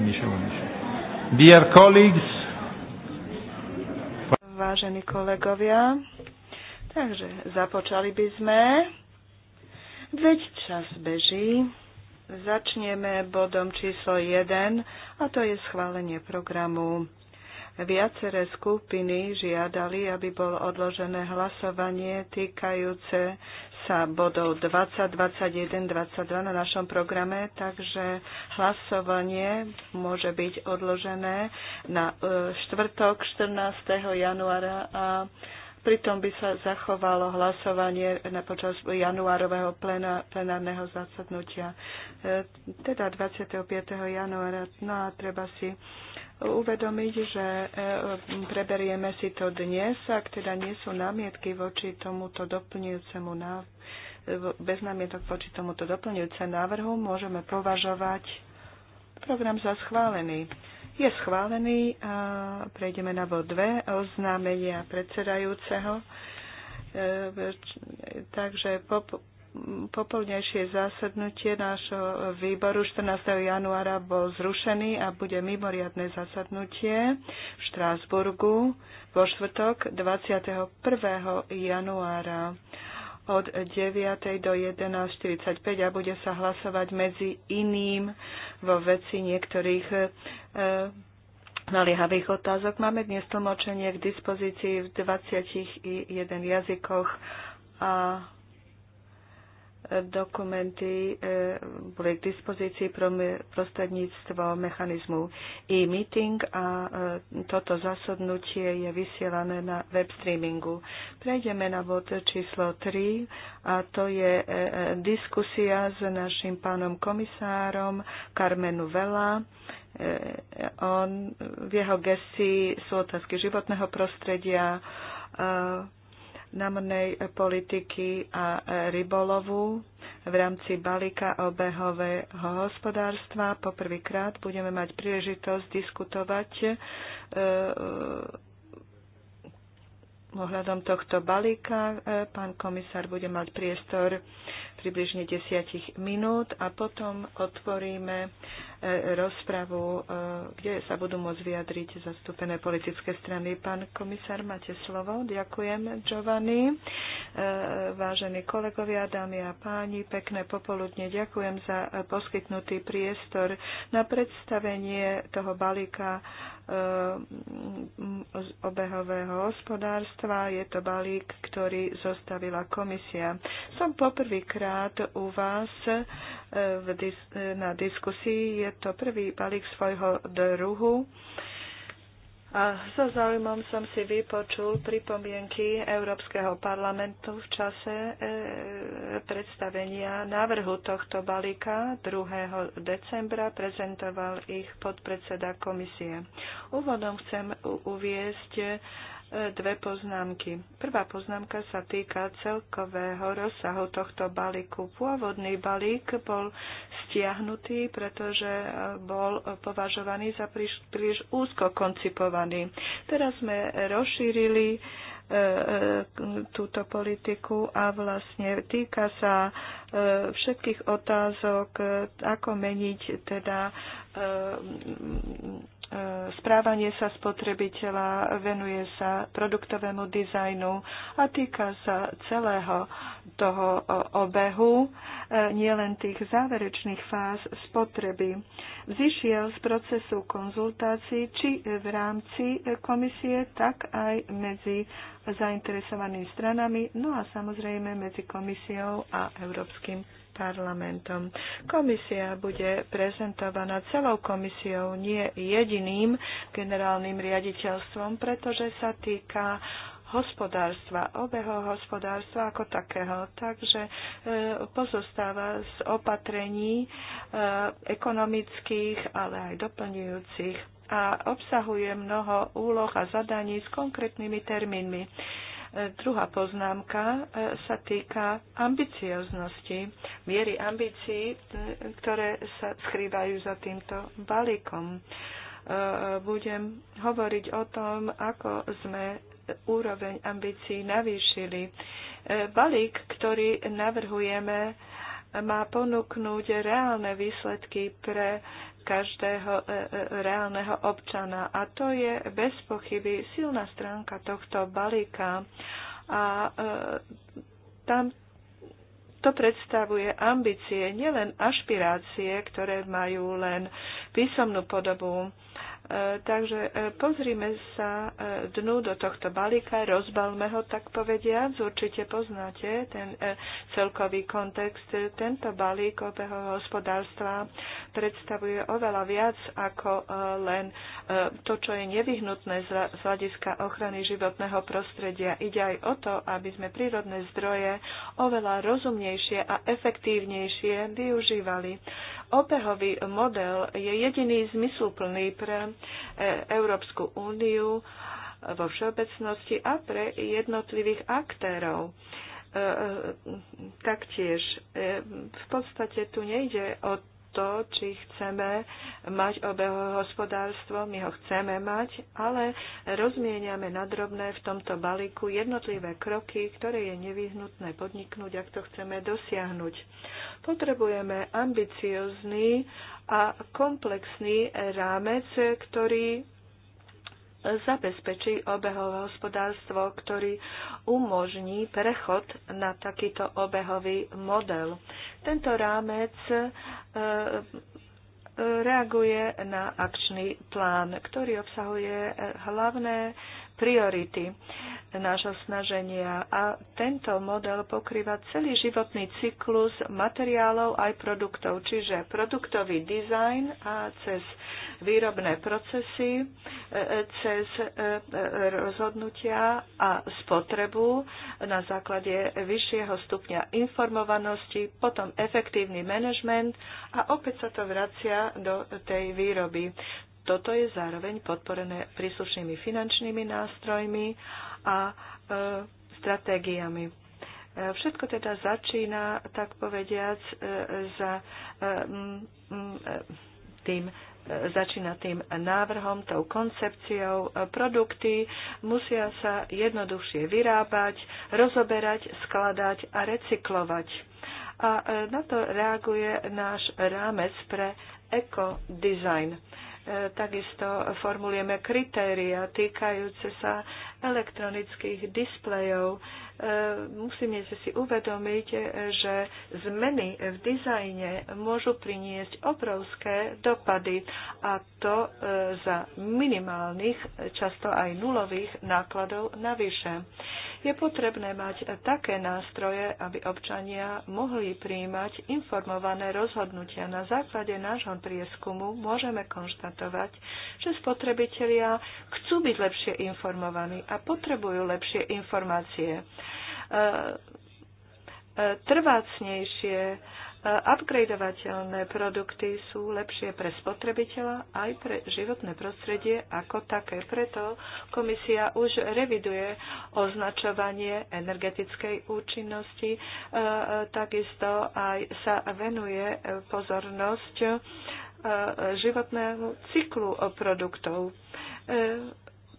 15 11. Dear colleagues, Vážení kolegovia, takže započali by sme. Veď čas beží. Začneme bodom číslo 1 a to je schválenie programu. Viaceré skupiny žiadali, aby bolo odložené hlasovanie týkajúce sa bodov 20, 21, 22 na našom programe, takže hlasovanie môže byť odložené na e, štvrtok 14. januára a pritom by sa zachovalo hlasovanie na počas januárového plena, plenárneho zasadnutia, e, teda 25. januára. No a treba si uvedomiť, že e, preberieme si to dnes, ak teda nie sú námietky voči tomuto doplňujúcemu návrhu, bez námietok voči tomuto doplňujúcemu návrhu môžeme považovať program za schválený. Je schválený a prejdeme na bod 2, oznámenia predsedajúceho. E, takže po, popolnejšie zasadnutie nášho výboru 14. januára bol zrušený a bude mimoriadne zasadnutie v Štrásburgu vo štvrtok 21. januára od 9. do 11.45 a bude sa hlasovať medzi iným vo veci niektorých e, naliehavých otázok. Máme dnes tlmočenie k dispozícii v 21 jazykoch a dokumenty e, boli k dispozícii prostredníctvo mechanizmu e-meeting a e, toto zasadnutie je vysielané na web streamingu. Prejdeme na bod číslo 3 a to je e, diskusia s našim pánom komisárom Carmenu Vela. On, v jeho gestii sú otázky životného prostredia, námornej politiky a rybolovu v rámci balíka obehového hospodárstva. Poprvýkrát budeme mať príležitosť diskutovať e, e, ohľadom tohto balíka. E, pán komisár bude mať priestor približne 10 minút a potom otvoríme e, rozpravu, e, kde sa budú môcť vyjadriť zastúpené politické strany. Pán komisár, máte slovo. Ďakujem, Giovanni. E, vážení kolegovia, dámy a páni, pekné popoludne. Ďakujem za poskytnutý priestor na predstavenie toho balíka obehového hospodárstva. Je to balík, ktorý zostavila komisia. Som poprvýkrát rád u vás e, v dis- e, na diskusii. Je to prvý balík svojho druhu. A so záujmom som si vypočul pripomienky Európskeho parlamentu v čase e, predstavenia návrhu tohto balíka 2. decembra prezentoval ich podpredseda komisie. Úvodom chcem uviesť dve poznámky. Prvá poznámka sa týka celkového rozsahu tohto balíku. Pôvodný balík bol stiahnutý, pretože e, bol považovaný za príliš, príliš úzko koncipovaný. Teraz sme rozšírili e, e, túto politiku a vlastne týka sa všetkých otázok, ako meniť teda E, správanie sa spotrebiteľa, venuje sa produktovému dizajnu a týka sa celého toho obehu, e, nielen tých záverečných fáz spotreby. Vzýšiel z procesu konzultácií či v rámci komisie, tak aj medzi zainteresovanými stranami, no a samozrejme medzi komisiou a Európskym parlamentom. Komisia bude prezentovaná celou komisiou, nie jediným generálnym riaditeľstvom, pretože sa týka hospodárstva, obeho hospodárstva ako takého. Takže e, pozostáva z opatrení e, ekonomických, ale aj doplňujúcich a obsahuje mnoho úloh a zadaní s konkrétnymi termínmi. Druhá poznámka e, sa týka ambicioznosti, miery ambícií, e, ktoré sa skrývajú za týmto balíkom. E, budem hovoriť o tom, ako sme úroveň ambícií navýšili. Balík, ktorý navrhujeme, má ponúknuť reálne výsledky pre každého e, e, reálneho občana. A to je bez pochyby silná stránka tohto balíka. A e, tam to predstavuje ambície, nielen ašpirácie, ktoré majú len písomnú podobu. E, takže e, pozrime sa e, dnu do tohto balíka, rozbalme ho, tak povediac. Určite poznáte ten celkový kontext. Tento balík obeho hospodárstva predstavuje oveľa viac ako len to, čo je nevyhnutné z hľadiska ochrany životného prostredia. Ide aj o to, aby sme prírodné zdroje oveľa rozumnejšie a efektívnejšie využívali obehový model je jediný zmysluplný pre e, Európsku úniu e, vo všeobecnosti a pre jednotlivých aktérov e, taktiež v podstate tu nejde o to, či chceme mať obehové hospodárstvo, my ho chceme mať, ale rozmieniame nadrobné v tomto balíku jednotlivé kroky, ktoré je nevyhnutné podniknúť, ak to chceme dosiahnuť. Potrebujeme ambiciozný a komplexný rámec, ktorý zabezpečí obehové hospodárstvo, ktorý umožní prechod na takýto obehový model. Tento rámec e, e, reaguje na akčný plán, ktorý obsahuje e, hlavné priority nášho snaženia. A tento model pokrýva celý životný cyklus materiálov aj produktov, čiže produktový dizajn a cez výrobné procesy, e, e, cez e, rozhodnutia a spotrebu na základe vyššieho stupňa informovanosti, potom efektívny manažment a opäť sa to vracia do tej výroby toto je zároveň podporené príslušnými finančnými nástrojmi a e, stratégiami. E, všetko teda začína, tak povediac, e, za, e, tým, začína tým návrhom, tou koncepciou. Produkty musia sa jednoduchšie vyrábať, rozoberať, skladať a recyklovať. A na to reaguje náš rámec pre ekodizajn. design E, takisto formulujeme kritéria týkajúce sa elektronických displejov. E, musíme si uvedomiť, e, že zmeny v dizajne môžu priniesť obrovské dopady a to e, za minimálnych, často aj nulových nákladov navyše. Je potrebné mať také nástroje, aby občania mohli príjmať informované rozhodnutia. Na základe nášho prieskumu môžeme konštatovať, že spotrebitelia chcú byť lepšie informovaní a potrebujú lepšie informácie. E, e, trvácnejšie e, upgradovateľné produkty sú lepšie pre spotrebiteľa aj pre životné prostredie ako také. Preto komisia už reviduje označovanie energetickej účinnosti, takisto aj sa venuje pozornosť životnému cyklu produktov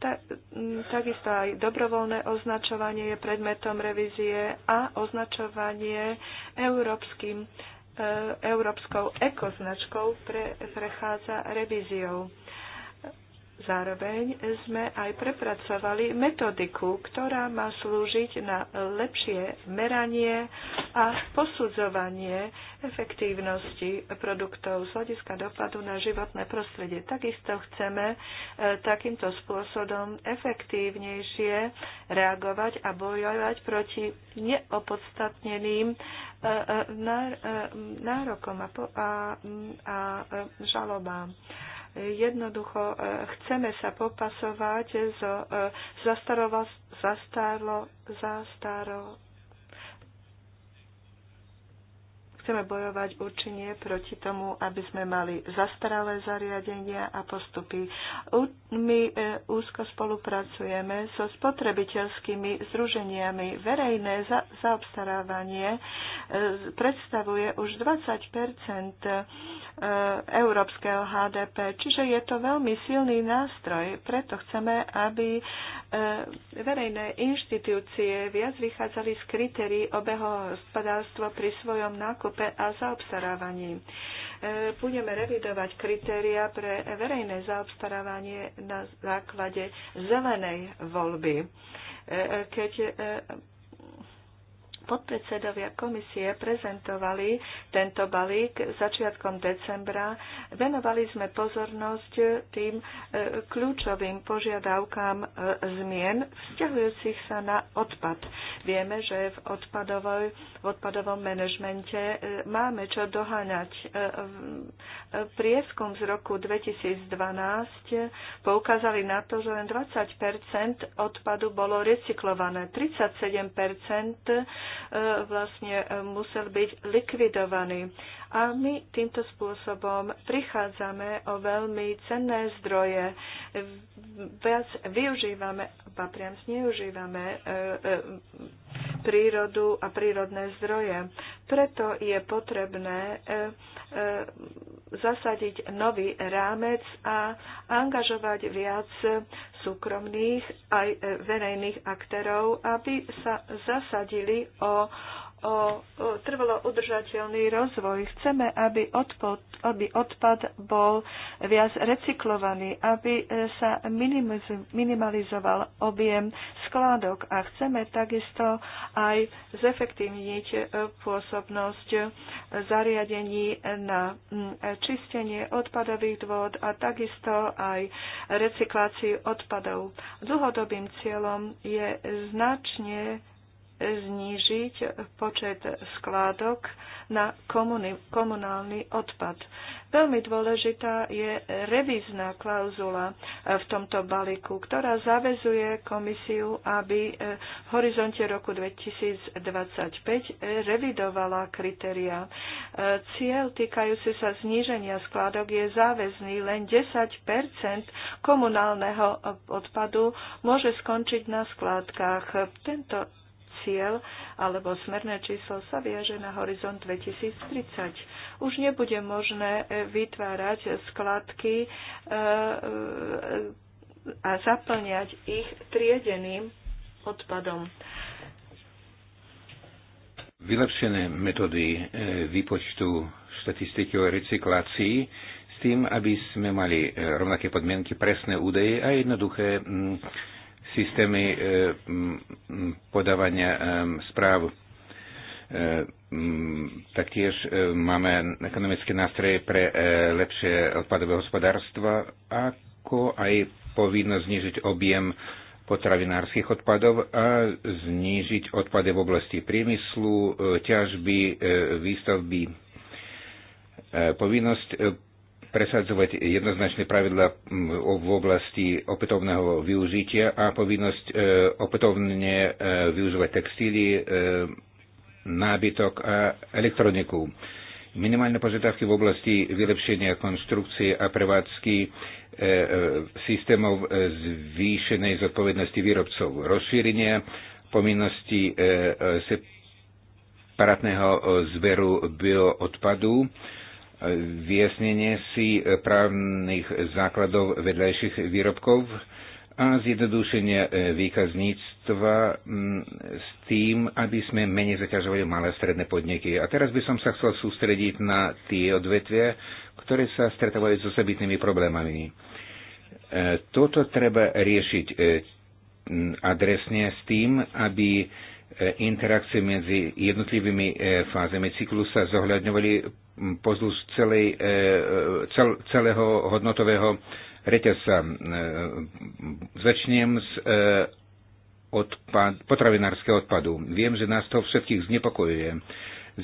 ta, mm, takisto aj dobrovoľné označovanie je predmetom revízie a označovanie európskym, e, európskou ekoznačkou pre, prechádza revíziou. Zároveň sme aj prepracovali metodiku, ktorá má slúžiť na lepšie meranie a posudzovanie efektívnosti produktov z hľadiska dopadu na životné prostredie. Takisto chceme e, takýmto spôsobom efektívnejšie reagovať a bojovať proti neopodstatneným e, e, nárokom a žalobám. Jednoducho e, chceme sa popasovať so e, zastaro, zastaro, zastaro, Chceme bojovať určenie proti tomu, aby sme mali zastaralé zariadenia a postupy. My e, úzko spolupracujeme so spotrebiteľskými združeniami. Verejné za- zaobstarávanie e, predstavuje už 20 e, európskeho HDP, čiže je to veľmi silný nástroj. Preto chceme, aby verejné inštitúcie viac vychádzali z kritérií obeho hospodárstva pri svojom nákupu Európe a zaobstarávaní. E, budeme revidovať kritéria pre verejné zaobstarávanie na základe zelenej voľby. E, e, keď podpredsedovia komisie prezentovali tento balík začiatkom decembra. Venovali sme pozornosť tým e, kľúčovým požiadavkám e, zmien vzťahujúcich sa na odpad. Vieme, že v, v odpadovom manažmente e, máme čo doháňať. Prieskum z roku 2012 poukázali na to, že len 20 odpadu bolo recyklované. 37 E, vlastne musel byť likvidovaný. A my týmto spôsobom prichádzame o veľmi cenné zdroje. Viac využívame, a priam zneužívame e, e, prírodu a prírodné zdroje. Preto je potrebné e, zasadiť nový rámec a angažovať viac súkromných aj verejných aktérov, aby sa zasadili o o trvalo udržateľný rozvoj. Chceme, aby odpad, aby odpad bol viac recyklovaný, aby e, sa minimalizoval objem skládok a chceme takisto aj zefektívniť e, pôsobnosť e, zariadení na čistenie odpadových dôd a takisto aj recykláciu odpadov. Dlhodobým cieľom je značne znížiť počet skládok na komunálny odpad. Veľmi dôležitá je revízna klauzula e, v tomto balíku, ktorá zavezuje komisiu, aby e, v horizonte roku 2025 e, revidovala kritéria. Cieľ týkajúci sa zníženia skládok je záväzný, len 10 komunálneho odpadu môže skončiť na skládkach. Tento cieľ alebo smerné číslo sa viaže na horizont 2030. Už nebude možné e, vytvárať skladky e, e, a zaplňať ich triedeným odpadom. Vylepšené metódy výpočtu štatistiky o recyklácii s tým, aby sme mali rovnaké podmienky, presné údaje a jednoduché systémy e, podávania e, správ. E, taktiež máme ekonomické nástroje pre lepšie odpadové hospodárstva, ako aj povinnosť znižiť objem potravinárskych odpadov a znižiť odpady v oblasti priemyslu, ťažby, výstavby. Povinnosť presadzovať jednoznačné pravidla mm, v oblasti opätovného využitia a povinnosť e, opätovne e, využívať textíly, e, nábytok a elektroniku. Minimálne požiadavky v oblasti vylepšenia konštrukcie a prevádzky systémov zvýšenej zodpovednosti výrobcov, rozšírenie povinnosti separátneho zberu bioodpadu, odpadu E, vyjasnenie si e, právnych základov vedľajších výrobkov a zjednodušenie e, výkazníctva s tým, aby sme menej zaťažovali malé a stredné podniky. A teraz by som sa chcel sústrediť na tie odvetvia, ktoré sa stretávajú s so osobitnými problémami. Toto treba riešiť adresne s tým, aby E, interakcie medzi jednotlivými e, fázami cyklu sa zohľadňovali pozdĺž e, celého hodnotového reťazca. Začnem z odpad, potravinárskeho odpadu. Viem, že nás to všetkých znepokojuje.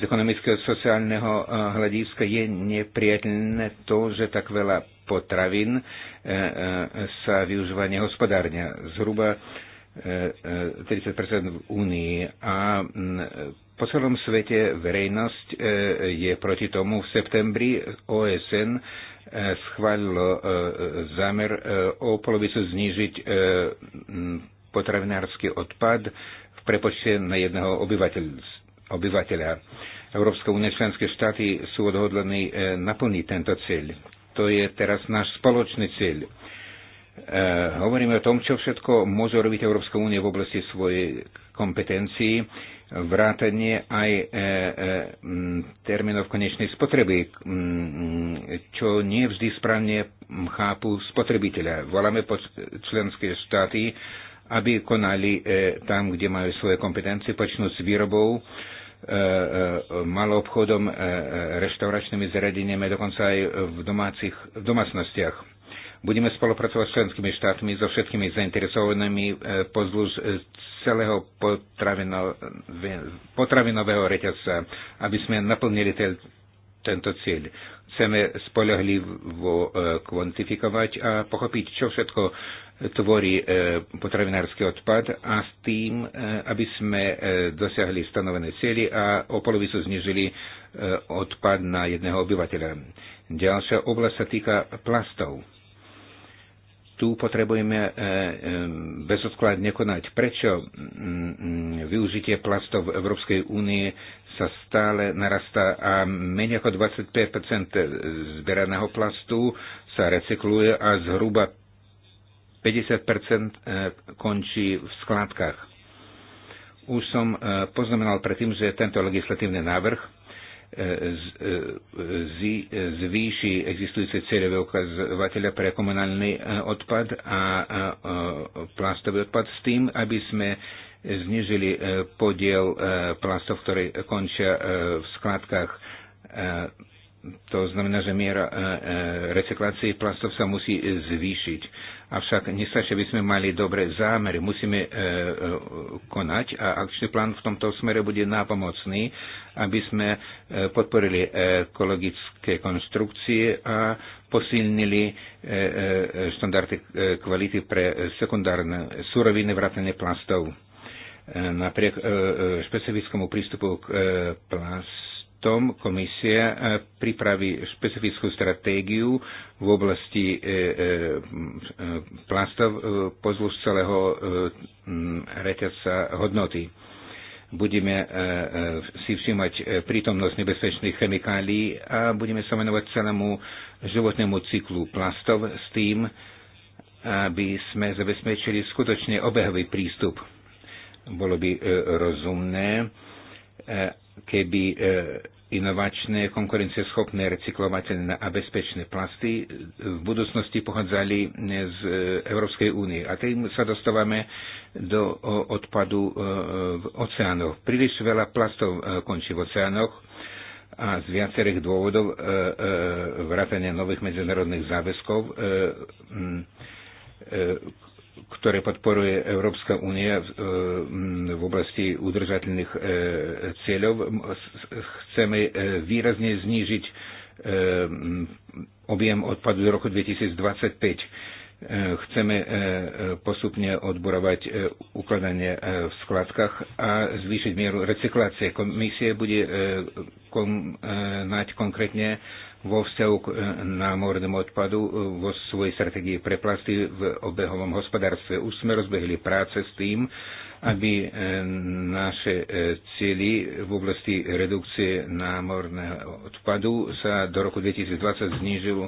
Z ekonomického a sociálneho hľadiska je nepriateľné to, že tak veľa potravín sa využíva nehospodárne. Zhruba 30 e, e, v Únii a po celom svete verejnosť e, je proti tomu. V septembri OSN schválilo zámer o polovicu znížiť potravinársky odpad v prepočte na jedného obyvateľa. Európska únia členské štáty sú odhodlení naplniť tento cieľ. To je teraz náš spoločný cieľ E, hovoríme o tom, čo všetko môže robiť Európska únia v oblasti svojej kompetencii, vrátanie aj e, e, termínov konečnej spotreby, čo nie vždy správne chápu spotrebiteľa. Voláme po členské štáty, aby konali tam, kde majú svoje kompetencie, počnú s výrobou, malou obchodom, reštauračnými zariadeniami, dokonca aj v, domácich, v domácnostiach Budeme spolupracovať s členskými štátmi, so všetkými zainteresovanými e, pozdĺž e, celého potravinového reťazca, aby sme naplnili ten, tento cieľ. Chceme spolehlivo e, kvantifikovať a pochopiť, čo všetko tvorí potravinársky odpad a s tým, aby sme dosiahli stanovené cieľy a o polovicu znižili odpad na jedného obyvateľa. Ďalšia oblasť sa týka plastov tu potrebujeme e, e, bezodkladne konať. Prečo využitie plastov v Európskej únie sa stále narastá a menej ako 25 zberaného plastu sa recykluje a zhruba 50 e, končí v skládkach. Už som poznamenal predtým, že tento legislatívny návrh zvýši existujúce cieľové ukazovateľa pre komunálny e, odpad a e, plastový odpad s tým, aby sme znižili e, podiel plastov, ktoré končia v skladkách. To znamená, že miera recyklácie plastov sa musí zvýšiť. Avšak nestačí, aby sme mali dobré zámery. Musíme konať a akčný plán v tomto smere bude nápomocný aby sme e, podporili e, ekologické konstrukcie a posilnili e, štandardy kvality pre sekundárne suroviny vrátane plastov. Napriek špecifickému prístupu k plastom komisia pripraví špecifickú stratégiu v oblasti plastov pozdĺž celého reťaca hodnoty budeme e, e, si všímať e, prítomnosť nebezpečných chemikálií a budeme sa venovať celému životnému cyklu plastov s tým, aby sme zabezpečili skutočne obehový prístup. Bolo by rozumné, keby inovačné, konkurencieschopné, recyklovateľné a bezpečné plasty v budúcnosti pochádzali z Európskej únie. A tým sa dostávame do odpadu e, v oceánoch. Príliš veľa plastov e, končí v oceánoch a z viacerých dôvodov e, vrátania nových medzinárodných záväzkov ktoré podporuje Európska únia v e, oblasti udržateľných e, cieľov. Chceme e, výrazne znížiť objem odpadu do roku 2025. Chceme postupne odborovať ukladanie v skladkách a zvýšiť mieru recyklácie. Komisie bude konať konkrétne vo vzťahu k eh, námornému odpadu eh, vo svojej strategii pre plasty v obehovom hospodárstve. Už sme rozbehli práce s tým, aby eh, naše cieľy v oblasti redukcie námorného odpadu sa do roku 2020 znížilo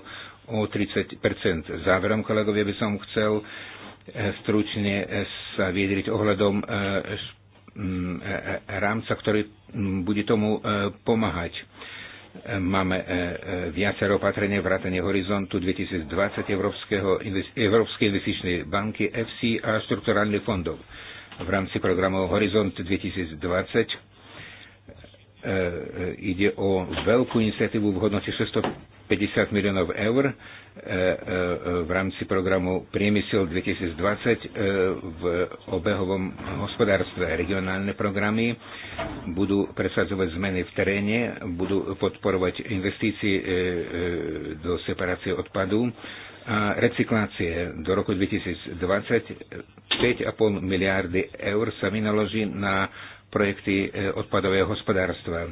o 30 Záverom, kolegovia, by som chcel stručne sa vyjadriť ohľadom mm, rámca, ktorý mm, bude tomu pomáhať Máme e, e, viacero opatrenie vrátanie horizontu 2020 Európskeho, Európskej investičnej banky FC a štrukturálnych fondov. V rámci programu Horizont 2020 e, ide o veľkú iniciatívu v hodnote 600 50 miliónov eur e, e, v rámci programu Priemysel 2020 e, v obehovom hospodárstve. Regionálne programy budú presadzovať zmeny v teréne, budú podporovať investície do separácie odpadu a recyklácie. Do roku 2020 5,5 miliardy eur sa vynaloží na projekty odpadového hospodárstva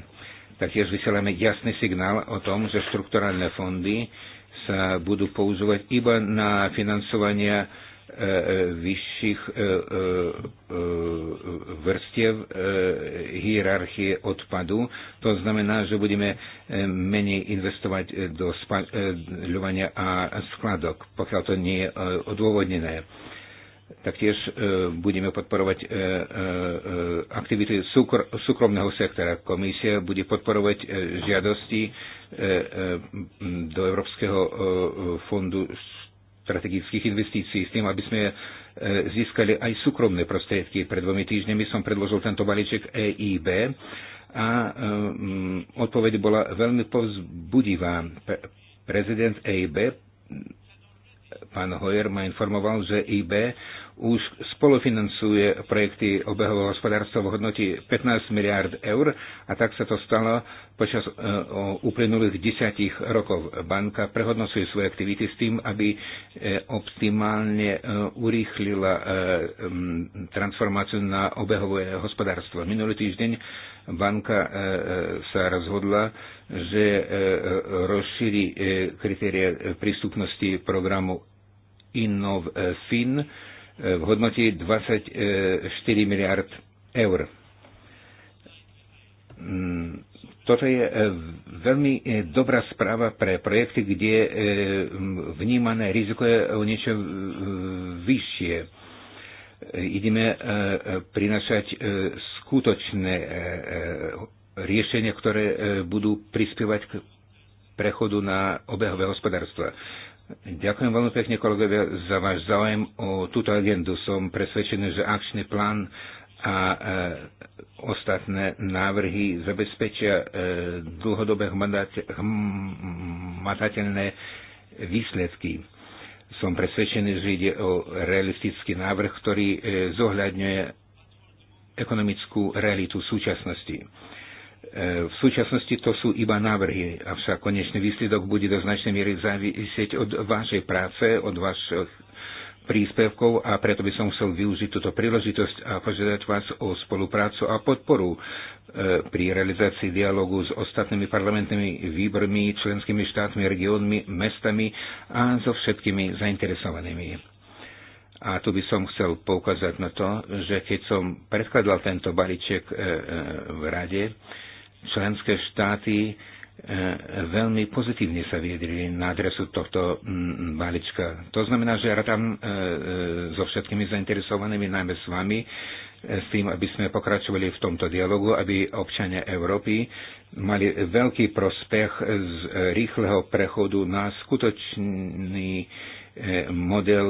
Taktiež vysielame jasný signál o tom, že štrukturálne fondy sa budú používať iba na financovanie e, e, vyšších e, vrstiev hierarchie odpadu. To znamená, že budeme menej investovať do spaľovania a skladok, pokiaľ to nie je odôvodnené. Taktiež e, budeme podporovať e, e, aktivity súkromného sektora. Komisia bude podporovať žiadosti do Európskeho fondu strategických investícií s tým, aby sme získali aj súkromné prostriedky. Pred dvomi týždňami som predložil tento balíček EIB a odpoveď bola veľmi povzbudivá. Prezident EIB Pán Hoyer ma informoval, že IB už spolufinancuje projekty obehového hospodárstva v hodnoti 15 miliard eur a tak sa to stalo počas e, uplynulých desiatich rokov. Banka prehodnocuje svoje aktivity s tým, aby e, optimálne e, urýchlila transformáciu na obehové hospodárstvo. Minulý týždeň banka sa rozhodla že e, e, rozšíri e, kritérie prístupnosti programu InnovFin v hodnote 24 miliard eur. Mm, toto je veľmi dobrá správa pre projekty, kde vnímané riziko je o niečo vyššie. Ideme prinašať skutočné riešenia, ktoré e, budú prispievať k prechodu na obehové hospodárstva. Ďakujem veľmi pekne, kolegovia, za váš záujem o túto agendu. Som presvedčený, že akčný plán a e, ostatné návrhy zabezpečia e, dlhodobé hmatateľné výsledky. Som presvedčený, že ide o realistický návrh, ktorý e, zohľadňuje ekonomickú realitu súčasnosti E, v súčasnosti to sú iba návrhy, avšak konečný výsledok bude do značnej miery závisieť od vašej práce, od vašich príspevkov a preto by som chcel využiť túto príležitosť a požiadať vás o spoluprácu a podporu e, pri realizácii dialogu s ostatnými parlamentnými výbormi, členskými štátmi, regiónmi, mestami a so všetkými zainteresovanými. A tu by som chcel poukázať na to, že keď som predkladal tento balíček e, v rade, členské štáty e, veľmi pozitívne sa viedli na adresu tohto balíčka. To znamená, že ja tam e, e, so všetkými zainteresovanými, najmä s vami, s tým, aby sme pokračovali v tomto dialogu, aby občania Európy mali veľký prospech z rýchleho prechodu na skutočný model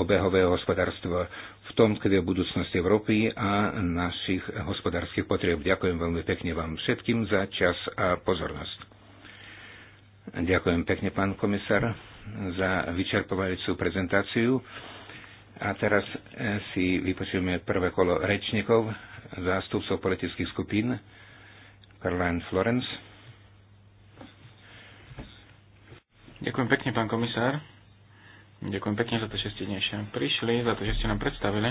obehového hospodárstva v tom kde je budúcnosť Európy a našich hospodárskych potrieb. Ďakujem veľmi pekne vám všetkým za čas a pozornosť. Ďakujem pekne, pán komisár, za vyčerpovajúcu prezentáciu. A teraz eh, si vypočujeme prvé kolo rečníkov, zástupcov politických skupín. Caroline Florence. Ďakujem pekne, pán komisár. Ďakujem pekne za to, že ste dnes prišli, za to, že ste nám predstavili.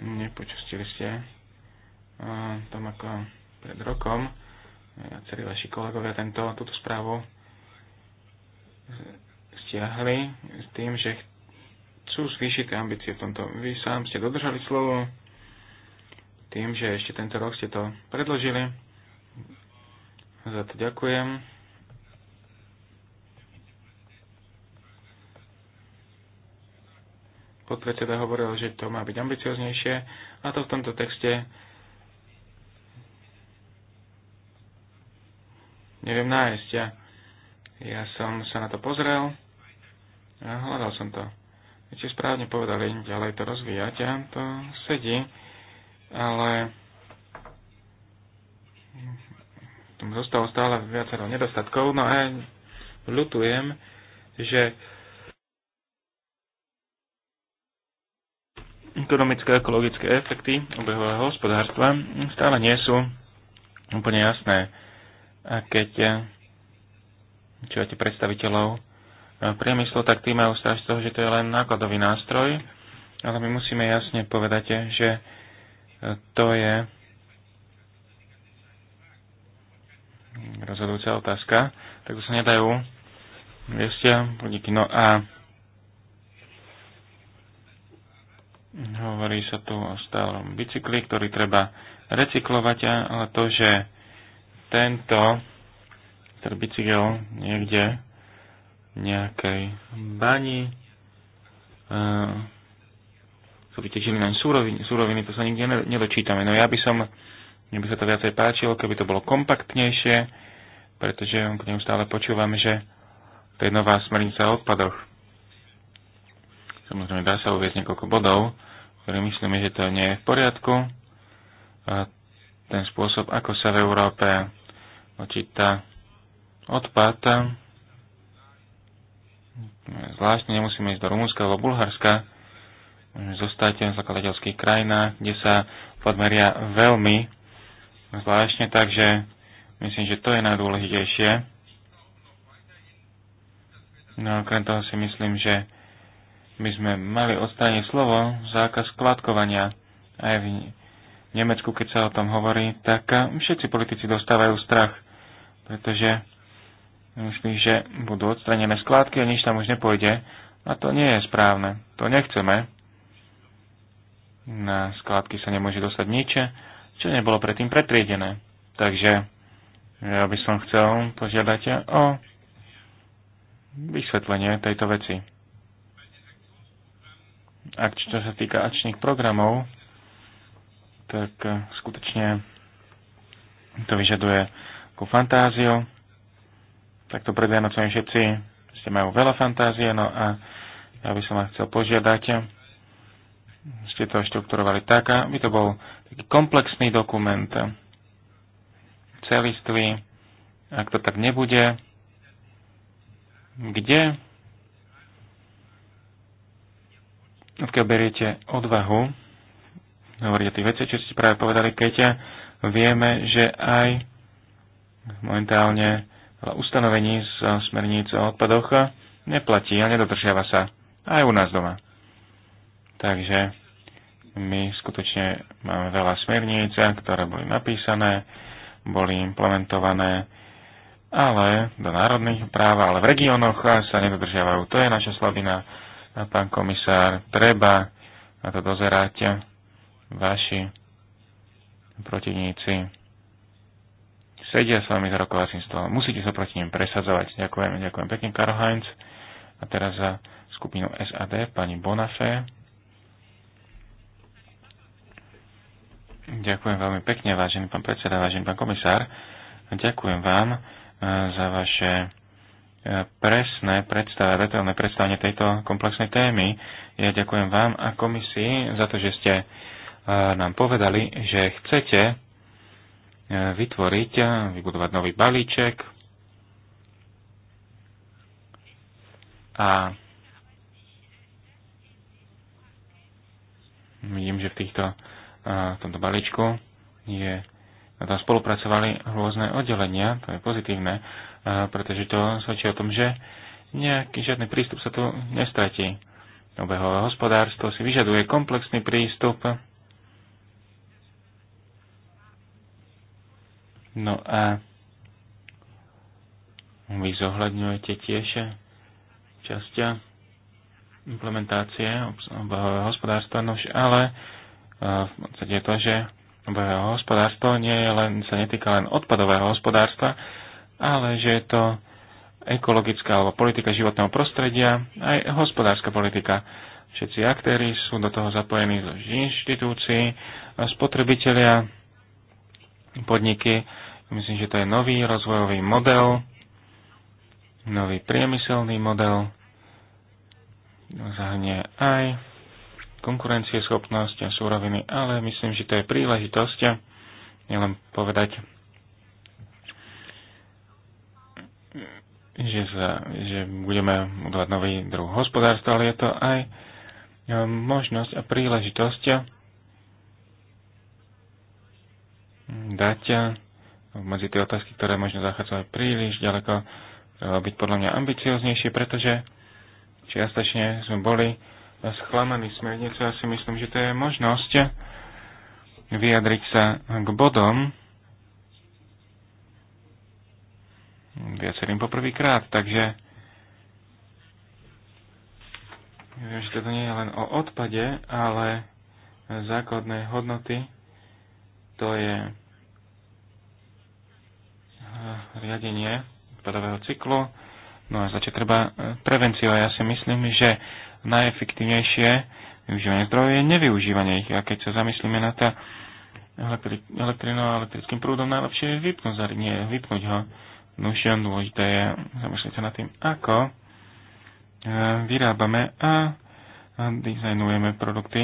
Nepočustili ste eh, tam ako pred rokom celí vaši kolegovia tento, túto správu stiahli s tým, že chcú zvýšiť ambície v tomto. Vy sám ste dodržali slovo tým, že ešte tento rok ste to predložili za to ďakujem. Podpredseda hovoril, že to má byť ambicioznejšie a to v tomto texte neviem nájsť. Ja, ja som sa na to pozrel a hľadal som to. Viete, správne povedali, ďalej to rozvíjať a to sedí, ale tomu zostalo stále viacero nedostatkov, no a ľutujem, že ekonomické a ekologické efekty obehového hospodárstva stále nie sú úplne jasné. A keď eh, čujete predstaviteľov eh, priemyslu, tak tým majú strach z toho, že to je len nákladový nástroj, ale my musíme jasne povedať, eh, že to je rozhodujúca otázka, tak sa nedajú Viestia, podniky. No a hovorí sa tu o stálom bicykli, ktorý treba recyklovať, ale to, že tento ten bicykel niekde v nejakej bani uh, sú vytečili len súroviny, súroviny, to sa nikde nedočítame. No ja by som mne by sa to viacej páčilo, keby to bolo kompaktnejšie, pretože neustále počúvam, že to je nová smernica o odpadoch. Samozrejme, dá sa uvieť niekoľko bodov, ktoré myslíme, že to nie je v poriadku. A ten spôsob, ako sa v Európe očíta odpad, zvláštne nemusíme ísť do Rumunska alebo Bulharska, môžeme zostať v zakladateľských krajinách, kde sa podmeria veľmi zvláštne, takže myslím, že to je najdôležitejšie. No a okrem toho si myslím, že my sme mali odstrániť slovo zákaz skladkovania. Aj v Nemecku, keď sa o tom hovorí, tak eh, všetci politici dostávajú strach, pretože myslím, že budú odstranené skládky a nič tam už nepôjde. A to nie je správne. To nechceme. Na skládky sa nemôže dostať niče čo nebolo predtým pretriedené. Takže ja e, by som chcel požiadať o vysvetlenie tejto veci. Ak čo sa týka akčných programov, tak e, skutočne to vyžaduje ku fantáziu. Takto pred Vianocami všetci ste majú veľa fantázie, no a ja by som vás chcel požiadať, e, ste to štrukturovali tak, aby to bol komplexný dokument, celistvý, ak to tak nebude, kde odkiaľ beriete odvahu hovoríte tých veci, čo ste práve povedali, keď vieme, že aj momentálne ustanovení z smerníc o odpadoch neplatí a nedodržiava sa aj u nás doma. Takže my skutočne máme veľa smerníc, ktoré boli napísané, boli implementované, ale do národných práv, ale v regiónoch sa nedodržiavajú. To je naša slabina, pán komisár. Treba na to dozerať vaši protivníci. Sedia s vami za rokovacím stolom. Musíte sa proti nim presadzovať. Ďakujem, ďakujem pekne, Karl Heinz. A teraz za skupinu SAD, pani Bonafé. Ďakujem veľmi pekne, vážený pán predseda, vážený pán komisár. Ďakujem vám eh, za vaše eh, presné predstavenie, detailné predstavenie tejto komplexnej témy. Ja ďakujem vám a komisii za to, že ste eh, nám povedali, že chcete vytvoriť, vybudovať nový balíček a vidím, že v týchto v tomto balíčku je tam spolupracovali rôzne oddelenia, to je pozitívne, pretože to svedčí o tom, že nejaký žiadny prístup sa tu nestratí. Obehové hospodárstvo si vyžaduje komplexný prístup. No a vy zohľadňujete tiež časťa implementácie obehového hospodárstva, nož ale v podstate to, že obehového hospodárstvo nie je len, sa netýka len odpadového hospodárstva, ale že je to ekologická alebo politika životného prostredia, aj hospodárska politika. Všetci aktéry sú do toho zapojení z inštitúcií, spotrebitelia, podniky. Myslím, že to je nový rozvojový model, nový priemyselný model, Zahne aj konkurencieschopnosť a súroviny, ale myslím, že to je príležitosť nielen povedať, že, sa, že budeme budovať nový druh hospodárstva, ale je to aj e, možnosť a príležitosť dať e, medzi tie otázky, ktoré možno zachádzajú príliš ďaleko, byť podľa mňa ambicioznejšie, pretože čiastočne sme boli sklamaný smernicou. Ja si myslím, že to je možnosť vyjadriť sa k bodom viacerým poprvýkrát. Takže ja viem, že toto nie je len o odpade, ale základné hodnoty to je riadenie odpadového cyklu. No a začať treba prevenciou. Ja si myslím, že najefektívnejšie využívanie zdrojov je nevyužívanie ich. A keď sa zamyslíme na to elektri- a elektrickým prúdom, najlepšie je vypnúť, nie, vypnúť ho. No už dôležité je zamýšľať sa nad tým, ako e, vyrábame a dizajnujeme produkty.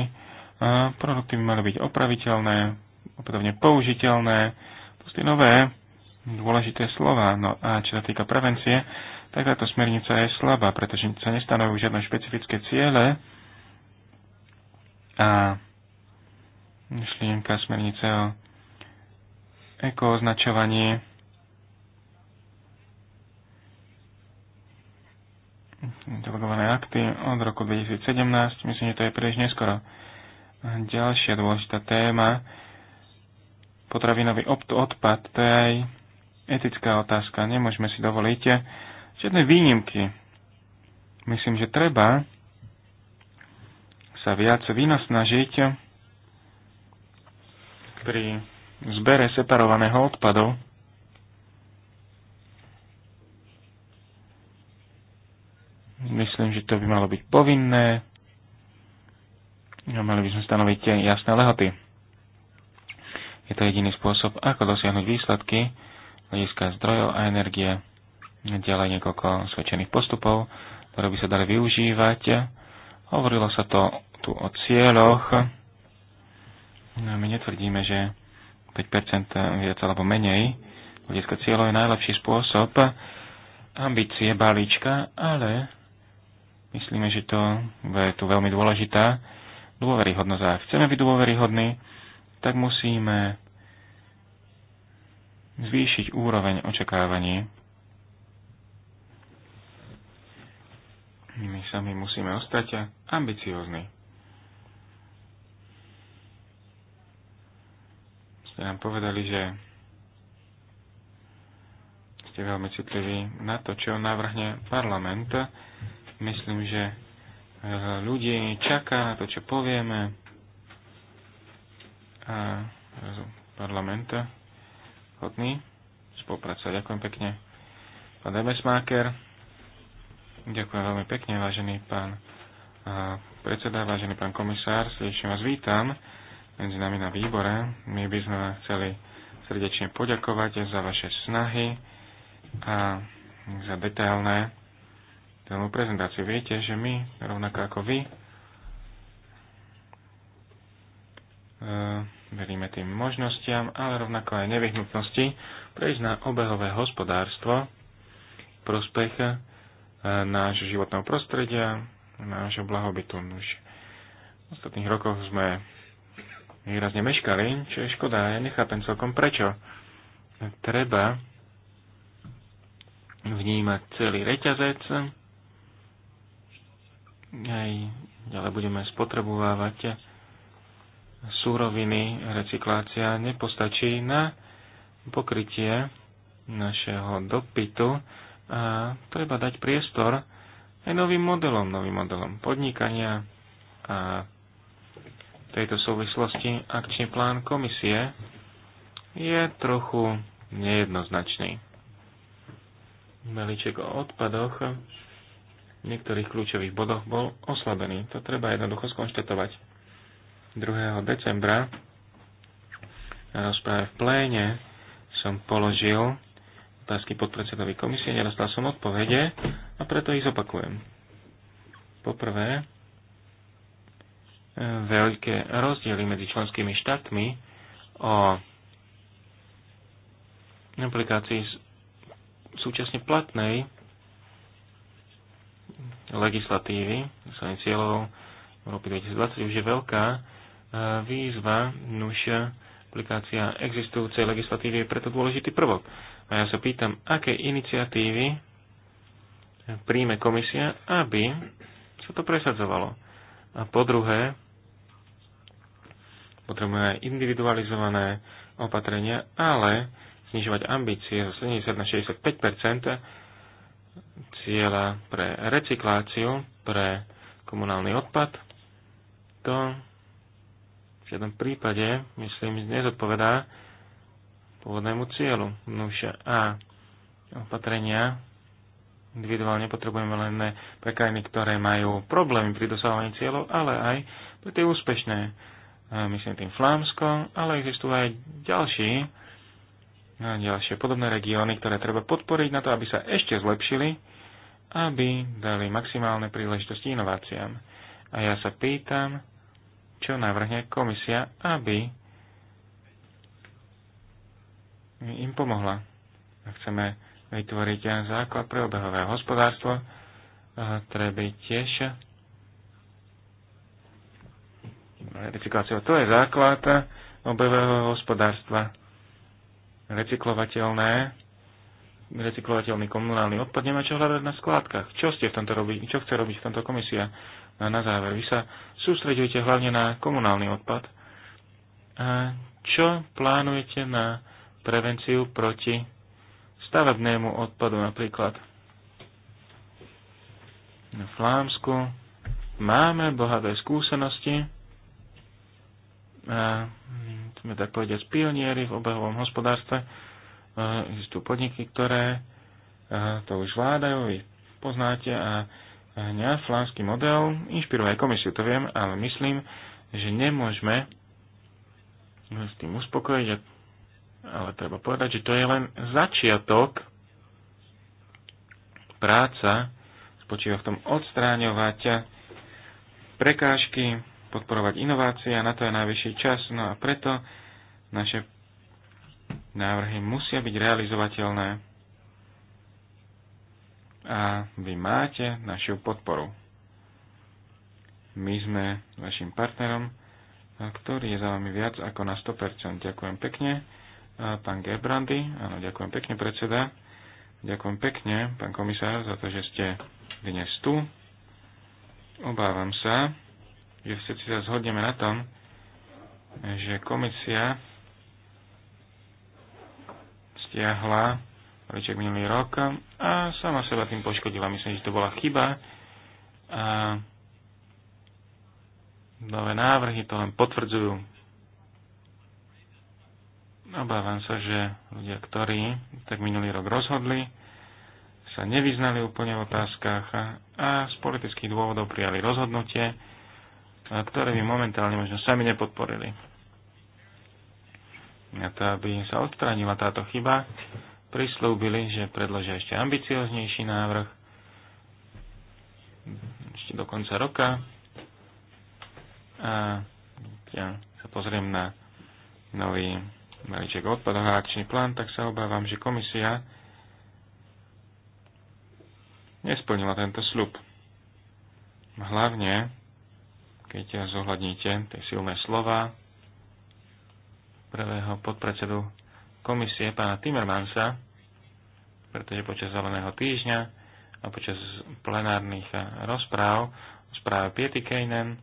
A produkty by mali byť opraviteľné, opravne použiteľné, proste nové dôležité slova. No a čo sa týka prevencie, tak táto smernica je slabá, pretože sa nestanovujú žiadne špecifické ciele a myšlienka smernice o ekooznačovaní delegované akty od roku 2017. Myslím, že to je príliš neskoro. Ďalšia dôležitá téma, potravinový odpad, to je aj etická otázka. Nemôžeme si dovoliť Žiadne výnimky. Myslím, že treba sa viac vynasnažiť pri zbere separovaného odpadov. Myslím, že to by malo byť povinné. A mali by sme stanoviť tie jasné lehoty. Je to jediný spôsob, ako dosiahnuť výsledky hľadiska zdrojov a energie ďalej niekoľko svedčených postupov, ktoré by sa dali využívať. Hovorilo sa to tu o cieľoch. No, my netvrdíme, že 5% viac alebo menej hľadiska cieľov je najlepší spôsob ambície balíčka, ale myslíme, že to je tu veľmi dôležitá dôveryhodnosť. A ak chceme byť dôveryhodní, tak musíme zvýšiť úroveň očakávaní My sami musíme ostať ambiciózni. Ste nám povedali, že ste veľmi citliví na to, čo navrhne parlament. Myslím, že e, ľudí čaká na to, čo povieme. A parlament hodný spolupracovať. Ďakujem pekne. Pán Demesmáker. Ďakujem veľmi pekne, vážený pán predseda, vážený pán komisár. Srdečne vás vítam medzi nami na výbore. My by sme chceli srdečne poďakovať za vaše snahy a za detailné tému prezentáciu. Viete, že my, rovnako ako vy, veríme tým možnostiam, ale rovnako aj nevyhnutnosti prejsť na obehové hospodárstvo, prospech nášho životného prostredia, nášho blahobytu. Už v ostatných rokoch sme výrazne meškali, čo je škoda. Ja nechápem celkom prečo. Treba vnímať celý reťazec, aj ďalej budeme spotrebovávať súroviny, recyklácia nepostačí na pokrytie našeho dopytu a treba dať priestor aj novým modelom, novým modelom podnikania a v tejto súvislosti akčný plán komisie je trochu nejednoznačný. Meliček o odpadoch v niektorých kľúčových bodoch bol oslabený. To treba jednoducho skonštatovať. 2. decembra na rozpráve v pléne som položil otázky podpredsedovi komisie, nedostal som odpovede a preto ich zopakujem. Poprvé, e, veľké rozdiely medzi členskými štátmi o aplikácii súčasne platnej legislatívy, dosadených cieľov Európy 2020 už je veľká e, výzva, nuž aplikácia existujúcej legislatívy je preto dôležitý prvok. A ja sa pýtam, aké iniciatívy príjme komisia, aby sa to presadzovalo. A po druhé, potrebujeme aj individualizované opatrenia, ale znižovať ambície zo 70 na 65 cieľa pre recikláciu, pre komunálny odpad, to v žiadnom prípade, myslím, nezodpovedá pôvodnému cieľu. Nuž a opatrenia individuálne potrebujeme len pre krajiny, ktoré majú problémy pri dosahovaní cieľov, ale aj pre tie úspešné. E, myslím tým Flámsko, ale existujú aj ďalší, e, ďalšie podobné regióny, ktoré treba podporiť na to, aby sa ešte zlepšili, aby dali maximálne príležitosti inováciám. A ja sa pýtam, čo navrhne komisia, aby im pomohla. Chceme vytvoriť základ pre obehové hospodárstvo, treba tiež recykláciou. To je základ obehového hospodárstva. Recyklovateľné, recyklovateľný komunálny odpad nemá čo hľadať na skládkach. Čo ste v tomto robiť, čo chce robiť v tomto komisia? A na záver, vy sa sústredujete hlavne na komunálny odpad. A čo plánujete na prevenciu proti stavebnému odpadu napríklad. V Flámsku máme bohaté skúsenosti a sme tak povedať pionieri v obehovom hospodárstve. Existujú podniky, ktoré to už vládajú, vy poznáte a mňa flánsky model inšpiruje komisiu, to viem, ale myslím, že nemôžeme s tým uspokojiť a ale treba povedať, že to je len začiatok. Práca spočíva v tom odstráňovať prekážky, podporovať inovácie a na to je najvyšší čas. No a preto naše návrhy musia byť realizovateľné a vy máte našu podporu. My sme vašim partnerom, ktorý je za vami viac ako na 100%. Ďakujem pekne pán Gerbrandy. Áno, ďakujem pekne, predseda. Ďakujem pekne, pán komisár, za to, že ste dnes tu. Obávam sa, že všetci sa zhodneme na tom, že komisia stiahla balíček minulý rok a sama seba tým poškodila. Myslím, že to bola chyba. A nové návrhy to len potvrdzujú Obávam sa, že ľudia, ktorí tak minulý rok rozhodli, sa nevyznali úplne v otázkach a z politických dôvodov prijali rozhodnutie, ktoré by momentálne možno sami nepodporili. Na to, aby sa odstránila táto chyba, prislúbili, že predložia ešte ambicioznejší návrh ešte do konca roka. A ja sa pozriem na nový Maliček odpadov a akčný plán, tak sa obávam, že komisia nesplnila tento slub. Hlavne, keď zohľadníte tie silné slova prvého podpredsedu komisie, pána Timmermansa, pretože počas zeleného týždňa a počas plenárnych rozpráv o správe Pietikeinen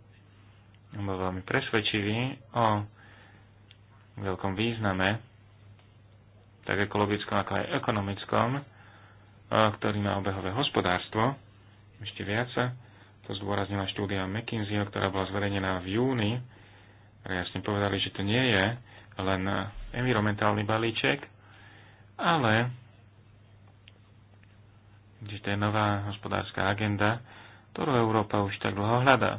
bol veľmi presvedčivý o veľkom význame, tak ekologickom ako aj ekonomickom, eh, ktorý má obehové hospodárstvo. Ešte viac to zdôraznila štúdia McKinsey, ktorá bola zverejnená v júni. Jasne povedali, že to nie je len environmentálny balíček, ale že to je nová hospodárska agenda, ktorú Európa už tak dlho hľadá.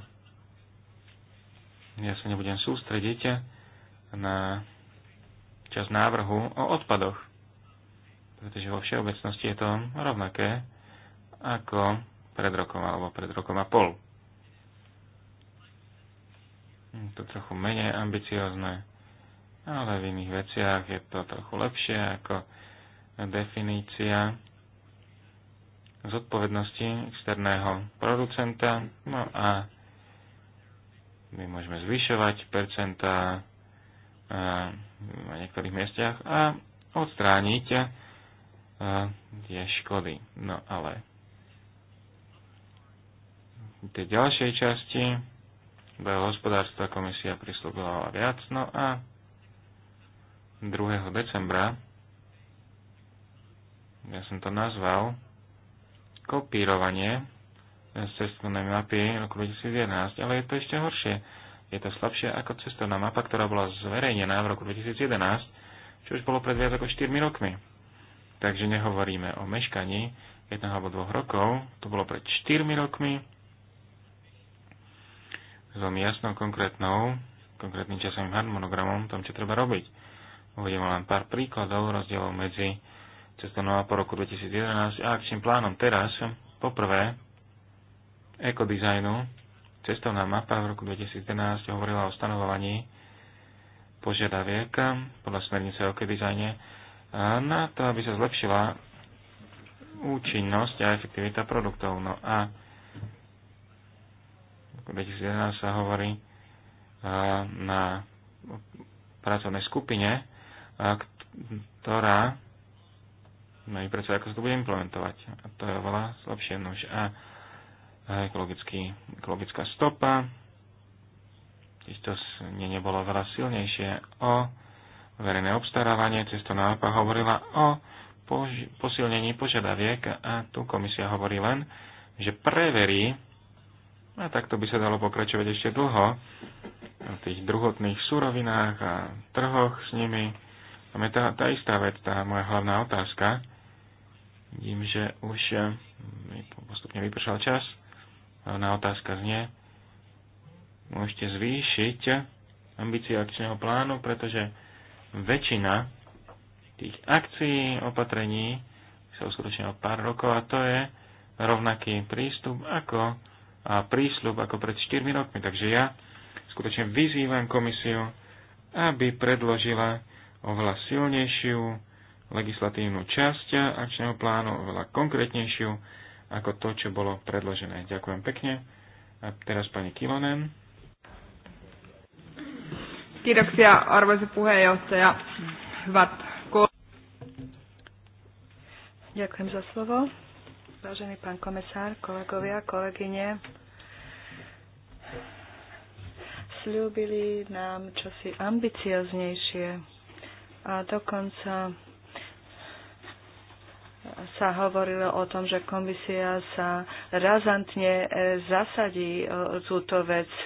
Ja sa nebudem sústrediť na časť návrhu o odpadoch. Pretože vo všeobecnosti je to rovnaké ako pred rokom alebo pred rokom a pol. Je to trochu menej ambiciozne, ale v iných veciach je to trochu lepšie ako definícia zodpovednosti externého producenta. No a my môžeme zvyšovať percenta. Hm, na niektorých miestach a odstrániť eh, tie škody. No ale v tej ďalšej časti do hospodárstva komisia prislúbovala viac, no a 2. decembra ja som to nazval kopírovanie z cestovnej mapy roku 2011, ale je to ešte horšie je to slabšie ako cestovná mapa, ktorá bola zverejnená v roku 2011, čo už bolo pred viac ako 4 rokmi. Takže nehovoríme o meškaní jedného alebo dvoch rokov, to bolo pred 4 rokmi, s veľmi jasnou, konkrétnou, konkrétnym časovým harmonogramom, tom, čo treba robiť. Uvediem len pár príkladov rozdielov medzi cestovnou mapou roku 2011 a akčným plánom teraz. Poprvé, ekodizajnu, Cestovná mapa v roku 2011 hovorila o stanovovaní požiadaviek podľa smernice o dizajne na to, aby sa zlepšila účinnosť a efektivita produktov. No a v roku 2011 sa hovorí na pracovnej skupine, ktorá no i prečo, ako sa to bude implementovať. A to je oveľa slabšie. Nož. A ekologická stopa. Isto nie, nebolo veľa silnejšie o verejné obstarávanie, cesto nápa hovorila o pož- posilnení požiadaviek a tu komisia hovorí len, že preverí, a takto by sa dalo pokračovať ešte dlho, o tých druhotných surovinách a trhoch s nimi. Tam je tá, tá istá vec, tá moja hlavná otázka. Vidím, že už eh, mi postupne vypršal čas. Hlavná otázka znie, môžete zvýšiť ambície akčného plánu, pretože väčšina tých akcií, opatrení sa uskutočnila pár rokov a to je rovnaký prístup ako a prísľub ako pred 4 rokmi. Takže ja skutočne vyzývam komisiu, aby predložila oveľa silnejšiu legislatívnu časť akčného plánu, oveľa konkrétnejšiu, ako to, čo bolo predložené. Ďakujem pekne. A teraz pani Kilonen. Kiitoksia arvoisa puheenjohtaja. Hyvät Ďakujem za slovo. Vážený pán komisár, kolegovia, kolegyne, Sľúbili nám čosi ambicioznejšie a dokonca sa hovorilo o tom, že komisia sa razantne e, zasadí túto vec. E,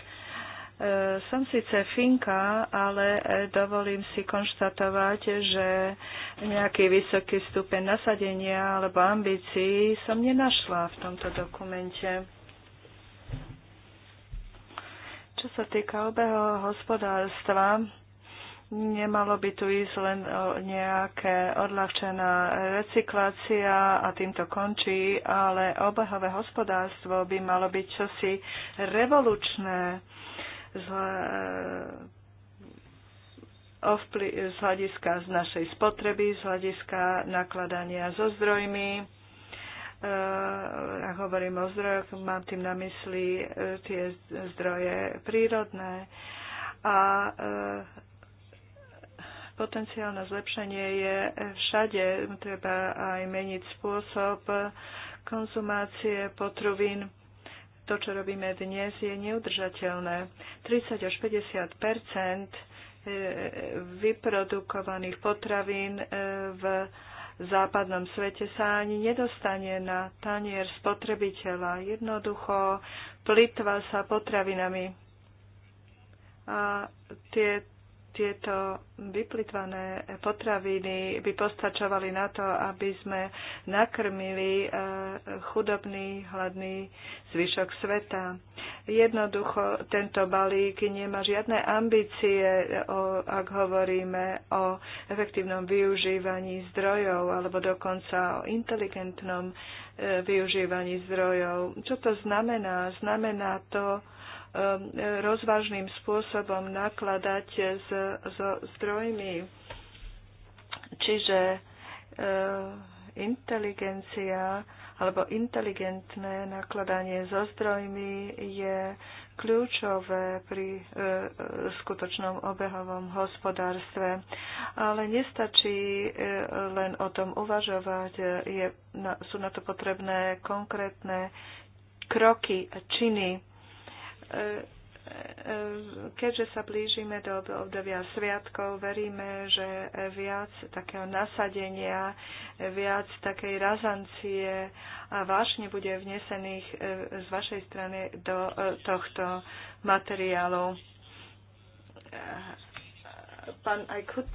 som síce Finka, ale e, dovolím si konštatovať, že nejaký vysoký stupeň nasadenia alebo ambícií som nenašla v tomto dokumente. Čo sa týka obeho hospodárstva, Nemalo by tu ísť len o nejaké odľahčená recyklácia a týmto končí, ale obehové hospodárstvo by malo byť čosi revolučné z, ovpli, z hľadiska z našej spotreby, z hľadiska nakladania so zdrojmi. E, ja hovorím o zdrojoch, mám tým na mysli e, tie zdroje prírodné a e, Potenciál na zlepšenie je všade. Treba aj meniť spôsob konzumácie potrovín. To, čo robíme dnes, je neudržateľné. 30 až 50 e, vyprodukovaných potravín e, v západnom svete sa ani nedostane na tanier spotrebiteľa. Jednoducho plitva sa potravinami. A tie tieto vyplitvané potraviny by postačovali na to, aby sme nakrmili e, chudobný, hladný zvyšok sveta. Jednoducho tento balík nemá žiadne ambície, ak hovoríme o efektívnom využívaní zdrojov alebo dokonca o inteligentnom e, využívaní zdrojov. Čo to znamená? Znamená to, Um, rozvážnym spôsobom nakladať s, so zdrojmi. Čiže uh, inteligencia alebo inteligentné nakladanie so zdrojmi je kľúčové pri e, skutočnom obehovom hospodárstve. Ale nestačí e, len o tom uvažovať, je, na, sú na to potrebné konkrétne kroky a činy keďže sa blížime do obdobia sviatkov, veríme, že viac takého nasadenia, viac takej razancie a vášne bude vnesených e, z vašej strany do e, tohto materiálu. Pán Ajkut,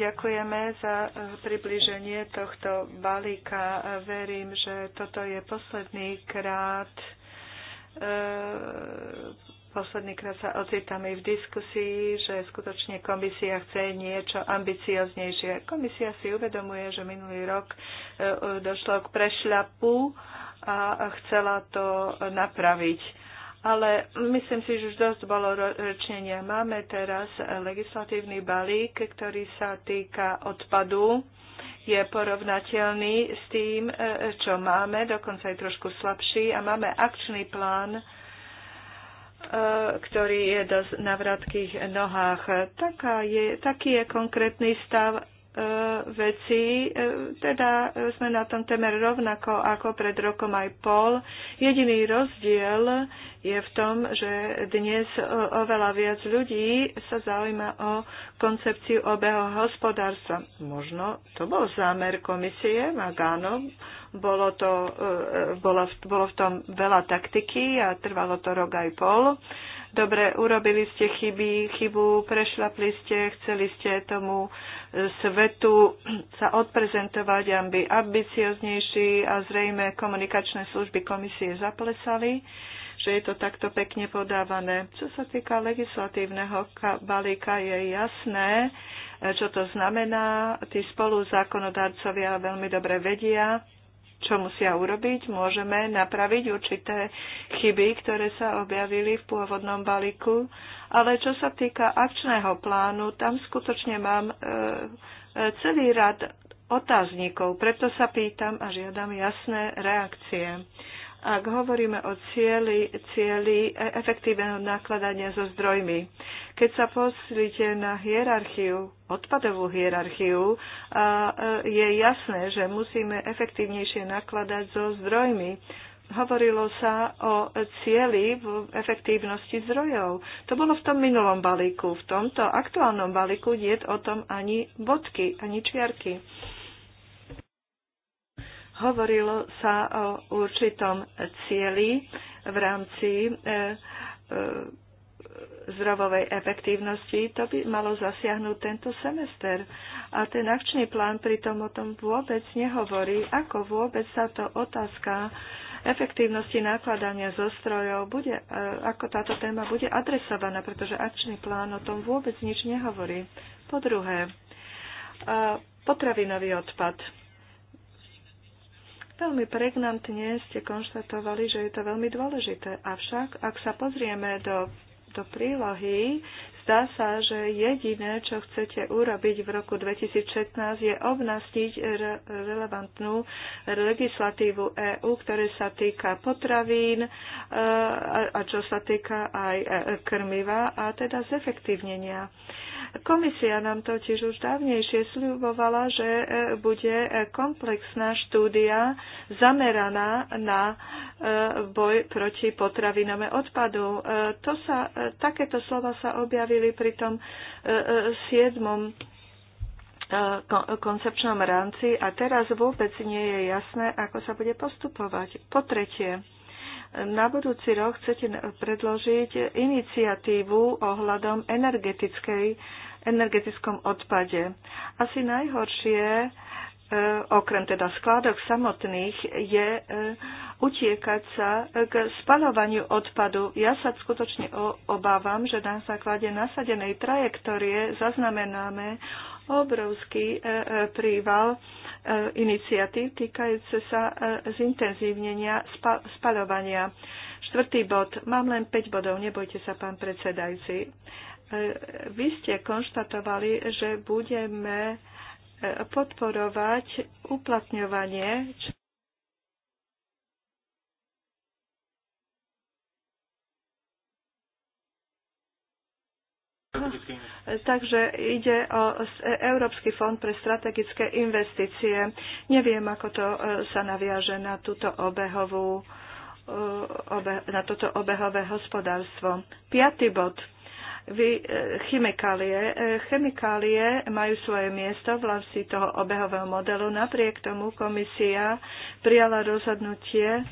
ďakujeme za približenie tohto balíka. Verím, že toto je posledný krát, E, poslednýkrát sa ocitáme v diskusii, že skutočne komisia chce niečo ambicioznejšie. Komisia si uvedomuje, že minulý rok e, došlo k prešľapu a chcela to napraviť. Ale myslím si, že už dosť bolo rečenia. Máme teraz legislatívny balík, ktorý sa týka odpadu je porovnateľný s tým, e, čo máme, dokonca je trošku slabší a máme akčný plán, e, ktorý je dosť na vratkých nohách. Taká je, taký je konkrétny stav E, e, teda sme na tom temer rovnako ako pred rokom aj pol. Jediný rozdiel je v tom, že dnes oveľa viac ľudí sa zaujíma o koncepciu obeho hospodárstva. Možno to bol zámer komisie, ak áno, bolo, to, e, bolo, bolo v tom veľa taktiky a trvalo to rok aj pol dobre, urobili ste chyby, chybu, prešlapli ste, chceli ste tomu svetu sa odprezentovať, aby ambicioznejší a zrejme komunikačné služby komisie zaplesali že je to takto pekne podávané. Čo sa týka legislatívneho balíka, je jasné, čo to znamená. Tí spolu spoluzákonodarcovia veľmi dobre vedia, čo musia urobiť, môžeme napraviť určité chyby, ktoré sa objavili v pôvodnom balíku. Ale čo sa týka akčného plánu, tam skutočne mám e, e celý rad otáznikov, preto sa pýtam a žiadam jasné reakcie ak hovoríme o cieli, cieli efektívneho nakladania so zdrojmi. Keď sa pozrite na hierarchiu, odpadovú hierarchiu, je jasné, že musíme efektívnejšie nakladať so zdrojmi. Hovorilo sa o cieli v efektívnosti zdrojov. To bolo v tom minulom balíku. V tomto aktuálnom balíku nie je o tom ani bodky, ani čiarky. Hovorilo sa o určitom cieli v rámci e, e, zdravovej efektívnosti, to by malo zasiahnuť tento semester. A ten akčný plán pritom o tom vôbec nehovorí, ako vôbec táto otázka efektívnosti nakladania zo strojov, bude, e, ako táto téma bude adresovaná, pretože akčný plán o tom vôbec nič nehovorí. Po druhé, potravinový odpad Veľmi pregnantne ste konštatovali, že je to veľmi dôležité. Avšak, ak sa pozrieme do, do prílohy, zdá sa, že jediné, čo chcete urobiť v roku 2016, je obnastiť re- relevantnú legislatívu EÚ, ktoré sa týka potravín e, a čo sa týka aj e, krmiva a teda zefektívnenia Komisia nám totiž už dávnejšie sľubovala, že e, bude e, komplexná štúdia zameraná na e, boj proti potravinám odpadu. To sa, takéto slova sa objavili pri tom siedmom koncepčnom rámci a teraz vôbec nie je jasné, ako sa bude postupovať. Po tretie, na budúci rok chcete predložiť iniciatívu ohľadom energetickej, energetickom odpade. Asi najhoršie e, okrem teda skládok samotných, je e, utiekať sa k spalovaniu odpadu. Ja sa skutočne obávam, že na základe nasadenej trajektórie zaznamenáme obrovský e, e, príval e, iniciatív týkajúce sa zintenzívnenia spaľovania. Štvrtý bod. Mám len 5 bodov, nebojte sa, pán predsedajci. Vy ste konštatovali, že budeme podporovať uplatňovanie Takže ide o Európsky fond pre strategické investície. Neviem, ako to e, sa naviaže na túto obehovú e, na toto obehové hospodárstvo. Piatý bod. Vy, e, chemikálie. Chemikálie majú svoje miesto v rámci toho obehového modelu. Napriek tomu komisia prijala rozhodnutie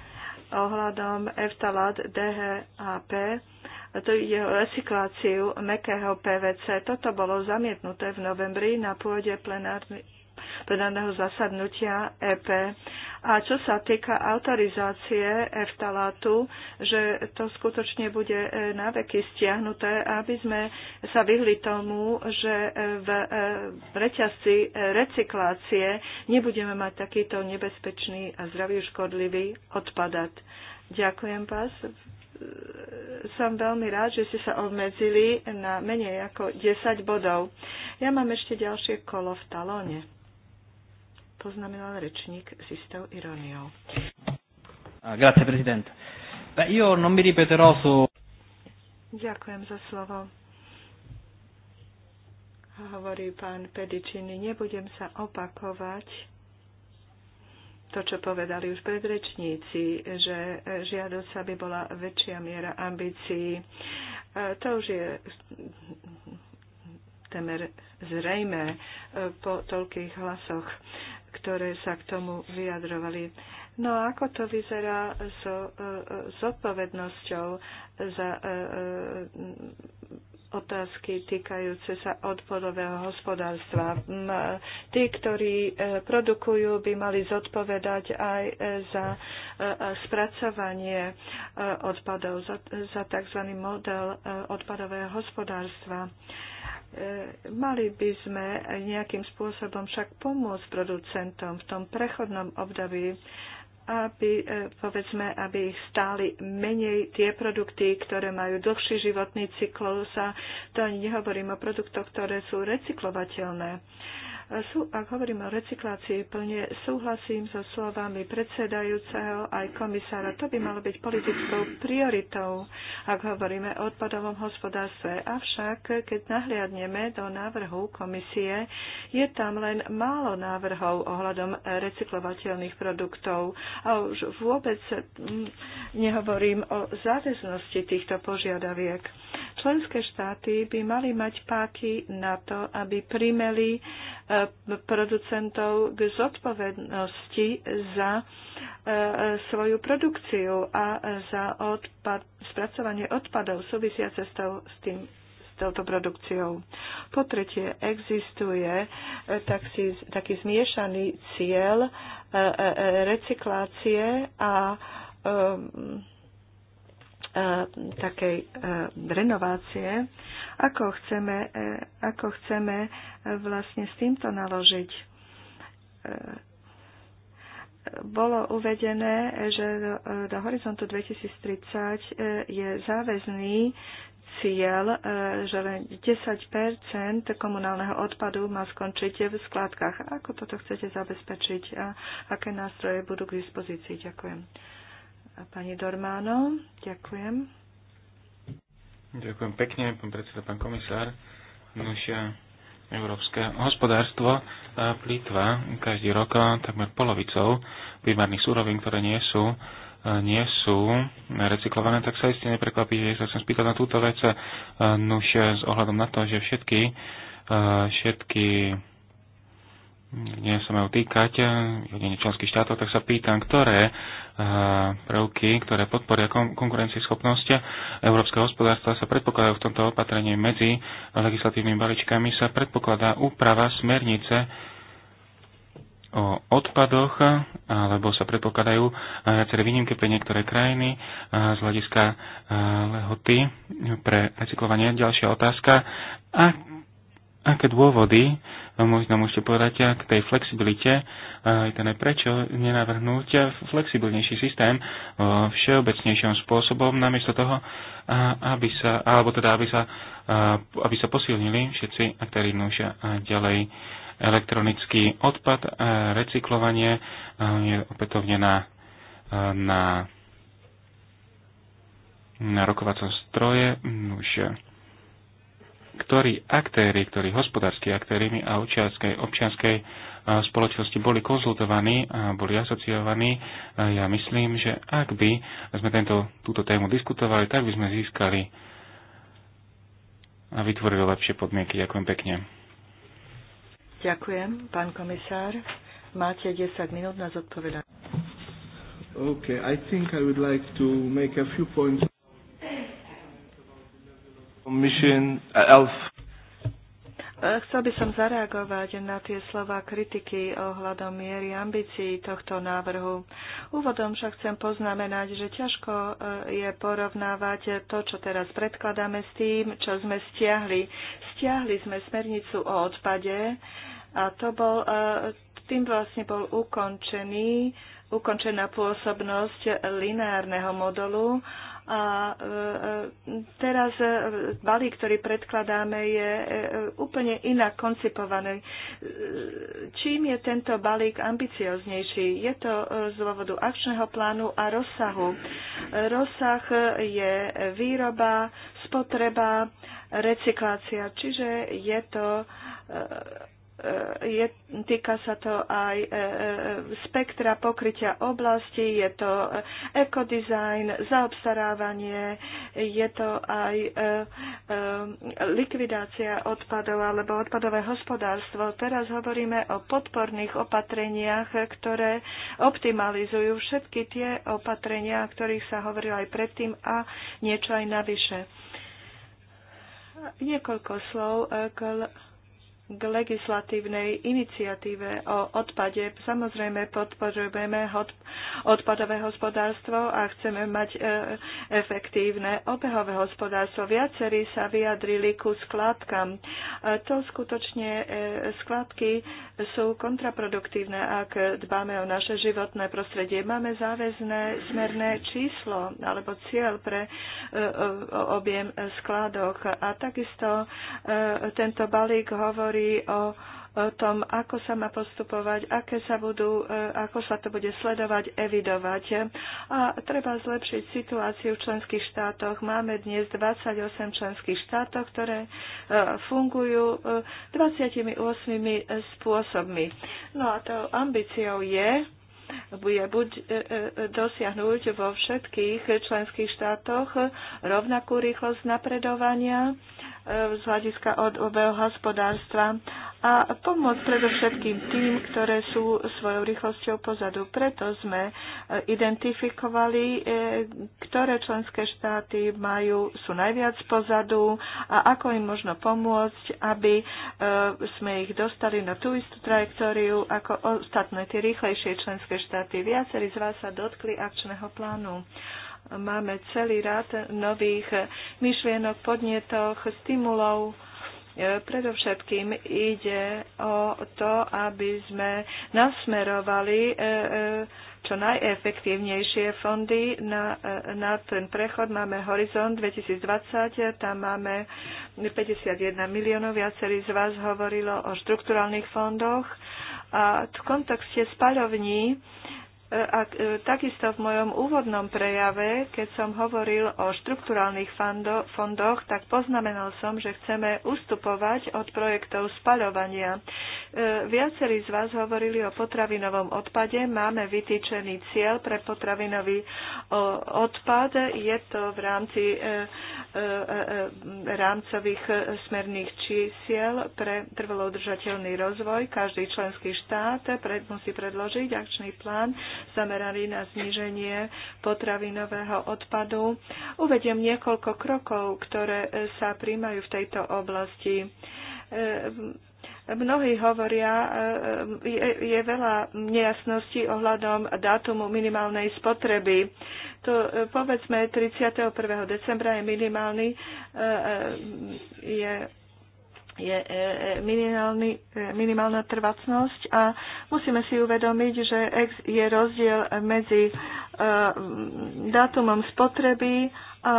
ohľadom EFTALAT DHAP tu ide o recykláciu mekého PVC. Toto bolo zamietnuté v novembri na pôde plenárny plenárneho zasadnutia EP. A čo sa týka autorizácie eftalátu, že to skutočne bude e, na veky stiahnuté, aby sme sa vyhli tomu, že e, e, v reťazci recyklácie nebudeme mať takýto nebezpečný a zdravý škodlivý odpadat. Ďakujem vás som veľmi rád, že ste sa obmedzili na menej ako 10 bodov. Ja mám ešte ďalšie kolo v talóne. Poznamenal rečník s istou iróniou. Grazie, prezident. Beh, io non mi ripeterò su... Ďakujem za slovo. Hovorí pán Pedičiny, nebudem sa opakovať to, čo povedali už predrečníci, že žiadosť by bola väčšia miera ambícií. To už je temer zrejme po toľkých hlasoch, ktoré sa k tomu vyjadrovali. No a ako to vyzerá so e, e, odpovednosťou za e, otázky týkajúce sa odpadového hospodárstva. Mm, Tí, ktorí e, produkujú, by mali zodpovedať aj e, za e, spracovanie odpadov, za tzv. model odpadového hospodárstva. Mali by sme nejakým spôsobom však pomôcť producentom v tom prechodnom období aby, e, povedzme, aby stáli menej tie produkty, ktoré majú dlhší životný cyklus a to ani nehovorím o produktoch, ktoré sú recyklovateľné. Uh, sú, ak hovorím o recyklácii, plne súhlasím so slovami predsedajúceho aj komisára. To by malo byť politickou prioritou, ak hovoríme o odpadovom hospodárstve. Avšak, keď nahliadneme do návrhu komisie, je tam len málo návrhov ohľadom recyklovateľných produktov. A už vôbec mm, nehovorím o záväznosti týchto požiadaviek. Členské štáty by mali mať páky na to, aby primeli E, producentov k zodpovednosti za e, svoju produkciu a za odpad, spracovanie odpadov súvisiace s, tou, s tým touto produkciou. Po tretie, existuje e, taký, taký zmiešaný cieľ recyklácie a e, Eh, takej eh, renovácie, ako chceme, eh, ako chceme vlastne s týmto naložiť. Bolo uvedené, že do horizontu 2030 je záväzný cieľ, že len 10 komunálneho odpadu má skončiť v skladkách. Ako toto chcete zabezpečiť a aké nástroje budú k dispozícii? Ďakujem. A pani Dormáno, ďakujem. Ďakujem pekne, pán predseda, pán komisár. Naša európske hospodárstvo plýtva každý rok takmer polovicou primárnych súrovín, ktoré nie sú nie sú recyklované, tak sa isté neprekvapí, že sa chcem spýtať na túto vec, nuž s ohľadom na to, že všetky, všetky nie sa majú týkať eh, jedine členských štátov, tak sa pýtam, ktoré eh, prvky, ktoré podporia konkurencieschopnosť európskeho hospodárstva sa predpokladajú v tomto opatrení medzi legislatívnymi balíčkami sa predpokladá úprava smernice o odpadoch, alebo sa predpokladajú eh, viaceré výnimky pre niektoré krajiny z hľadiska lehoty pre recyklovanie. Ďalšia otázka. A aké dôvody možno môžete povedať eh, k tej flexibilite, ten eh, je prečo nenavrhnúť flexibilnejší systém eh, všeobecnejším spôsobom, namiesto toho, aby sa, alebo teda, aby sa, aby sa posilnili všetci aktéry vnúšia ďalej elektronický odpad, recyklovanie je opätovne na, na na rokovacom stroje. Už ktorí aktéry, ktorí hospodárskí aktéry a občianskej, občianskej spoločnosti boli konzultovaní a boli asociovaní. Ja myslím, že ak by sme tento, túto tému diskutovali, tak by sme získali a vytvorili lepšie podmienky. Ďakujem pekne. Ďakujem, pán komisár. Máte 10 minút na zodpovedanie. Okay, I think I would like to make a few points. Eh, e, chcel by som zareagovať na tie slova kritiky ohľadom miery ambícií tohto návrhu. Úvodom však chcem poznamenať, že ťažko e, je porovnávať to, čo teraz predkladáme s tým, čo sme stiahli. Stiahli sme smernicu o odpade a to bol, e, tým vlastne bol ukončený, ukončená pôsobnosť lineárneho modulu a e, e, teraz e, balík, ktorý predkladáme, je úplne inak koncipovaný. Čím je tento balík ambicioznejší? Je to z dôvodu akčného plánu a rozsahu. Rozsah je výroba, spotreba, recyklácia, čiže je to E, je, týka sa to aj e, e, spektra pokrytia oblasti, je to ekodizajn, zaobstarávanie, je to aj likvidácia odpadov alebo odpadové hospodárstvo. Teraz hovoríme o podporných opatreniach, ktoré optimalizujú všetky tie opatrenia, o ktorých sa hovorilo aj predtým a niečo aj navyše. Niekoľko slov kol- k legislatívnej iniciatíve o odpade. Samozrejme podporujeme odpadové hospodárstvo a chceme mať e, efektívne obehové hospodárstvo. Viacerí sa vyjadrili ku skládkam. E, to skutočne e, skladky sú kontraproduktívne, ak dbáme o naše životné prostredie. Máme záväzné smerné číslo alebo cieľ pre objem skládok a takisto tento balík hovorí hovorí o tom, ako sa má postupovať, aké sa budú, e, ako sa to bude sledovať, evidovať. A treba zlepšiť situáciu v členských štátoch. Máme dnes 28 členských štátov, ktoré e, fungujú 28 e, spôsobmi. No a to ambíciou je, bude buď dosiahnuť vo všetkých členských štátoch rovnakú rýchlosť napredovania z hľadiska odového hospodárstva a pomôcť predovšetkým tým, ktoré sú svojou rýchlosťou pozadu. Preto sme e, identifikovali, e, ktoré členské štáty majú, sú najviac pozadu a ako im možno pomôcť, aby e, sme ich dostali na tú istú trajektóriu ako ostatné, tie rýchlejšie členské štáty. Viacerí z vás sa dotkli akčného plánu máme celý rad nových myšlienok, podnetoch, stimulov. E, predovšetkým ide o to, aby sme nasmerovali e, e, čo najefektívnejšie fondy na, na ten prechod. Máme Horizont 2020, tam máme 51 miliónov, viacerí z vás hovorilo o štrukturálnych fondoch. A v kontexte spaľovní E, a e, takisto v mojom úvodnom prejave, keď som hovoril o štrukturálnych fondoch, tak poznamenal som, že chceme ustupovať od projektov spaľovania. E, viacerí z vás hovorili o potravinovom odpade. Máme vytýčený cieľ pre potravinový odpad. Je to v rámci rámcových smerných čísiel pre udržateľný rozvoj. Každý členský štát musí predložiť akčný plán zamerali na zníženie potravinového odpadu. Uvediem niekoľko krokov, ktoré e, sa príjmajú v tejto oblasti e, mnohí hovoria, e, je, je veľa nejasností ohľadom dátumu minimálnej spotreby. To povedzme 31. decembra je minimálny, je je e, e, e, minimálna trvacnosť a musíme si uvedomiť, že je rozdiel medzi dátumom spotreby a,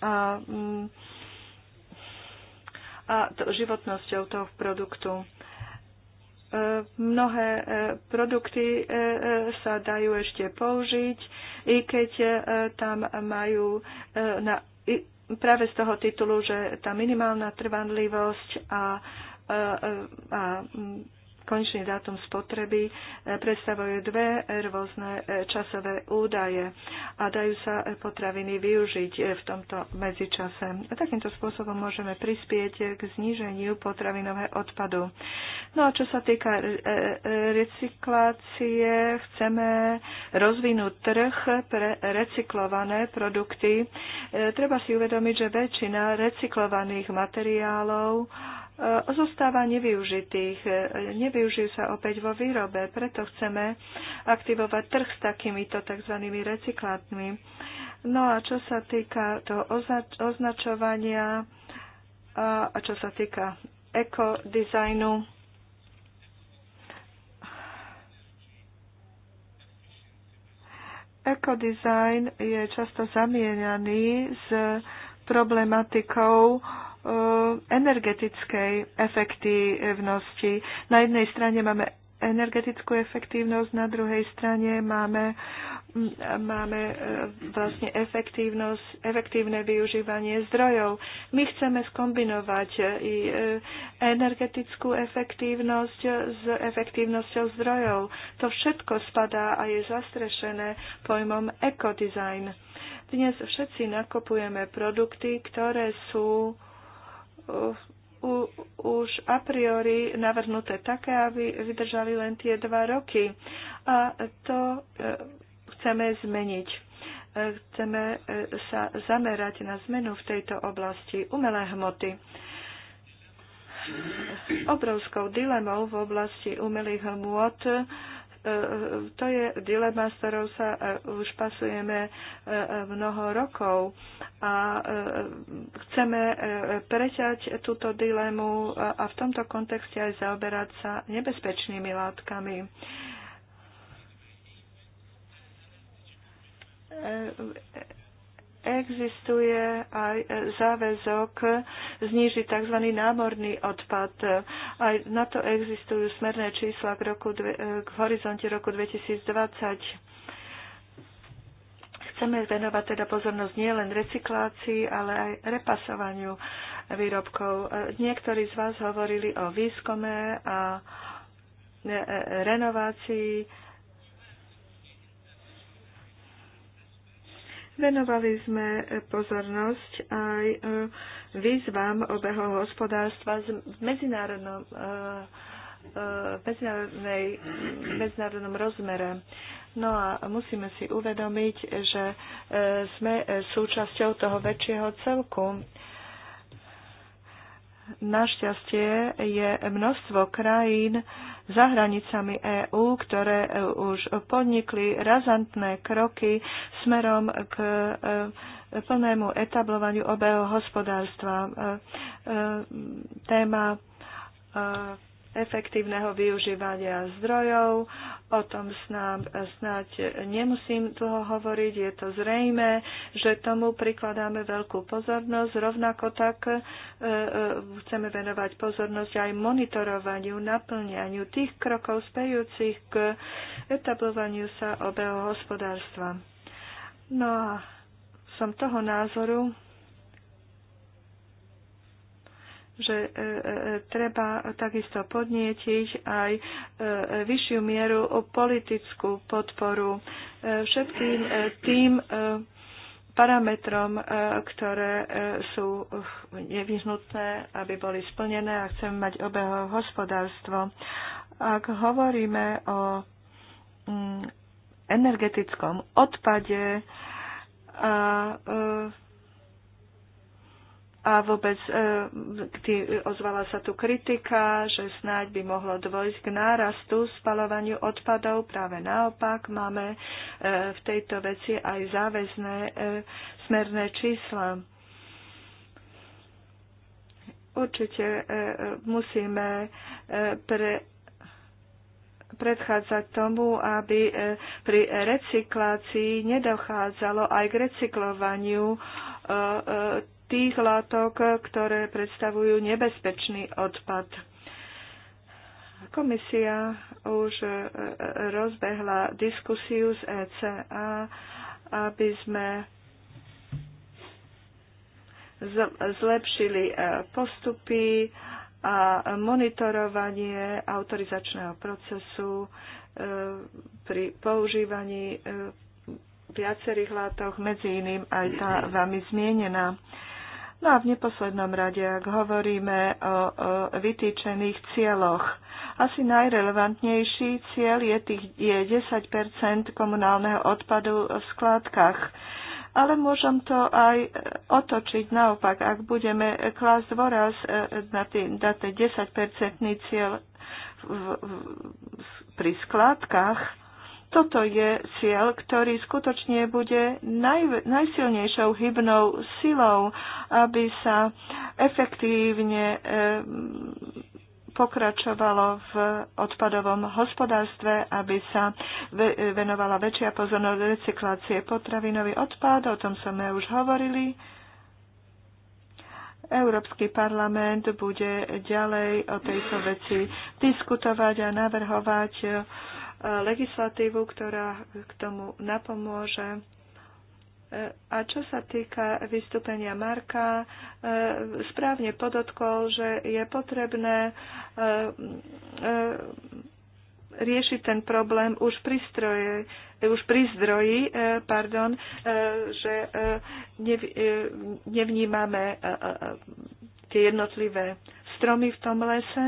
a, mm, a, a životnosťou toho produktu mnohé produkty sa dajú ešte použiť, i keď tam majú na práve z toho titulu, že tá minimálna trvanlivosť a, a, a konečný dátum spotreby e, predstavuje dve rôzne e, časové údaje a dajú sa e, potraviny využiť v tomto medzičase. A takýmto spôsobom môžeme prispieť k zníženiu potravinového odpadu. No a čo sa týka recyklácie, chceme rozvinúť trh pre recyklované produkty. Treba si uvedomiť, že väčšina recyklovaných materiálov E, zostáva nevyužitých. E, nevyužijú sa opäť vo výrobe, preto chceme aktivovať trh s takýmito tzv. recyklátmi. No a čo sa týka toho označovania a čo sa týka ekodizajnu, ekodizajn je často zamieňaný s problematikou uh, Eh, energetickej efektívnosti. Na jednej strane máme energetickú efektívnosť, na druhej strane máme, mm, máme eh, vlastne efektívnosť, efektívne využívanie zdrojov. My chceme skombinovať eh, i energetickú efektívnosť s efektívnosťou zdrojov. To všetko spadá a je zastrešené pojmom ekodizajn. Dnes všetci nakopujeme produkty, ktoré sú u, už a priori navrhnuté také, aby vydržali len tie dva roky. A to e, chceme zmeniť. E, chceme e, sa zamerať na zmenu v tejto oblasti umelé hmoty. Obrovskou dilemou v oblasti umelých hmot to je dilema, s ktorou sa e, už pasujeme e, mnoho rokov a e, chceme preťať túto dilemu a v tomto kontexte aj zaoberať sa nebezpečnými látkami existuje aj záväzok znižiť tzv. námorný odpad. Aj na to existujú smerné čísla k, roku, k horizonte roku 2020 chceme venovať teda pozornosť nielen recyklácii, ale aj repasovaniu výrobkov. Niektorí z vás hovorili o výskume a e, e, renovácii Venovali sme e, pozornosť aj e, výzvam obeho hospodárstva v medzinárodnom, e, medzinárodnom rozmere. No a musíme si uvedomiť, že sme súčasťou toho väčšieho celku. Našťastie je množstvo krajín, za hranicami EÚ, ktoré e, už podnikli razantné kroky smerom k e, e, plnému etablovaniu obého hospodárstva. Téma efektívneho využívania zdrojov. O tom snáď, snáď nemusím dlho hovoriť, je to zrejme, že tomu prikladáme veľkú pozornosť. Rovnako tak e, e, chceme venovať pozornosť aj monitorovaniu, naplňaniu tých krokov spejúcich k etablovaniu sa obého hospodárstva. No a som toho názoru, že e, e, treba takisto podnietiť aj e, vyššiu mieru o politickú podporu všetkým tým parametrom, ktoré sú nevyhnutné, aby boli splnené a chceme mať obeho hospodárstvo. Ak hovoríme o mm, energetickom odpade a a vôbec e, ozvala sa tu kritika, že snáď by mohlo dôjsť k nárastu spalovaniu odpadov. Práve naopak máme e, v tejto veci aj záväzné e, smerné čísla. Určite e, musíme pre predchádzať tomu, aby pri recyklácii nedochádzalo aj k recyklovaniu tých látok, ktoré predstavujú nebezpečný odpad. Komisia už e, e, rozbehla diskusiu z ECA, aby sme zlepšili e, postupy a monitorovanie autorizačného procesu pri používaní viacerých látok, medzi iným aj tá vami zmienená. No a v neposlednom rade, ak hovoríme o, o vytýčených cieľoch, asi najrelevantnejší cieľ je, tých, je 10 komunálneho odpadu v skládkach. Ale môžem to aj e, otočiť naopak, ak budeme klásť dôraz e, na, ten 10-percentný cieľ v, v, pri skládkach, toto je cieľ, ktorý skutočne bude naj, najsilnejšou hybnou silou, aby sa efektívne e, pokračovalo v odpadovom hospodárstve, aby sa venovala väčšia pozornosť recyklácie potravinový odpad, o tom sme už hovorili. Európsky parlament bude ďalej o tejto veci diskutovať a navrhovať legislatívu, ktorá k tomu napomôže. E, a čo sa týka vystúpenia Marka, e, správne podotkol, že je potrebné e, riešiť ten problém už pri, stroje, už pri zdroji, pardon, že nevnímame tie jednotlivé stromy v tom lese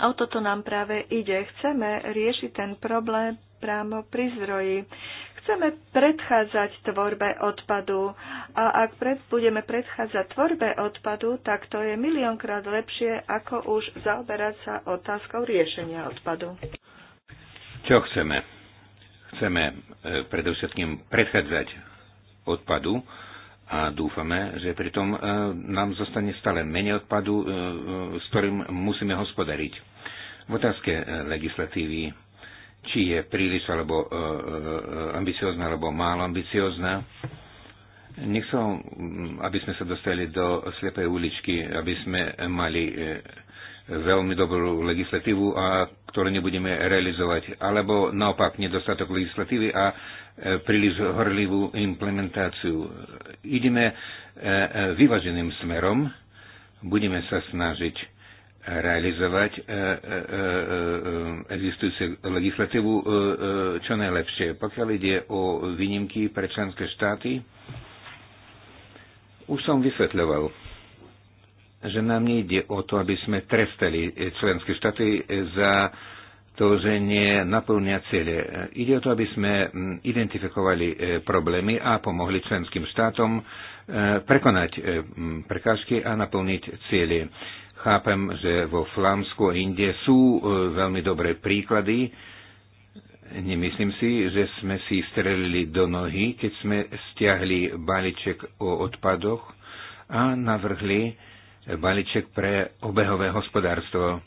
O toto nám práve ide. Chceme riešiť ten problém právo pri zdroji. Chceme predchádzať tvorbe odpadu a ak pred, budeme predchádzať tvorbe odpadu, tak to je miliónkrát lepšie, ako už zaoberať sa otázkou riešenia odpadu. Čo chceme? Chceme e, predovšetkým predchádzať odpadu a dúfame, že pritom e, nám zostane stále menej odpadu, e, e, s ktorým musíme hospodariť. V otázke e, legislatívy, či je príliš alebo e, e ambiciozna alebo málo ambiciozna, nechcem, aby sme sa dostali do slepej uličky, aby sme mali e, veľmi dobrú legislatívu, a ktorú nebudeme realizovať, alebo naopak nedostatok legislatívy a E, príliš horlivú implementáciu. Ideme e, e, vyvaženým smerom, budeme sa snažiť realizovať existujúcu legislatívu čo najlepšie. Pokiaľ ide o výnimky pre členské štáty, už som vysvetľoval, že nám nejde o to, aby sme trestali členské štáty za to, že naplňa cele. Ide o to, aby sme mm, identifikovali e, problémy a pomohli členským štátom e, prekonať e, mm, prekážky a naplniť cieľe. Chápem, že vo Flámsku a Indie sú veľmi dobré príklady. Nemyslím si, že sme si strelili do nohy, keď sme stiahli balíček o odpadoch a navrhli balíček pre obehové hospodárstvo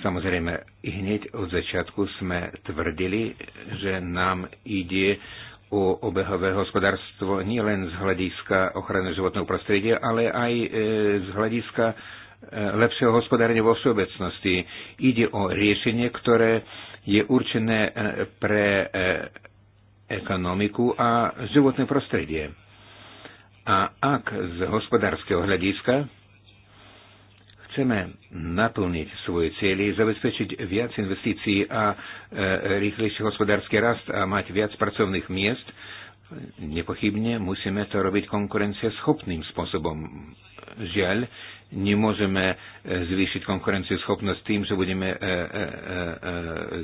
Samozrejme, hneď od začiatku sme tvrdili, že nám ide o obehové hospodárstvo nielen z hľadiska ochrany životného prostredia, ale aj e, z hľadiska e, lepšieho hospodárenia vo všeobecnosti. Ide o riešenie, ktoré je určené e, pre ekonomiku a životné prostredie. A ak z hospodárskeho hľadiska chceme naplniť svoje cieľy, zabezpečiť viac investícií a e, rýchlejší hospodársky rast a mať viac pracovných miest, nepochybne musíme to robiť konkurencieschopným spôsobom. Žiaľ, nemôžeme e, zvýšiť konkurencieschopnosť tým, že budeme e, e, e, e,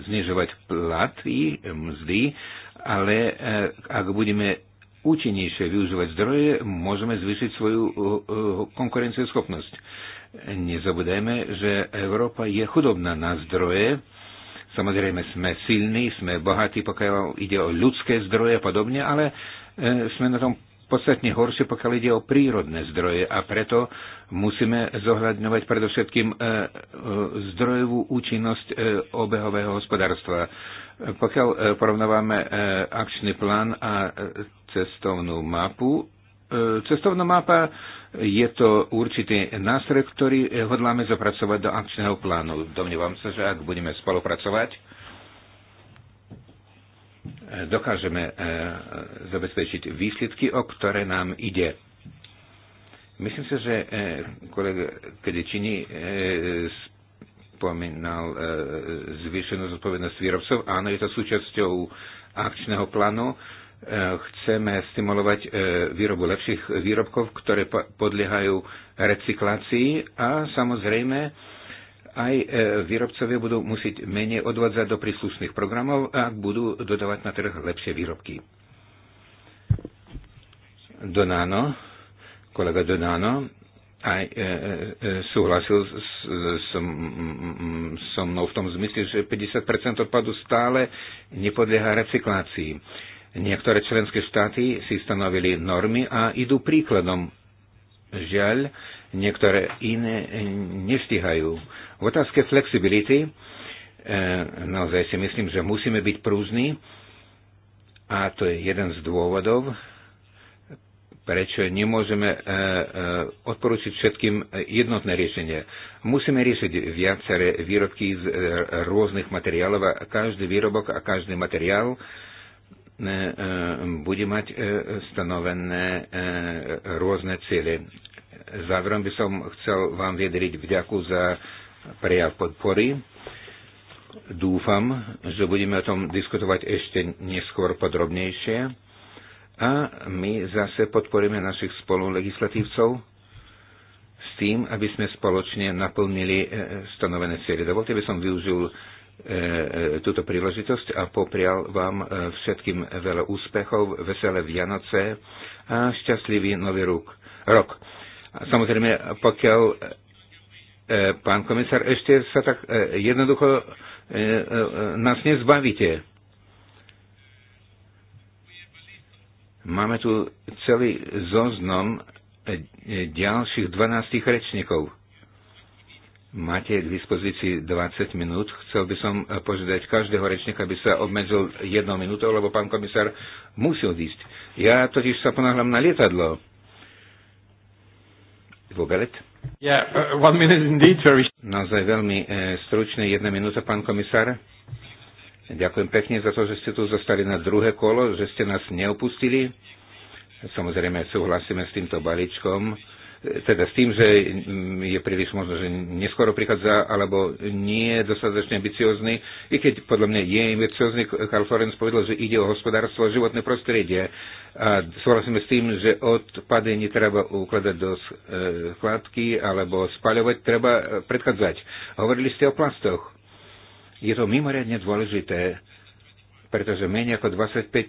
znižovať platy, mzdy, ale e, ak budeme účinnejšie využívať zdroje, môžeme zvýšiť svoju uh, uh, konkurencieschopnosť. Nezabudajme, že Európa je chudobná na zdroje. Samozrejme sme silní, sme bohatí, pokiaľ ide o ľudské zdroje a podobne, ale e, sme na tom podstatne horšie, pokiaľ ide o prírodné zdroje a preto musíme zohľadňovať predovšetkým e, e, zdrojovú účinnosť obehového hospodárstva. Pokiaľ porovnávame akčný plán a cestovnú mapu, E, cestovná mapa je to určitý nástroj, ktorý hodláme zapracovať do akčného plánu. Domnievam sa, že ak budeme spolupracovať, e, dokážeme e, zabezpečiť výsledky, o ktoré nám ide. Myslím sa, že kolega Kedečini spomínal zvýšenú zodpovednosť výrobcov. Áno, je to súčasťou akčného plánu Chceme stimulovať e, výrobu lepších výrobkov, ktoré podliehajú recyklácii a samozrejme aj e, výrobcovia budú musieť menej odvádzať do príslušných programov, ak budú dodávať na trh lepšie výrobky. Donáno, kolega Donáno, aj e, e, e súhlasil so mnou v tom zmysle, že 50% odpadu stále nepodlieha recyklácii. Niektoré členské štáty si stanovili normy a idú príkladom. Žiaľ, niektoré iné eh, nestihajú. V otázke flexibility eh, naozaj si myslím, že musíme byť prúzni a to je jeden z dôvodov, prečo nemôžeme eh, odporúčiť všetkým jednotné riešenie. Musíme riešiť viaceré výrobky z rôznych materiálov a každý výrobok a každý materiál E, bude mať e, stanovené e, rôzne cíly. Záverom by som chcel vám vyjadriť vďaku za prejav podpory. Dúfam, že budeme o tom diskutovať ešte neskôr podrobnejšie a my zase podporíme našich spolulegislatívcov s tým, aby sme spoločne naplnili stanovené cieľe. Dovolte by som využil E, e, túto príležitosť a poprial vám e, všetkým veľa úspechov, veselé Vianoce a šťastlivý nový rok. rok. Samozrejme, pokiaľ pán komisár ešte sa tak jednoducho nás nezbavíte. Máme tu celý zoznam ďalších 12 rečníkov. Máte k dispozícii 20 minút. Chcel by som eh, požiadať každého rečníka, aby sa obmedzil jednou minútou, lebo pán komisár musí odísť. Ja totiž sa ponáhľam na lietadlo. Vo Yeah, uh, one minute indeed, very... Naozaj veľmi e, stručne, jedna minúta, pán komisár. Ďakujem pekne za to, že ste tu zostali na druhé kolo, že ste nás neopustili. Samozrejme, súhlasíme s týmto balíčkom teda s tým, že je príliš možno, že neskoro prichádza, alebo nie je dostatočne ambiciózny, i keď podľa mňa je ambiciózny, Karl Florenz povedal, že ide o hospodárstvo a životné prostredie. A súhlasíme s tým, že odpady netreba ukladať do skladky e, alebo spaľovať, treba predchádzať. Hovorili ste o plastoch. Je to mimoriadne dôležité pretože menej ako 25 e, e,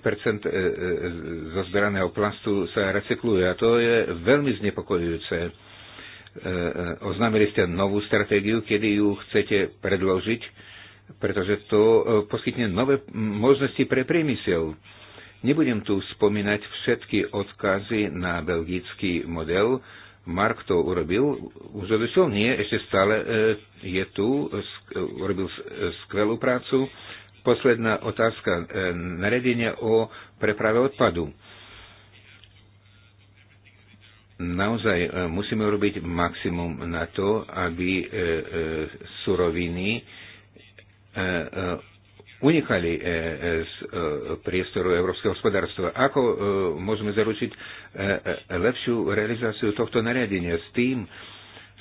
zo zberaného plastu sa recykluje a to je veľmi znepokojujúce. E, oznámili ste novú stratégiu, kedy ju chcete predložiť, pretože to poskytne nové možnosti pre priemysel. Nebudem tu spomínať všetky odkazy na belgický model. Mark to urobil, už odišiel? Nie, ešte stále je tu, urobil skvelú prácu. Posledná otázka. E, Naredenie o preprave odpadu. Naozaj e, musíme robiť maximum na to, aby e, suroviny unikali z priestoru európskeho hospodárstva. Ako môžeme zaručiť lepšiu realizáciu tohto nariadenia s tým,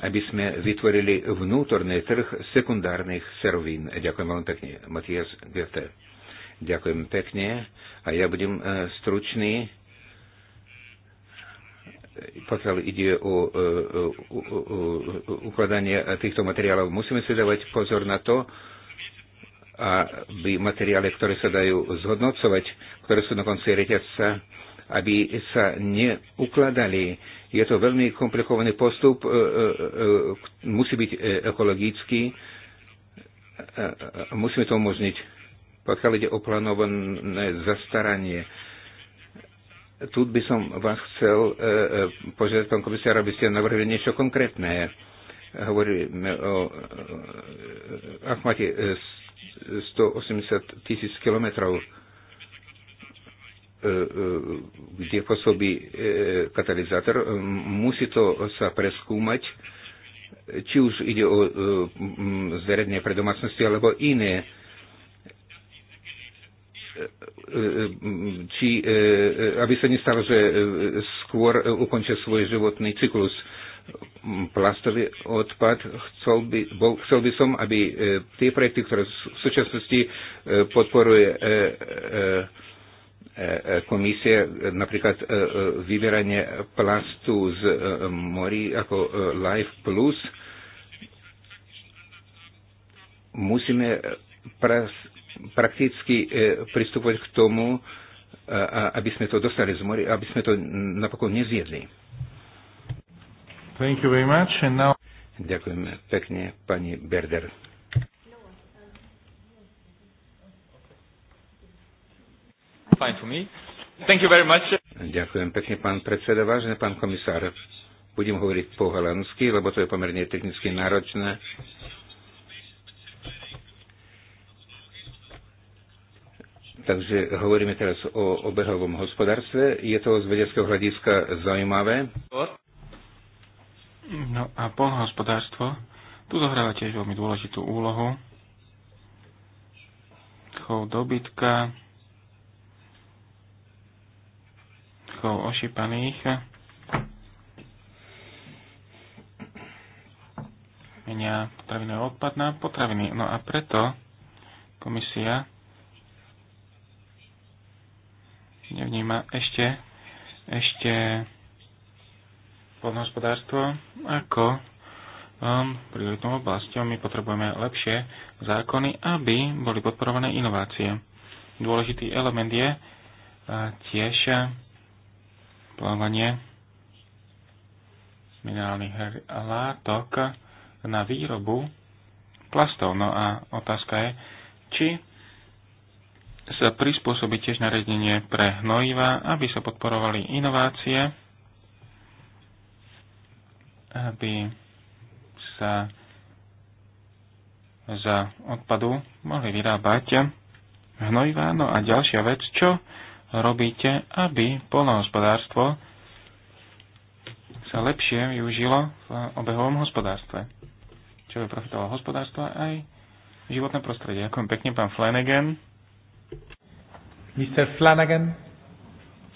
aby sme vytvorili vnútorný trh sekundárnych servín. Ďakujem veľmi pekne, Matias Goethe. Ďakujem pekne a ja budem e, stručný. Pokiaľ ide o e, e, ukladanie týchto materiálov, musíme si dávať pozor na to, aby materiály, ktoré sa dajú zhodnocovať, ktoré sú na konci reťazca, aby sa neukladali je to veľmi komplikovaný postup, e, e, e, musí byť ekologický, musíme to umožniť, pokiaľ ide o plánované zastaranie. Tu by som vás chcel požiadať, pán komisár, aby ste navrhli niečo konkrétne. Hovoríme o, ak máte 180 tisíc kilometrov kde pôsobí e, e, e, katalizátor, musí to sa preskúmať, či už ide o zverejné pre domácnosti alebo iné či, aby sa nestalo, že skôr ukončia svoj životný cyklus plastový odpad. Chcel by, bol, chcel by som, aby tie projekty, ktoré v súčasnosti podporuje komisie, napríklad e, e, vyberanie plastu z e, morí ako Life Plus, musíme pra, prakticky pristupovať k tomu, aby sme to dostali z morí, aby sme to napokon nezjedli. Thank you very much. And now... Ďakujeme pekne, pani Berder. fine for me. Thank you very much. Ďakujem pekne, pán predseda. Vážený pán komisár, budem hovoriť po holandsky, lebo to je pomerne technicky náročné. Takže hovoríme teraz o obehovom hospodárstve. Je to z vedeckého hľadiska zaujímavé? No a polnohospodárstvo tu zohráva tiež veľmi dôležitú úlohu. Chov dobytka, rybníkov ošípaných menia potraviny odpad na potraviny. No a preto komisia nevníma ešte, ešte poľnohospodárstvo ako um, prioritnou oblasťou. My potrebujeme lepšie zákony, aby boli podporované inovácie. Dôležitý element je tiež plávanie minerálnych látok na výrobu plastov. No a otázka je, či sa prispôsobí tiež naredenie pre hnojiva, aby sa podporovali inovácie, aby sa za odpadu mohli vyrábať hnojivá. No a ďalšia vec, čo robíte, aby polnohospodárstvo sa lepšie využilo v obehovom hospodárstve, čo by profitovalo hospodárstvo aj životné prostredie. Ďakujem pekne, pán Flanagan. Mr. Flanagan.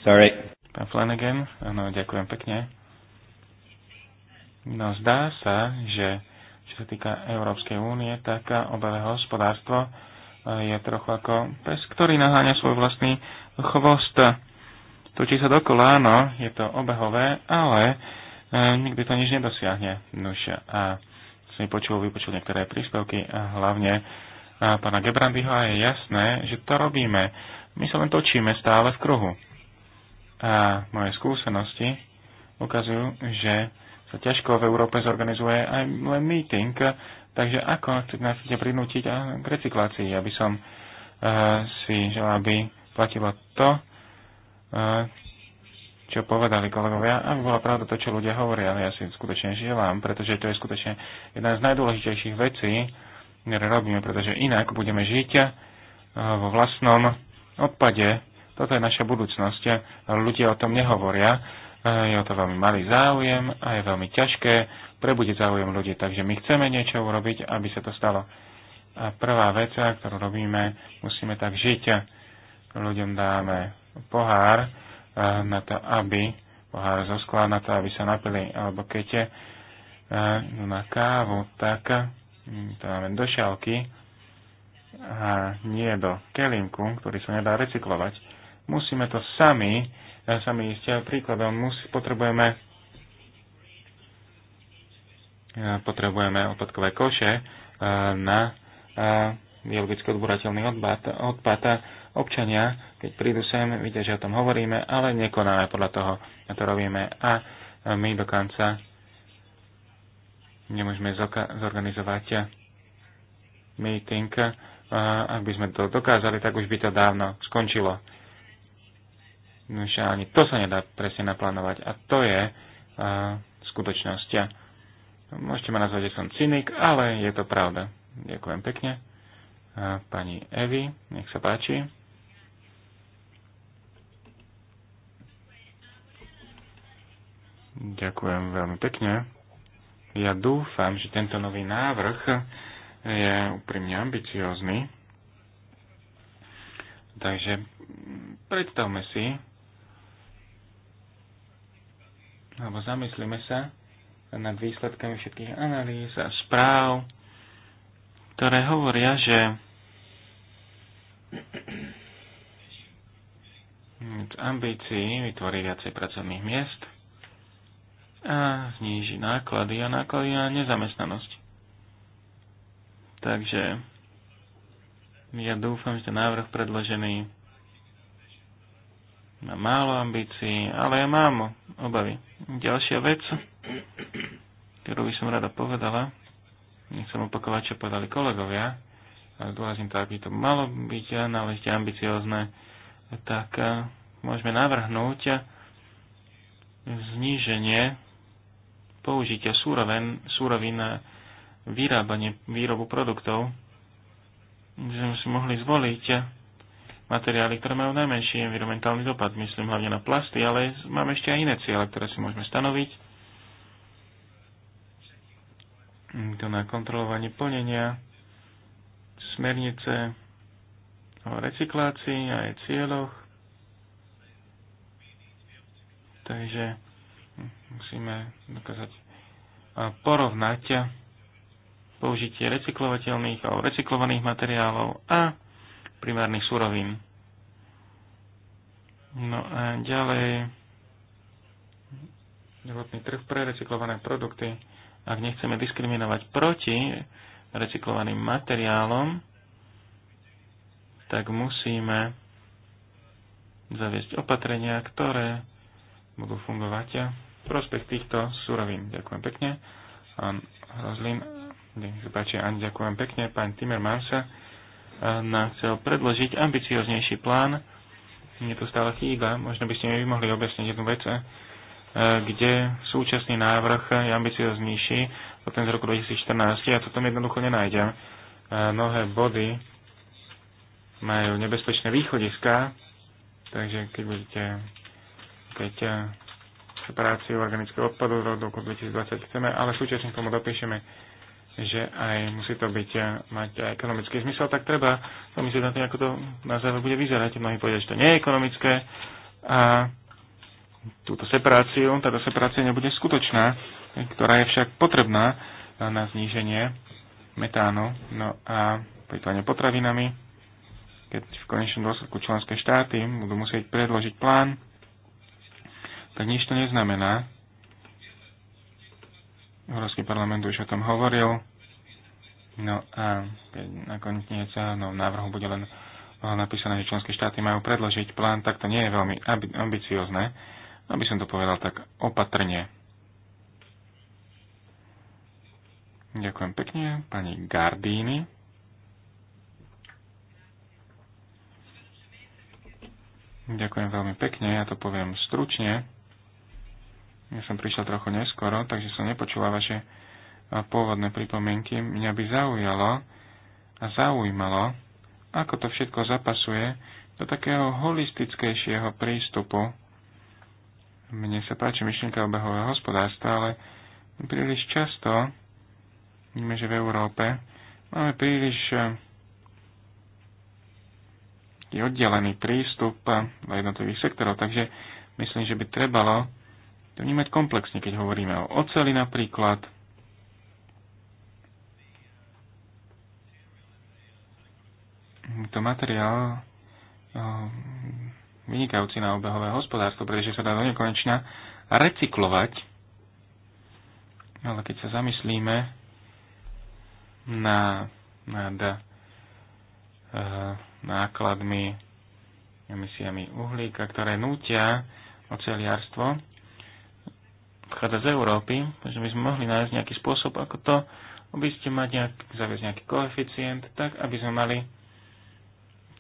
Sorry. Pán Flanagan, áno, ďakujem pekne. No zdá sa, že čo sa týka Európskej únie, tak obehové hospodárstvo je trochu ako pes, ktorý naháňa svoj vlastný chvost. Točí sa dokola, áno, je to obehové, ale e, nikdy to nič nedosiahne. Nož a som počul, vypočul niektoré príspevky a hlavne a pána Gebrandyho a je jasné, že to robíme. My sa len točíme stále v kruhu. A moje skúsenosti ukazujú, že sa ťažko v Európe zorganizuje aj len meeting, takže ako nás chcete prinútiť k recyklácii, aby som uh, si želal, aby platilo to, e, čo povedali kolegovia, aby bola pravda to, čo ľudia hovoria, ale ja si skutočne želám, pretože to je skutočne jedna z najdôležitejších vecí, ktoré robíme, pretože inak budeme žiť e, vo vlastnom odpade. Toto je naša budúcnosť. Ľudia o tom nehovoria. E, je o to veľmi malý záujem a je veľmi ťažké prebudiť záujem ľudí. Takže my chceme niečo urobiť, aby sa to stalo. A prvá vec, ktorú robíme, musíme tak žiť ľuďom dáme pohár eh, na to, aby pohár zo skla na to, aby sa napili, alebo keď eh, na kávu, tak hm, to máme do šalky a nie do kelinku, ktorý sa nedá recyklovať. Musíme to sami, eh, sami ísť príkladom, musí, potrebujeme potrebujeme odpadkové koše na biologicky odburateľný odpad, odpad občania, keď prídu sem, vidia, že o tom hovoríme, ale nekonáme podľa toho, a to robíme. A my dokonca nemôžeme zorganizovať meeting. Ak by sme to dokázali, tak už by to dávno skončilo. Už no ani to sa nedá presne naplánovať. A to je skutočnosť. Môžete ma nazvať, že som cynik, ale je to pravda. Ďakujem pekne. Pani Evi, nech sa páči. Ďakujem veľmi pekne. Ja dúfam, že tento nový návrh je úprimne ambiciózny. Takže predstavme si, alebo zamyslíme sa nad výsledkami všetkých analýz a správ, ktoré hovoria, že z ambícií vytvorí viacej pracovných miest, a zníži náklady a náklady na nezamestnanosť. Takže ja dúfam, že ten návrh predložený má málo ambícií, ale ja mám obavy. Ďalšia vec, ktorú by som rada povedala, nechcem opakovať, čo povedali kolegovia, ale dôrazím to, aby to malo byť náležite ambiciozne, tak eh, môžeme navrhnúť zníženie použitia súroven, súrovin na vyrábanie, výrobu produktov, že sme si mohli zvoliť materiály, ktoré majú najmenší environmentálny dopad. Myslím hlavne na plasty, ale máme ešte aj iné ciele, ktoré si môžeme stanoviť. To na kontrolovanie plnenia smernice o recyklácii a aj cieľoch. Takže musíme dokázať porovnať použitie recyklovateľných alebo recyklovaných materiálov a primárnych surovín. No a ďalej životný trh pre recyklované produkty. Ak nechceme diskriminovať proti recyklovaným materiálom, tak musíme zaviesť opatrenia, ktoré budú fungovať prospech týchto súrovín. Ďakujem pekne. Rozlín, nech sa páči, Ani, ďakujem pekne. Pán Timmermans nám chcel predložiť ambicioznejší plán. Mne to stále chýba. Možno by ste mi mohli objasniť jednu vec, kde súčasný návrh je ambicioznejší od ten z roku 2014. Ja to tam jednoducho nenájdem. Mnohé body majú nebezpečné východiska, takže keď budete keď separáciu organického odpadu do roku 2020 chceme, ale súčasne k tomu dopíšeme, že aj musí to byť, eh, mať aj ekonomický zmysel, tak treba pomyslieť na to, ako to na záver bude vyzerať. Mnohí povedia, že to nie je ekonomické a túto separáciu, táto separácia nebude skutočná, ktorá je však potrebná na zníženie metánu, no a plýtvanie potravinami, keď v konečnom dôsledku členské štáty budú musieť predložiť plán tak nič to neznamená. Európsky parlament už o tom hovoril. No a nakoniec no, v návrhu bude len napísané, že členské štáty majú predložiť plán, tak to nie je veľmi ambiciozne, aby som to povedal tak opatrne. Ďakujem pekne, pani Gardini. Ďakujem veľmi pekne, ja to poviem stručne. Ja som prišiel trochu neskoro, takže som nepočúval vaše e, pôvodné pripomienky. Mňa by zaujalo a zaujímalo, ako to všetko zapasuje do takého holistickejšieho prístupu. Mne sa páči myšlienka obehového hospodárstva, ale príliš často vidíme, že v Európe máme príliš e, oddelený prístup e, do jednotlivých sektorov, takže myslím, že by trebalo to vnímať komplexne, keď hovoríme o oceli napríklad. To materiál vynikajúci na obehové hospodárstvo, pretože sa dá do nekonečna recyklovať. Ale keď sa zamyslíme na, nad e, nákladmi, emisiami uhlíka, ktoré nútia oceliarstvo, pochádza z Európy, takže by sme mohli nájsť nejaký spôsob, ako to aby ste mať nejak, zaviesť nejaký koeficient, tak aby sme mali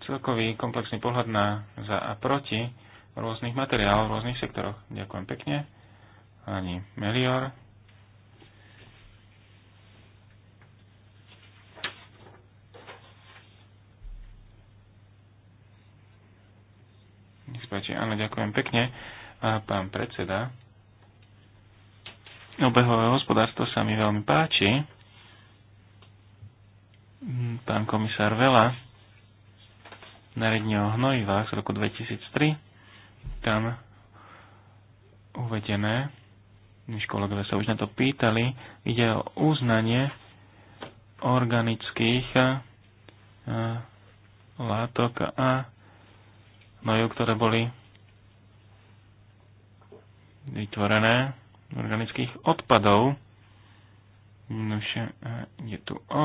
celkový komplexný pohľad na za a proti rôznych materiálov v rôznych sektoroch. Ďakujem pekne. Ani Melior. Nech páči, áno, ďakujem pekne. A pán predseda, obehové hospodárstvo sa mi veľmi páči. Pán komisár Vela nariadne o hnojivách z roku 2003. Tam uvedené, škologové sa už na to pýtali, ide o uznanie organických látok a hnojov, ktoré boli vytvorené organických odpadov. Nože, je tu o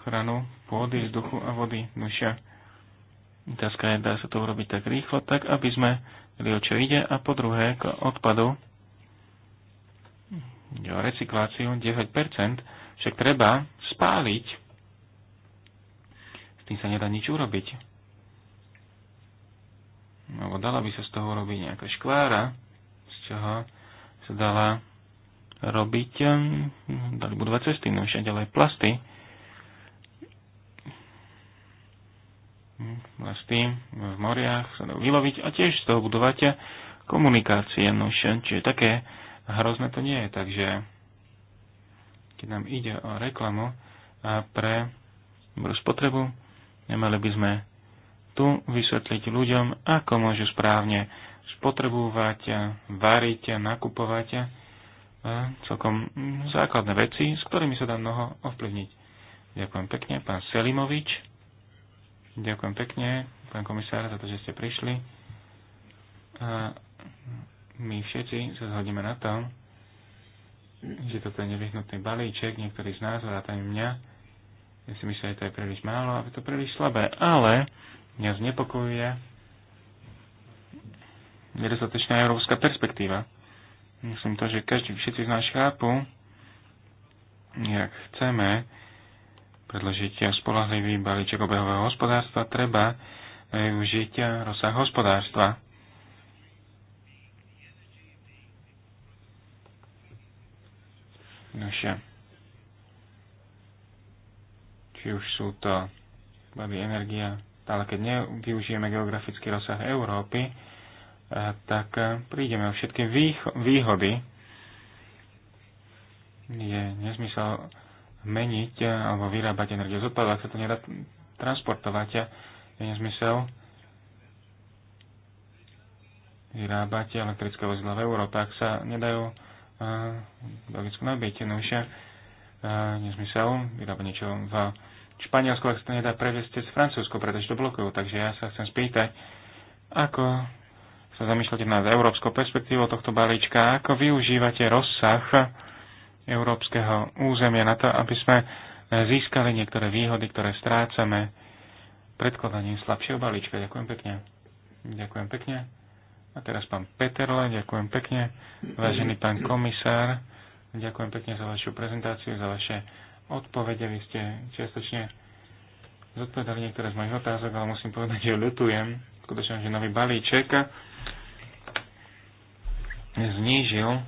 ochranu pôdy, vzduchu a vody. Nože, otázka je, dá sa to urobiť tak rýchlo, tak aby sme vedeli, o čo ide. A po druhé, k odpadu, ide o recykláciu, 9% však treba spáliť. S tým sa nedá nič urobiť. Alebo dala by sa z toho urobiť nejaká škvára, čoho sa dala robiť, dali budovať cesty, no všade ďalej plasty. Plasty v moriach sa dajú vyloviť a tiež z toho budovať komunikácie, no čiže také hrozné to nie je, takže keď nám ide o reklamu a pre spotrebu, nemali by sme tu vysvetliť ľuďom, ako môžu správne spotrebovať, variť, nakupovať celkom základné veci, s ktorými sa dá mnoho ovplyvniť. Ďakujem pekne, pán Selimovič. Ďakujem pekne, pán komisár, za to, že ste prišli. A my všetci sa zhodíme na tom, že toto je nevyhnutný balíček, niektorý z nás, tam mňa. Ja si myslím, že to je príliš málo aby to príliš slabé, ale mňa znepokojuje nedostatočná európska perspektíva. Myslím to, že každý, všetci z nás chápu, jak chceme predložiť spolahlivý balíček obehového hospodárstva, treba využiť rozsah hospodárstva. Nože. Či už sú to baví energia, ale keď nevyužijeme geografický rozsah Európy, tak e, prídeme o všetky výhody. Je nezmysel meniť e, alebo vyrábať energiu z odpadu, ak sa to nedá transportovať. E, je nezmysel vyrábať elektrické vozidla v Európe, ak sa nedajú logicky nabiť. No už nezmysel vyrábať niečo v Španielsku, ak sa to nedá previesť cez Francúzsko, pretože to blokujú. Takže ja sa chcem spýtať, ako sa zamýšľate nad európskou perspektívou tohto balíčka, ako využívate rozsah európskeho územia na to, aby sme získali niektoré výhody, ktoré strácame predkladaním slabšieho balíčka. Ďakujem pekne. Ďakujem pekne. A teraz pán Peterle, ďakujem pekne. Vážený pán komisár, ďakujem pekne za vašu prezentáciu, za vaše odpovede. Vy ste čiastočne zodpovedali niektoré z mojich otázok, ale musím povedať, že ľutujem skutočne, že nový balíček znížil e,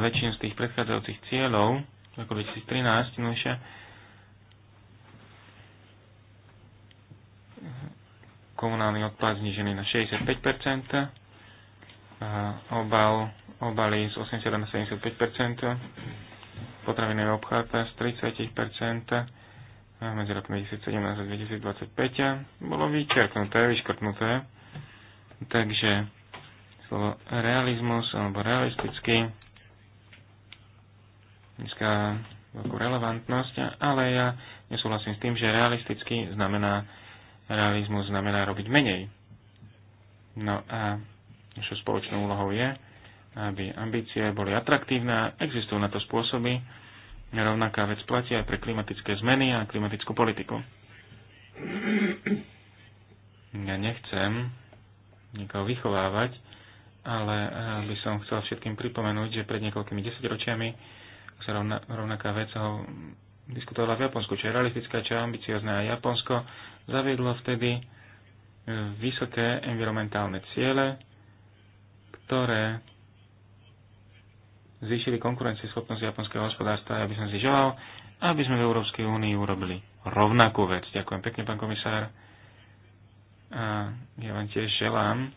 väčšinu z tých predchádzajúcich cieľov, ako 2013, no komunálny odpad znižený na 65%, obal, obaly z 80 na 75%, potravinový obchod z 30%, medzi rokmi 2017 a 2025 bolo vyčerpnuté, vyškrtnuté. Takže slovo realizmus alebo realistický dneska veľkú relevantnosť, ale ja nesúhlasím s tým, že realisticky znamená, realizmus znamená robiť menej. No a našou spoločnou úlohou je, aby ambície boli atraktívne a existujú na to spôsoby. Rovnaká vec platí aj pre klimatické zmeny a klimatickú politiku. Ja nechcem nikoho vychovávať ale eh, by som chcel všetkým pripomenúť, že pred niekoľkými desaťročiami sa rovna, rovnaká vec ho diskutovala v Japonsku, čo je realistická, čo je ambiciozná. A Japonsko zaviedlo vtedy eh, vysoké environmentálne ciele, ktoré zvýšili konkurencieschopnosť japonského hospodárstva. Ja by som si želal, aby sme v Európskej únii urobili rovnakú vec. Ďakujem pekne, pán komisár. A ja vám tiež želám,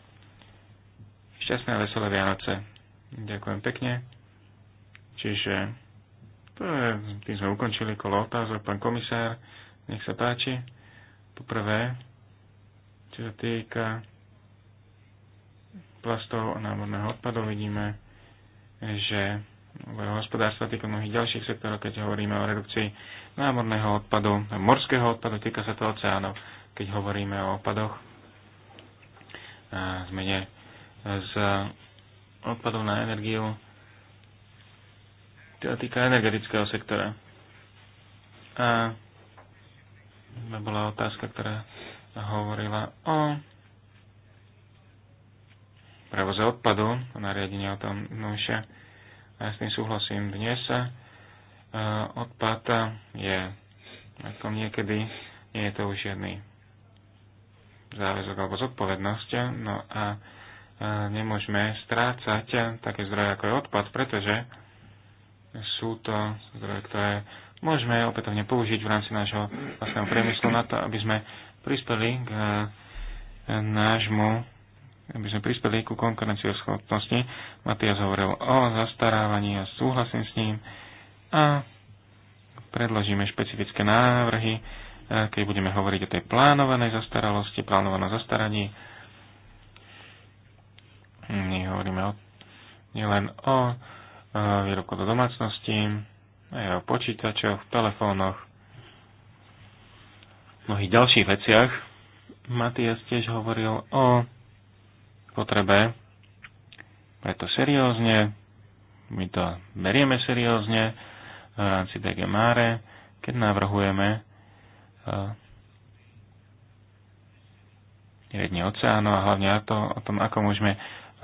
šťastné a veselé Vianoce. Ďakujem pekne. Čiže to je, tým sme ukončili kolo otázok. Pán komisár, nech sa páči. Poprvé, čo sa týka plastov a námorného odpadu, vidíme, že hospodárstva týka mnohých ďalších sektorov, keď hovoríme o redukcii námorného odpadu, morského odpadu, týka sa to oceánov, keď hovoríme o odpadoch a zmene z odpadov na energiu, to týka energetického sektora. A bola otázka, ktorá hovorila o prevoze odpadu, o nariadenie o tom no, A Ja s tým súhlasím dnes. E, odpad je ako niekedy, nie je to už žiadny záväzok alebo zodpovednosť. No a nemôžeme strácať také zdroje ako je odpad, pretože sú to zdroje, ktoré môžeme opätovne použiť v rámci nášho vlastného priemyslu na to, aby sme prispeli k e, nášmu aby sme prispeli ku konkurencieschopnosti. Matias hovoril o zastarávaní a súhlasím s ním a predložíme špecifické návrhy, e, keď budeme hovoriť o tej plánovanej zastaralosti, plánovanom zastaraní hovoríme o, nielen o e, výrobku do domácnosti, aj o počítačoch, telefónoch, mnohých ďalších veciach. Matias tiež hovoril o potrebe, preto seriózne, my to berieme seriózne v rámci DG Mare, keď navrhujeme jedne e, oceánu a hlavne o, to, o tom, ako môžeme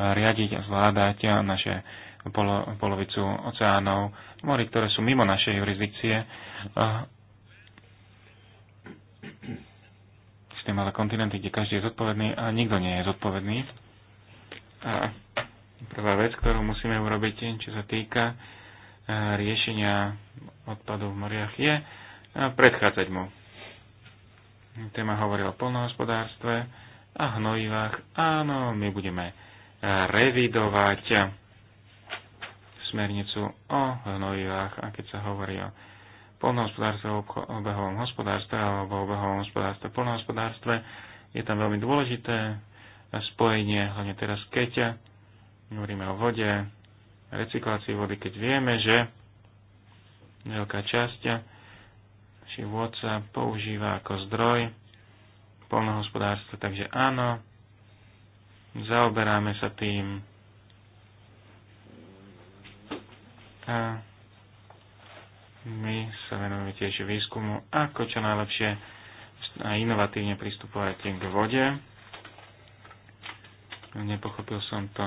riadiť a zvládať naše polo, polovicu oceánov, mori, ktoré sú mimo našej jurisdikcie. S tým ale kontinenty, kde každý je zodpovedný a nikto nie je zodpovedný. A prvá vec, ktorú musíme urobiť, čo sa týka riešenia odpadov v moriach, je predchádzať mu. Téma hovorí o polnohospodárstve a hnojivách. Áno, my budeme revidovať smernicu o hnojivách a keď sa hovorí o polnohospodárstve, o obehovom hospodárstve alebo obehovom hospodárstve, polnohospodárstve, je tam veľmi dôležité spojenie, hlavne teraz keď hovoríme o vode, recyklácii vody, keď vieme, že veľká časť či vôd sa používa ako zdroj polnohospodárstva, takže áno, zaoberáme sa tým a my sa venujeme tiež výskumu, ako čo najlepšie a inovatívne pristupovať k vode. Nepochopil som to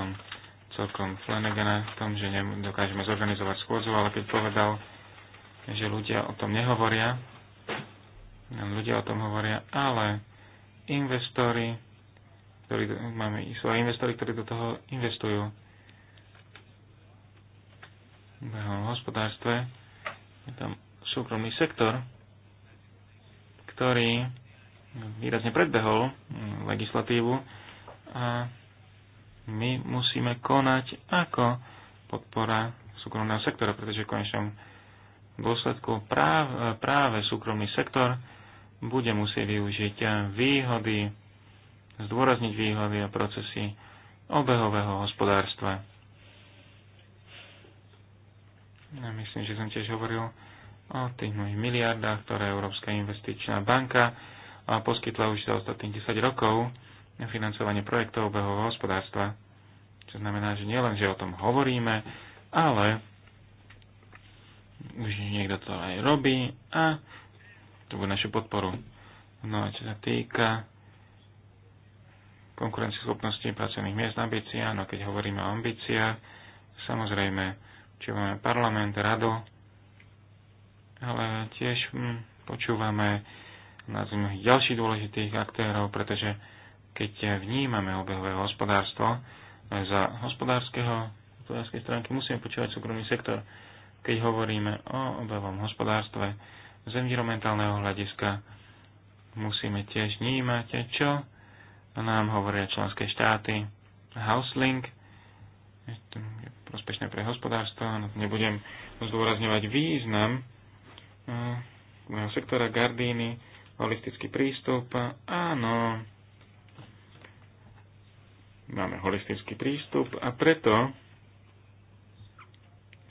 celkom Flanagana v tom, že dokážeme zorganizovať schôdzu, ale keď povedal, že ľudia o tom nehovoria, ľudia o tom hovoria, ale investori ktorí máme, sú aj investori, ktorí do toho investujú. V hospodárstve je tam súkromný sektor, ktorý výrazne predbehol mm, legislatívu a my musíme konať ako podpora súkromného sektora, pretože v konečnom dôsledku práve, práve súkromný sektor bude musieť využiť výhody zdôrazniť výhľady a procesy obehového hospodárstva. Ja myslím, že som tiež hovoril o tých mnohých miliardách, ktoré Európska investičná banka poskytla už za ostatných 10 rokov na financovanie projektov obehového hospodárstva. Čo znamená, že nielen, že o tom hovoríme, ale už niekto to aj robí a to bude našu podporu. No a čo sa týka konkurencieschopnosti pracovných miest ambícia, no keď hovoríme o ambíciách, samozrejme, či máme parlament, rado, ale tiež hm, počúvame nás mnohých ďalších dôležitých aktérov, pretože keď vnímame obehové hospodárstvo, eh, za hospodárskeho, hospodárskej stránky musíme počúvať súkromný sektor. Keď hovoríme o obehovom hospodárstve z environmentálneho hľadiska, musíme tiež vnímať, čo nám hovoria členské štáty. Houselink, to je prospešné pre hospodárstvo, no nebudem zdôrazňovať význam eh, môjho sektora Gardíny, holistický prístup, áno, máme holistický prístup a preto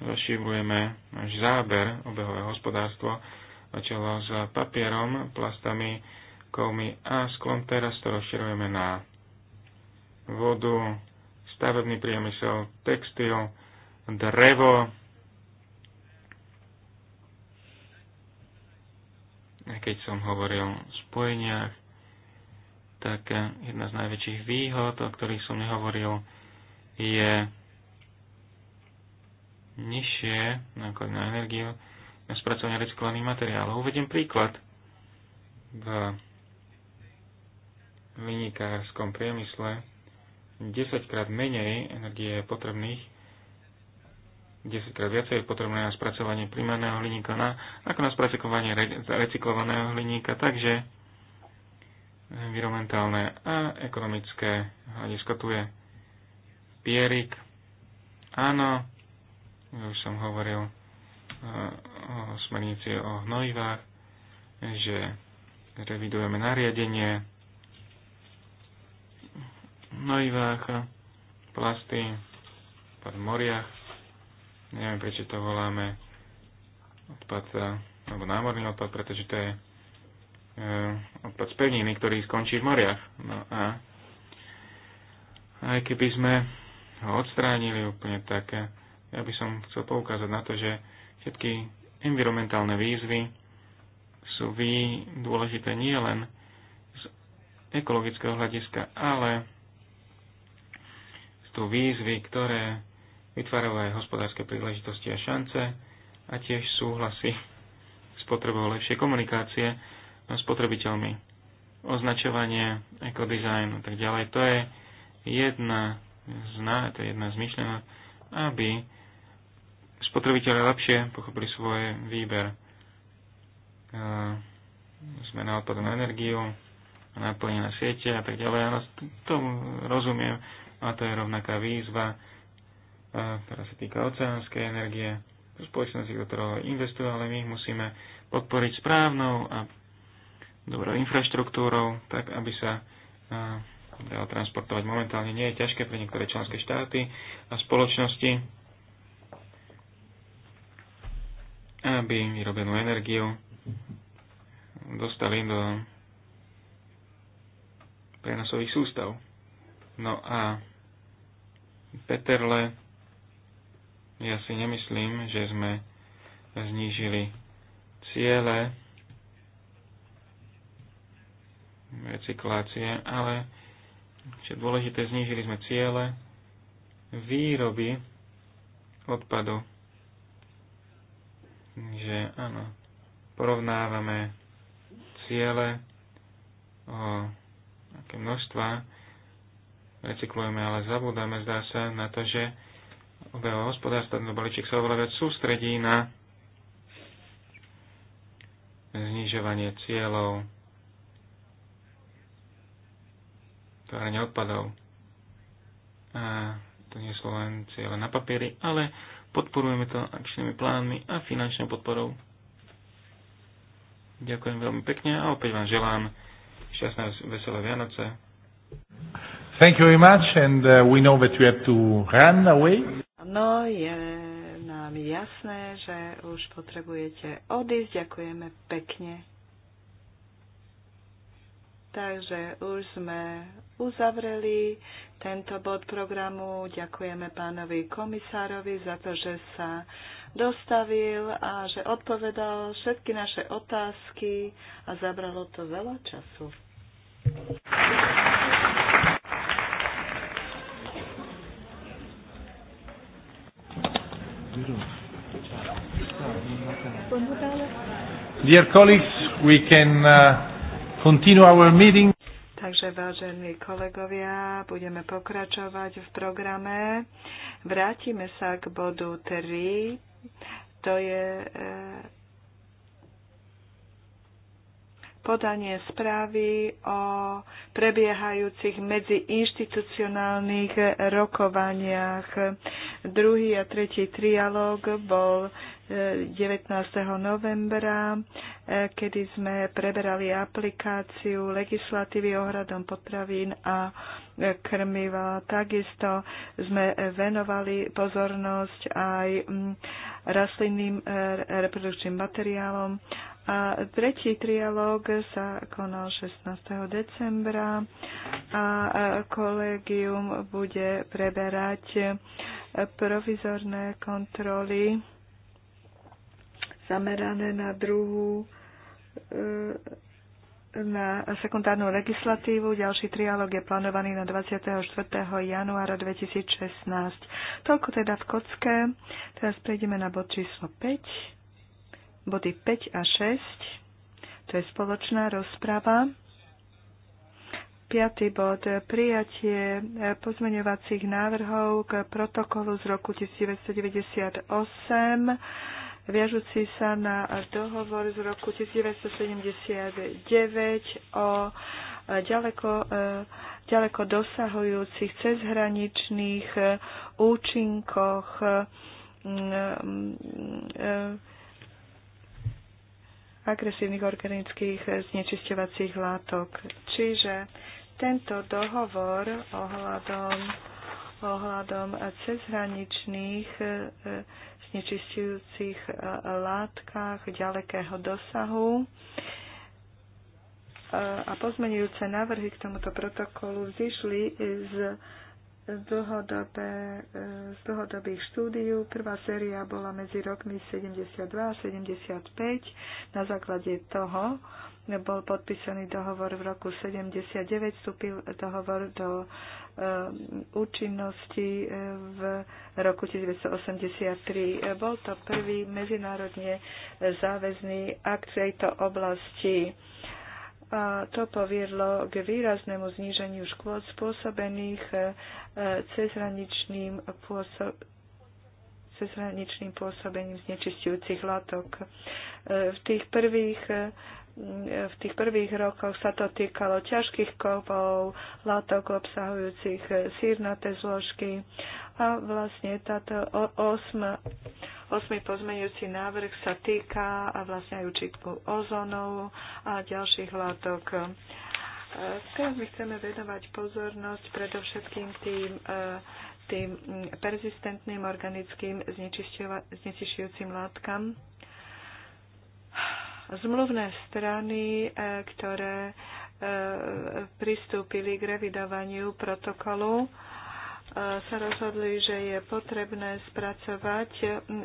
zašivujeme náš záber obehové hospodárstvo, začalo s papierom, plastami, kovmi a sklom teraz to rozširujeme na vodu, stavebný priemysel, textil, drevo, keď som hovoril o spojeniach, tak jedna z najväčších výhod, o ktorých som nehovoril, je nižšie náklad na energiu na spracovanie recyklovaných materiálov. Uvediem príklad. V vynikárskom priemysle 10 krát menej energie je potrebných, 10 krát viacej je potrebné na spracovanie primárneho hliníka na, ako na spracovanie recyklovaného hliníka, takže environmentálne a ekonomické hľadisko tu je Pierik. Áno, už som hovoril eh, o smernici o hnojivách, že revidujeme nariadenie, Noivácha, plasty, pod v moriach. Neviem, prečo to voláme odpad, eh, alebo námorný odpad, pretože to je eh, odpad z pevniny, ktorý skončí v moriach. No a aj keby sme ho odstránili úplne tak, eh, ja by som chcel poukázať na to, že všetky environmentálne výzvy sú vy dôležité nie len z ekologického hľadiska, ale tu výzvy, ktoré vytvárajú aj hospodárske príležitosti a šance a tiež súhlasy s potrebou lepšej komunikácie s potrebiteľmi. Označovanie, ekodizajn a tak ďalej, to je jedna z, to je jedna z myšlenok, aby spotrebiteľe lepšie pochopili svoj výber. Sme na odpadnú energiu, na na siete a tak ďalej. Ja tomu rozumiem, a to je rovnaká výzva, e, ktorá sa týka oceánskej energie. Spoločnosti, ktoré investujú, ale my ich musíme podporiť správnou a dobrou infraštruktúrou, tak aby sa e, dalo transportovať. Momentálne nie je ťažké pre niektoré členské štáty a spoločnosti, aby vyrobenú energiu dostali do prenosových sústav. No a Peterle, ja si nemyslím, že sme znížili ciele recyklácie, ale čo dôležité, znížili sme ciele výroby odpadu. Takže áno, porovnávame ciele o aké množstva recyklujeme, ale zabudáme, zdá sa, na to, že obehové hospodárstva tento balíček sa oveľa viac sústredí na znižovanie cieľov, tvárenie odpadov. A to nie sú len cieľe na papieri, ale podporujeme to akčnými plánmi a finančnou podporou. Ďakujem veľmi pekne a opäť vám želám šťastné veselé Vianoce. Thank you very much and uh, we know that you have to run away. No, je nám jasné, že už potrebujete odísť. Ďakujeme pekne. Takže už sme uzavreli tento bod programu. Ďakujeme pánovi komisárovi za to, že sa dostavil a že odpovedal všetky naše otázky a zabralo to veľa času. Dear colleagues, we can uh, continue our meeting. Takže, vážení kolegovia, budeme pokračovať v programe. Vrátime sa k bodu 3. To je uh, podanie správy o prebiehajúcich medziinštitucionálnych rokovaniach. Druhý a tretí trialóg bol 19. E, novembra, e, kedy sme preberali aplikáciu legislatívy ohradom potravín a e, krmiva. Takisto sme venovali pozornosť aj mm, rastlinným reprodukčným materiálom a tretí trialóg sa konal 16. decembra a kolegium bude preberať provizorné kontroly zamerané na druhú e, na sekundárnu legislatívu. Ďalší trialog je plánovaný na 24. januára 2016. Toľko teda v kocke. Teraz prejdeme na bod číslo 5 body 5 a 6, to je spoločná rozprava. Piatý bod, prijatie eh, pozmeňovacích návrhov k protokolu z roku 1998, viažúci sa na dohovor z roku 1979 o eh, ďaleko, eh, ďaleko dosahujúcich cezhraničných účinkoch mm, mm, agresívnych organických znečisťovacích látok. Čiže tento dohovor ohľadom, ohľadom cezhraničných e, znečistujúcich e, látkach ďalekého dosahu e, a pozmenujúce návrhy k tomuto protokolu vzýšli z z, dlhodobé, e, z dlhodobých štúdiú. Prvá séria bola medzi rokmi 72 a 75. Na základe toho bol podpísaný dohovor v roku 79, vstúpil dohovor do e, účinnosti e, v roku 1983. Bol to prvý medzinárodne záväzný akt tejto oblasti a to poviedlo k výraznému zníženiu škôd spôsobených e, cezhraničným, pôsob- cezhraničným pôsobením znečistujúcich látok. E, v tých prvých e, v tých prvých rokoch sa to týkalo ťažkých kovov, látok obsahujúcich sírnaté zložky a vlastne táto osma Osmi pozmeňujúci návrh sa týka vlastne aj učitku ozonov a ďalších látok. E, Teraz my chceme venovať pozornosť predovšetkým tým, e, tým persistentným organickým znečišťujúcim látkam. Zmluvné strany, e, ktoré pristúpili k revidovaniu protokolu, sa rozhodli, že je potrebné spracovať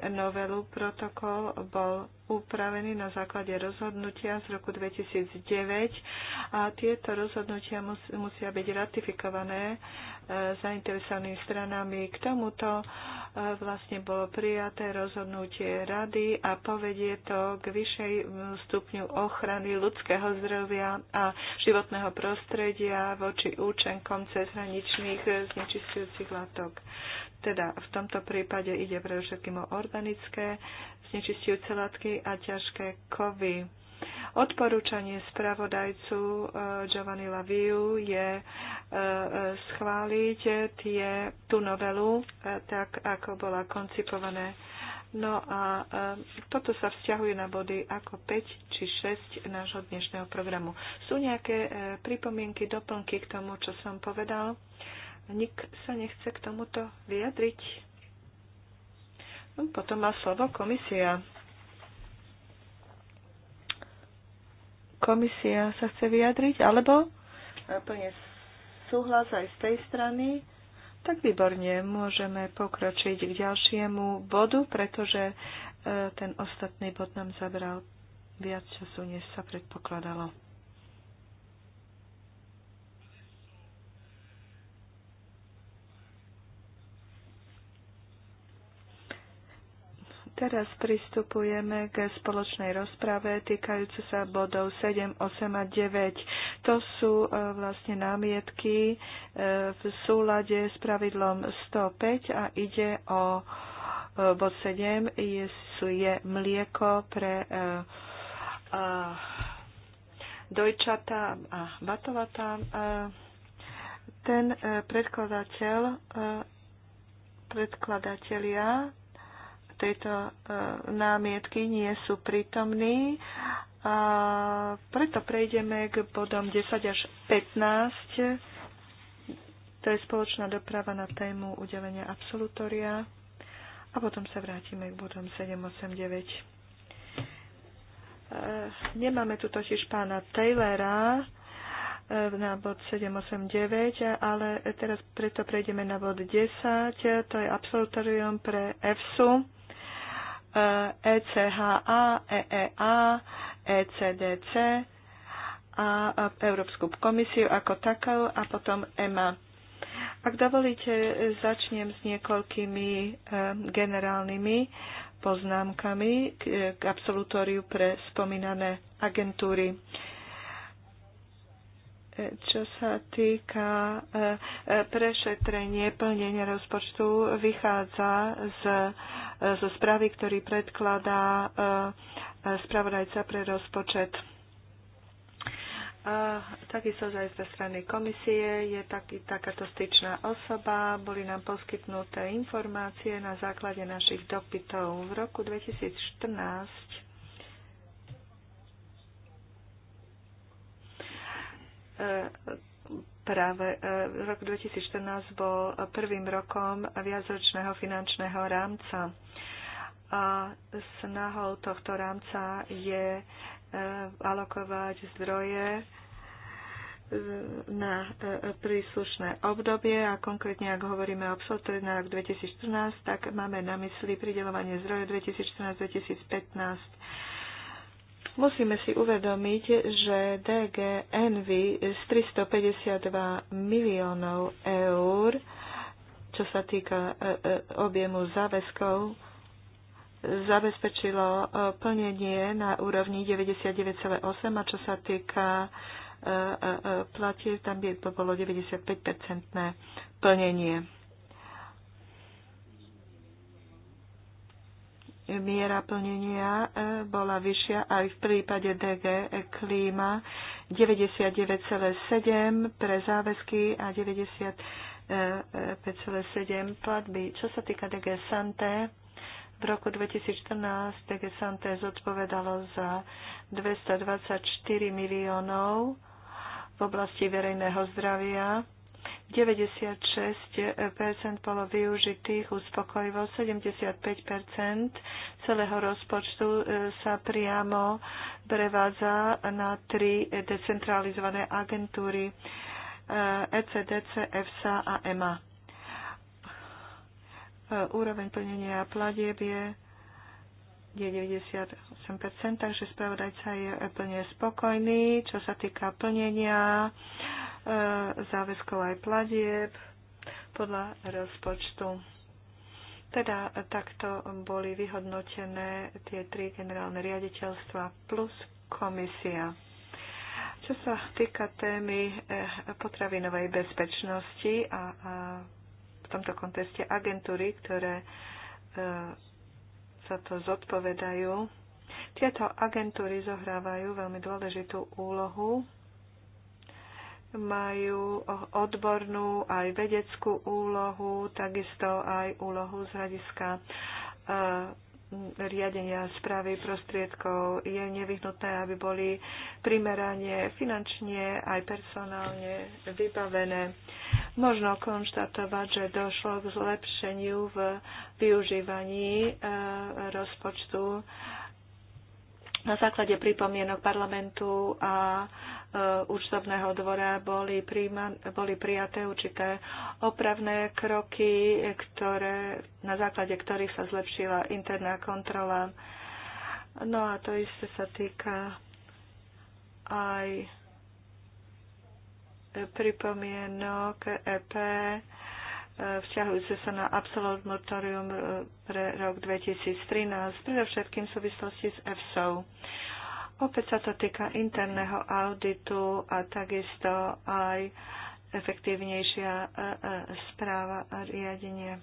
novelu. Protokol bol upravený na základe rozhodnutia z roku 2009 a tieto rozhodnutia musia byť ratifikované e, zainteresovanými stranami. K tomuto e, vlastne bolo prijaté rozhodnutie rady a povedie to k vyššej stupňu ochrany ľudského zdravia a životného prostredia voči účenkom cezhraničných e, znečistujúcich látok. Teda v tomto prípade ide všetkým o organické znečistujúce látky a ťažké kovy. Odporúčanie spravodajcu e, Giovanni Laviu je e, schváliť tie, tú novelu e, tak, ako bola koncipované. No a toto sa vzťahuje na body ako 5 či 6 nášho dnešného programu. Sú nejaké pripomienky, doplnky k tomu, čo som povedal? Nik sa nechce k tomuto vyjadriť. No, potom má slovo komisia. Komisia sa chce vyjadriť, alebo e, plne súhlas aj z tej strany. Tak výborne, môžeme pokročiť k ďalšiemu bodu, pretože e, ten ostatný bod nám zabral viac času, než sa predpokladalo. Teraz pristupujeme k spoločnej rozprave týkajúce sa bodov 7, 8 a 9. To sú e, vlastne námietky e, v súlade s pravidlom 105 a ide o e, bod 7 je, je mlieko pre dojčata a batovatá. Ten predkladateľ, predkladatelia tejto e, námietky nie sú prítomní. A preto prejdeme k bodom 10 až 15. To je spoločná doprava na tému udelenia absolutória. A potom sa vrátime k bodom 7, 8, 9. Nemáme tu totiž pána Taylora, e, na bod 789, ale teraz preto prejdeme na bod 10, to je absolutorium pre EFSU. ECHA, EEA, ECDC a Európsku komisiu ako takú a potom EMA. Ak dovolíte, začnem s niekoľkými e, generálnymi poznámkami k absolutóriu pre spomínané agentúry čo sa týka e, e, prešetrenie plnenia rozpočtu, vychádza z, e, zo správy, ktorý predkladá spravodajca pre rozpočet. A takisto z aj strany komisie je taký, takáto styčná osoba. Boli nám poskytnuté informácie na základe našich dopytov. V roku 2014 práve e, rok 2014 bol prvým rokom viacročného finančného rámca. A snahou tohto rámca je e, alokovať zdroje e, na príslušné obdobie a konkrétne, ak hovoríme o absolutóriu na rok 2014, tak máme na mysli pridelovanie zdroje 2014-2015 Musíme si uvedomiť, že DG Envy z 352 miliónov eur, čo sa týka e, e, objemu záväzkov, zabezpečilo e, plnenie na úrovni 99,8 a čo sa týka platie, tam by to bolo 95-percentné plnenie. miera plnenia e, bola vyššia aj v prípade DG klíma 99,7 pre záväzky a 95,7 platby. Čo sa týka DG Santé, v roku 2014 DG Santé zodpovedalo za 224 miliónov v oblasti verejného zdravia 96% bolo využitých uspokojivo, 75% celého rozpočtu e, sa priamo prevádza na tri decentralizované agentúry ECDC, e EFSA a EMA. E úroveň plnenia platieb je je 98%, takže spravodajca je plne spokojný. Čo sa týka plnenia, E, záväzkov aj platieb podľa rozpočtu. Teda takto boli vyhodnotené tie tri generálne riaditeľstva plus komisia. Čo sa týka témy e, potravinovej bezpečnosti a, v tomto kontexte agentúry, ktoré sa e, to zodpovedajú, tieto agentúry zohrávajú veľmi dôležitú úlohu majú odbornú aj vedeckú úlohu, takisto aj úlohu z hľadiska eh, riadenia správy prostriedkov. Je nevyhnutné, aby boli primerane finančne aj personálne vybavené. Možno konštatovať, že došlo k zlepšeniu v využívaní eh, rozpočtu na základe pripomienok parlamentu a Uh, účtovného dvora boli, príjma, boli prijaté určité opravné kroky, ktoré, na základe ktorých sa zlepšila interná kontrola. No a to isté sa týka aj pripomienok EP eh, vzťahujúce sa na absolutorium eh, pre rok 2013, predovšetkým v súvislosti s EFSO. Opäť sa to týka interného auditu a takisto aj efektívnejšia e, e, správa a riadenie.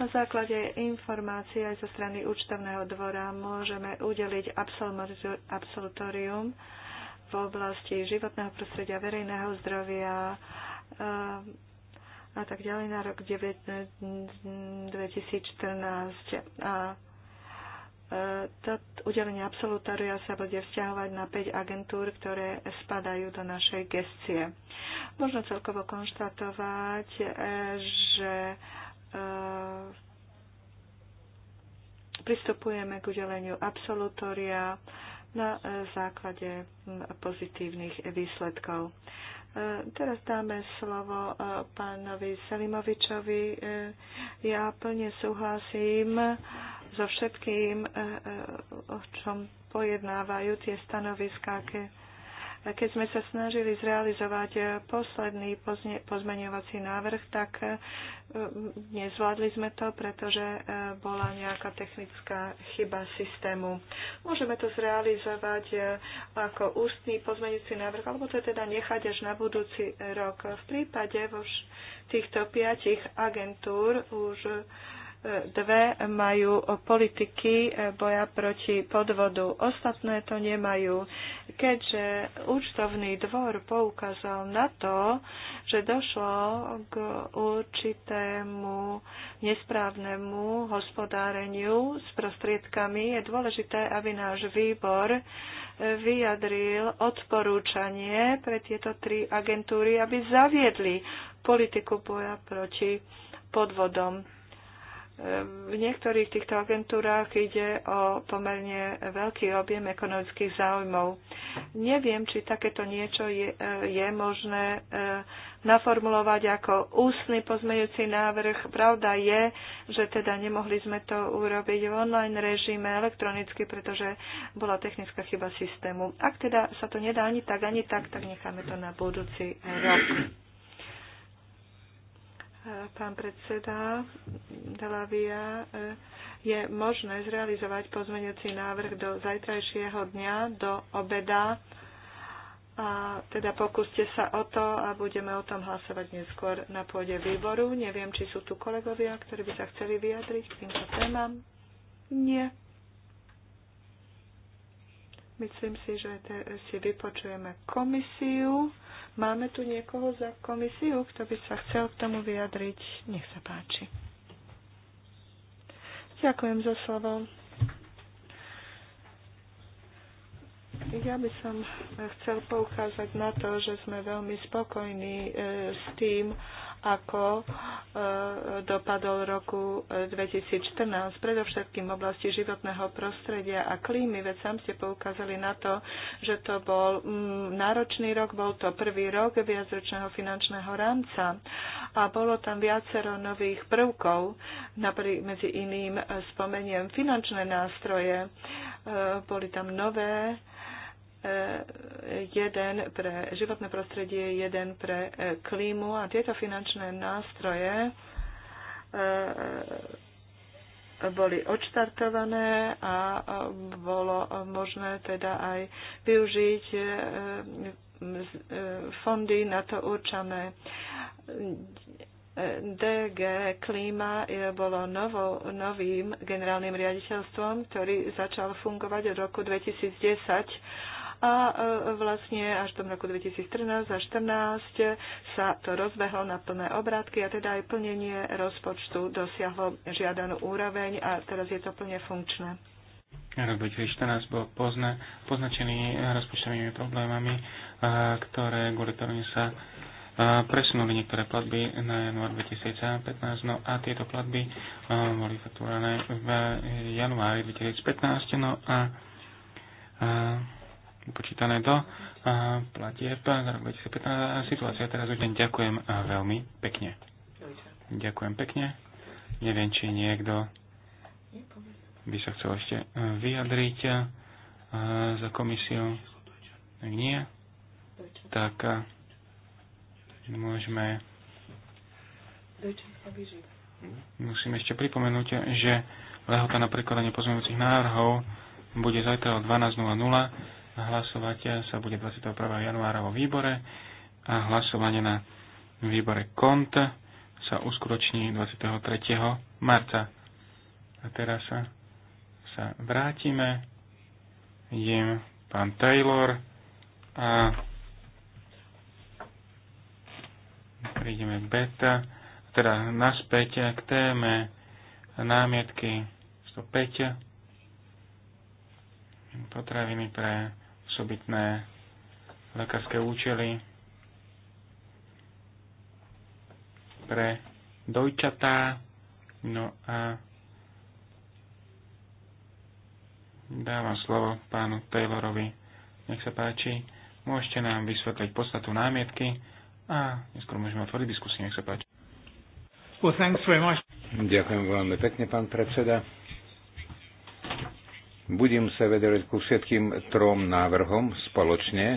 Na základe informácií aj zo strany účtovného dvora môžeme udeliť absolutorium v oblasti životného prostredia, verejného zdravia, e, a tak ďalej na rok 2014. A e, to udelenie absolutória sa bude vzťahovať na 5 agentúr, ktoré spadajú do našej gestie. Možno celkovo konštatovať, e, že e, pristupujeme k udeleniu absolutória na základe pozitívnych výsledkov. E, teraz dáme slovo e, pánovi Selimovičovi. E, ja plne súhlasím so všetkým, o čom pojednávajú tie stanoviská, ke keď sme sa snažili zrealizovať e, posledný pozmeňovací návrh, tak e, nezvládli sme to, pretože e, bola nejaká technická chyba systému. Môžeme to zrealizovať ako ústný pozmeňujúci návrh, alebo to teda nechať až na budúci rok. V prípade vo týchto piatich agentúr už dve majú politiky boja proti podvodu, ostatné to nemajú. Keďže účtovný dvor poukázal na to, že došlo k určitému nesprávnemu hospodáreniu s prostriedkami, je dôležité, aby náš výbor vyjadril odporúčanie pre tieto tri agentúry, aby zaviedli politiku boja proti podvodom v niektorých týchto agentúrách ide o pomerne veľký objem ekonomických záujmov. Neviem, či takéto niečo je, je možné e, naformulovať ako ústny pozmeňujúci návrh. Pravda je, že teda nemohli sme to urobiť v online režime elektronicky, pretože bola technická chyba systému. Ak teda sa to nedá ani tak, ani tak, tak necháme to na budúci rok pán predseda Delavia, e, je možné zrealizovať pozmeňujúci návrh do zajtrajšieho dňa, do obeda. A teda pokúste sa o to a budeme o tom hlasovať neskôr na pôde výboru. Neviem, či sú tu kolegovia, ktorí by sa chceli vyjadriť k týmto témam. Nie. Myslím si, že si vypočujeme komisiu. Máme tu niekoho za komisiu, kto by sa chcel k tomu vyjadriť? Nech sa páči. Ďakujem za slovo. Ja by som chcel poukázať na to, že sme veľmi spokojní eh, s tým, ako e, dopadol roku 2014, e, predovšetkým v oblasti životného prostredia a klímy. Veď sám ste poukázali na to, že to bol mm, náročný rok, bol to prvý rok viacročného finančného rámca a bolo tam viacero nových prvkov, napríklad medzi iným spomeniem finančné nástroje, e, boli tam nové jeden pre životné prostredie, jeden pre e, klímu a tieto finančné nástroje e, e, boli odštartované a bolo možné teda aj využiť fondy na to určané. DG Klíma bolo novým generálnym riaditeľstvom, ktorý začal fungovať od roku 2010 a e, vlastne až v tom roku 2013 a 2014 sa to rozbehlo na plné obrátky a teda aj plnenie rozpočtu dosiahlo žiadanú úroveň a teraz je to plne funkčné. Rok 2014 bol pozne, poznačený rozpočtovými problémami, e, ktoré kvôli ktorým sa e, presunuli niektoré platby na január 2015, no a tieto platby boli faktúrané v januári 2015, no a počítané do platieb za rok 2015. Situácia teraz už deň ďakujem veľmi pekne. Ďakujem pekne. Neviem, či niekto by sa chcel ešte vyjadriť za komisiu. Ak nie, tak môžeme musím ešte pripomenúť, že lehota na prekladanie pozmeňujúcich návrhov bude zajtra o 12.00 Hlasovať sa bude 21. januára vo výbore a hlasovanie na výbore KONT sa uskutoční 23. marca. A teraz sa, sa vrátime. Idem pán Taylor a prídeme beta, teda naspäť k téme námietky 105 potraviny pre osobitné lekárske účely pre dojčatá. No a dávam slovo pánu Taylorovi. Nech sa páči, môžete nám vysvetliť podstatu námietky a neskôr môžeme otvoriť diskusiu. Nech sa páči. Well, Ďakujem veľmi pekne, pán predseda. Budem sa vedeliť ku všetkým trom návrhom spoločne.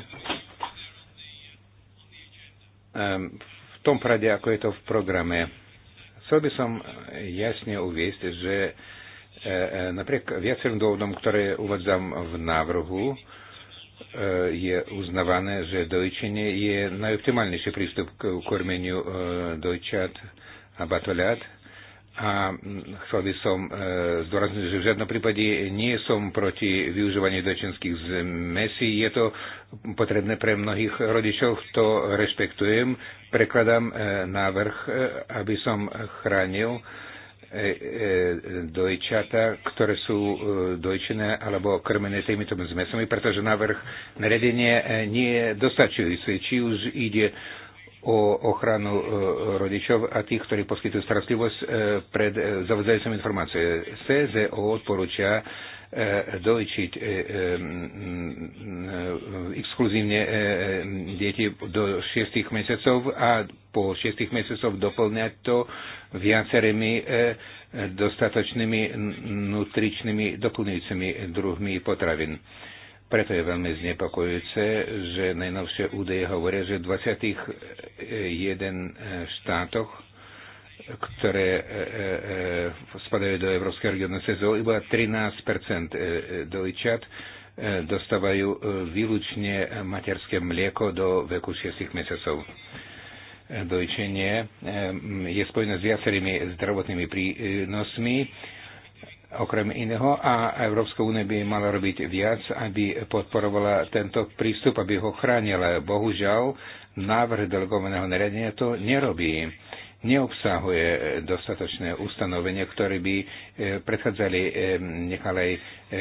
Ehm, v tom prade, ako je to v programe. Chcel by som jasne uviesť, že e, e, napriek viacerým dôvodom, ktoré uvádzam v návrhu, e, je uznávané, že dojčenie je najoptimálnejší prístup k kormeniu dojčat a batoľat a mm, chcel by som e, zdôrazniť, že v žiadnom prípade nie som proti využívaniu dočenských zmesí. Je to potrebné pre mnohých rodičov, to rešpektujem. Prekladám e, návrh, e, aby som chránil e, e, dojčata, ktoré sú e, dojčené alebo krmené týmito zmesami, pretože návrh naredenie nie je dostačujúce. Či už ide o ochranu e, rodičov a tých, ktorí poskytujú starostlivosť e, pred e, zavodzajúcom informácie. CZO odporúča e, dojčiť e, e, e, exkluzívne e, e, deti do 6 mesiacov a po 6 mesiacov doplňať to viacerými e, e, dostatočnými nutričnými doplňujúcimi druhmi potravín. Preto je veľmi znepokojujúce, že najnovšie údaje hovoria, že v 21 štátoch, ktoré e, e, e, spadajú do Európskej regionu CZO, iba 13 dojčat dostávajú výlučne materské mlieko do veku 6 mesiacov. Dojčenie je spojené s viacerými zdravotnými prínosmi okrem iného a Európska únia by mala robiť viac, aby podporovala tento prístup, aby ho chránila. Bohužiaľ, návrh delegovaného nariadenia to nerobí neobsahuje dostatočné ustanovenia, ktoré by e, predchádzali e, nechalej e,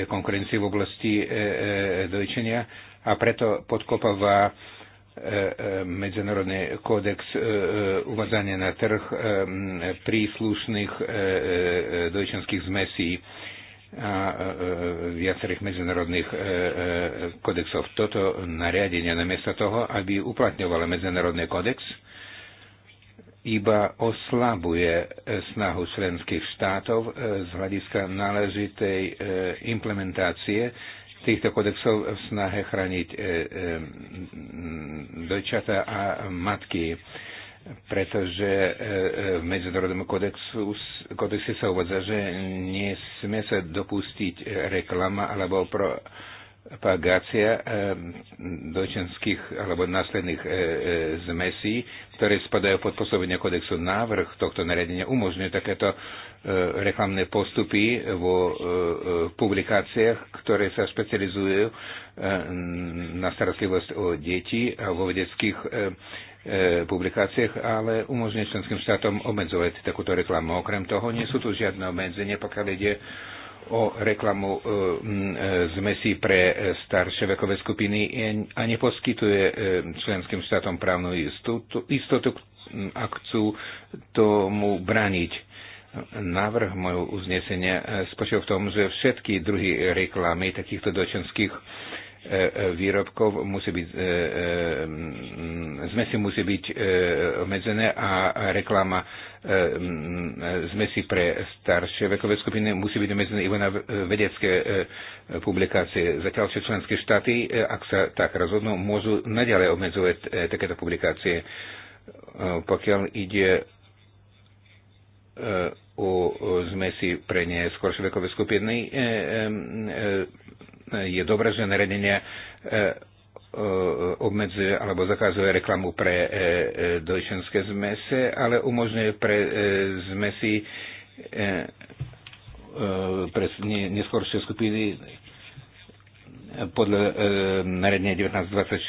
konkurencii v oblasti dojčenia a preto podkopáva E, e, medzinárodný kódex e, uvádzania na trh príslušných dojčanských zmesí a viacerých medzinárodných kódexov. Toto nariadenie namiesto toho, aby uplatňovalo medzinárodný kódex, iba oslabuje snahu členských štátov z hľadiska náležitej implementácie týchto kodexov v snahe chrániť e, e, dojčata a matky, pretože e, v Medzinárodnom kodexe sa uvádza, že nesmie sa dopustiť reklama alebo pro, propagácia dojčenských alebo následných e, e, zmesí, ktoré spadajú pod pôsobenie kodexu. Návrh tohto nariadenia umožňuje takéto e, E, reklamné postupy vo e, e, publikáciách, ktoré sa specializujú na starostlivosť o deti a vo vedeckých publikáciách, ale umožňuje členským štátom obmedzovať takúto reklamu. Okrem toho nie sú tu žiadne obmedzenie, pokiaľ ide o reklamu e, zmesí pre staršie vekové skupiny a neposkytuje členským štátom právnu istotu, istotu ak chcú tomu braniť Návrh mojho uznesenia e, spočíva v tom, že všetky druhy reklamy takýchto dočenských e, e, výrobkov musí byť, zmesi musí byť obmedzené a reklama zmesi pre staršie vekové skupiny musí byť obmedzené iba na vedecké publikácie. Zatiaľ, čo členské štáty, ak sa tak rozhodnú, môžu naďalej obmedzovať takéto publikácie. Pokiaľ ide o e, zmesi pre neskôršie vekové skupiny. E, e, je dobré, že naredenie obmedzuje alebo zakazuje reklamu pre dojčenské zmese, ale umožňuje pre zmesi pre neskôršie skupiny podľa naredenia 1924.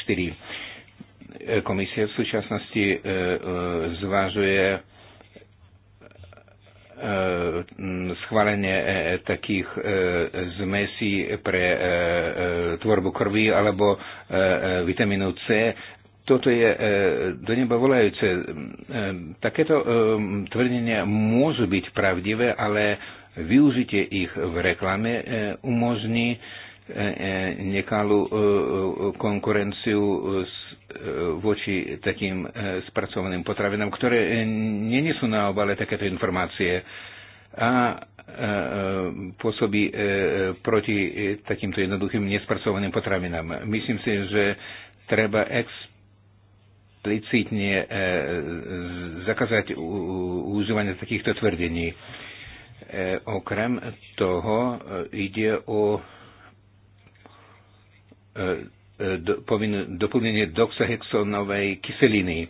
komisie v súčasnosti zvážuje E, schválenie e, takých e, zmesí pre tvorbu krvi alebo vitamínu C. Toto je do neba volajúce. Takéto tvrdenia môžu byť pravdivé, ale využitie ich v reklame umožní nekalú e, e, konkurenciu e, voči takým spracovaným potravinám, ktoré nie sú na obale takéto informácie a pôsobí proti takýmto jednoduchým nespracovaným potravinám. Myslím si, že treba explicitne zakázať užívanie takýchto tvrdení. Okrem toho ide o E, e, do, doplnenie doxahexonovej kyseliny.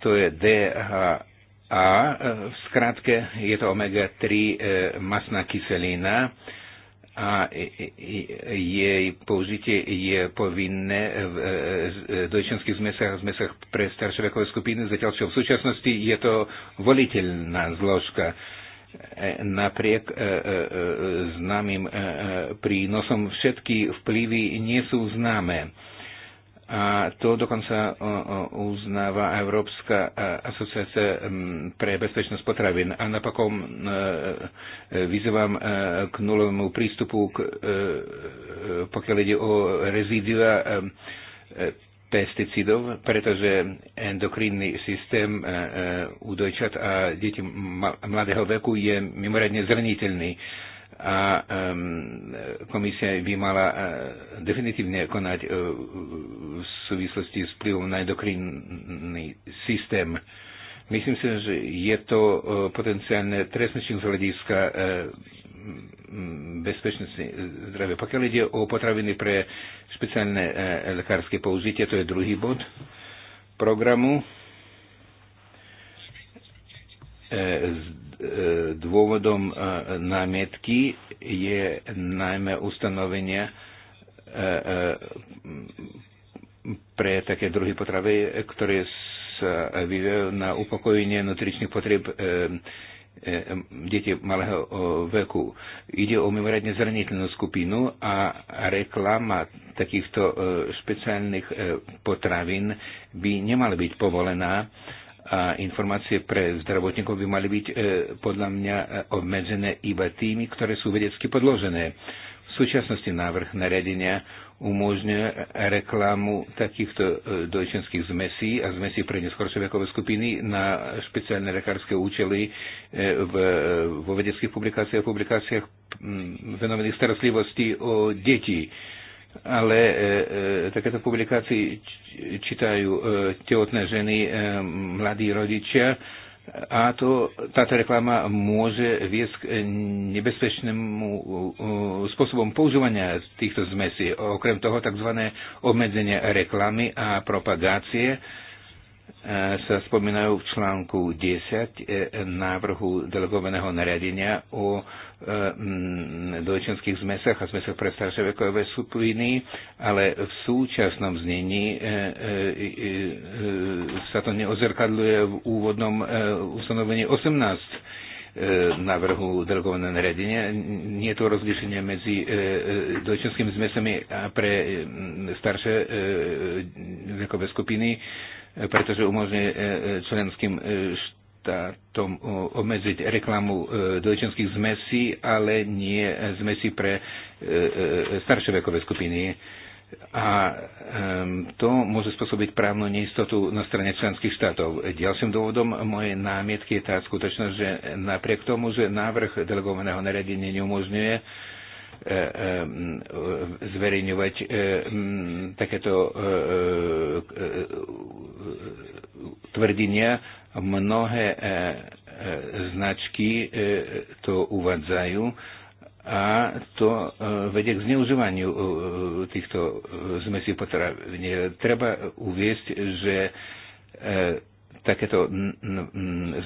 To je DHA, e, v skratke je to omega-3 masná kyselina a jej použitie je povinné v dojčenských zmesách a zmesách pre staršie vekové skupiny, zatiaľ čo v súčasnosti je to voliteľná zložka E, napriek e, e, známym prínosom všetky vplyvy nie sú známe. A to dokonca uznáva Európska asociácia pre bezpečnosť potravín. A napokon vyzývam k nulovému prístupu, pokiaľ ide o rezídia pesticidov, pretože endokrinný systém e, e, u dojčat a detí mladého veku je mimoriadne zraniteľný a komisia by mala e, definitívne konať v súvislosti s vplyvom na endokrinný systém. Myslím si, že je to potenciálne trestný z hľadiska Mm, bezpečnosti zdravia. Pokiaľ ide o potraviny pre špeciálne e, lekárske použitie, to je druhý bod programu. E, e, dôvodom námietky je najmä ustanovenie pre také druhy potravy, ktoré sa vyvíjajú na upokojenie nutričných potrieb E, deti malého veku. Ide o mimoriadne zraniteľnú skupinu a reklama takýchto e, špeciálnych e, potravín by nemala byť povolená a informácie pre zdravotníkov by mali byť podľa mňa obmedzené iba tými, ktoré sú vedecky podložené. V súčasnosti návrh nariadenia umožňuje reklamu takýchto e, dojčenských zmesí a zmesí pre neskôršie vekové skupiny na špeciálne lekárske účely e, v, vo vedeckých publikáciách, publikáciách venovaných starostlivosti o deti. Ale e, e, takéto publikácie čítajú e, tehotné ženy, e, mladí rodičia, e, a to, táto reklama môže viesť k nebezpečnému uh, spôsobom používania týchto zmesí. Okrem toho, tzv. obmedzenie reklamy a propagácie sa spomínajú v článku 10 e, návrhu delegovaného nariadenia o e, dojčenských zmesách a zmesách pre staršie vekové skupiny, ale v súčasnom znení e, sa to neozrkadluje v úvodnom ustanovení 18 návrhu delegovaného nariadenia. Nie je to rozlišenie medzi dojčenskými zmesami a pre staršie vekové skupiny pretože umožňuje e, e, členským e, štátom obmedziť reklamu dojčenských zmesí, ale nie zmesí pre staršie vekové skupiny. A to môže spôsobiť právnu neistotu na strane členských štátov. Ďalším dôvodom mojej námietky je tá skutočnosť, že napriek tomu, že návrh delegovaného nariadenia neumožňuje E, e, e, zverejňovať takéto tvrdenia. Mnohé značky to uvádzajú a to vedie k zneužívaniu týchto zmesí potravín. Treba uviesť, že takéto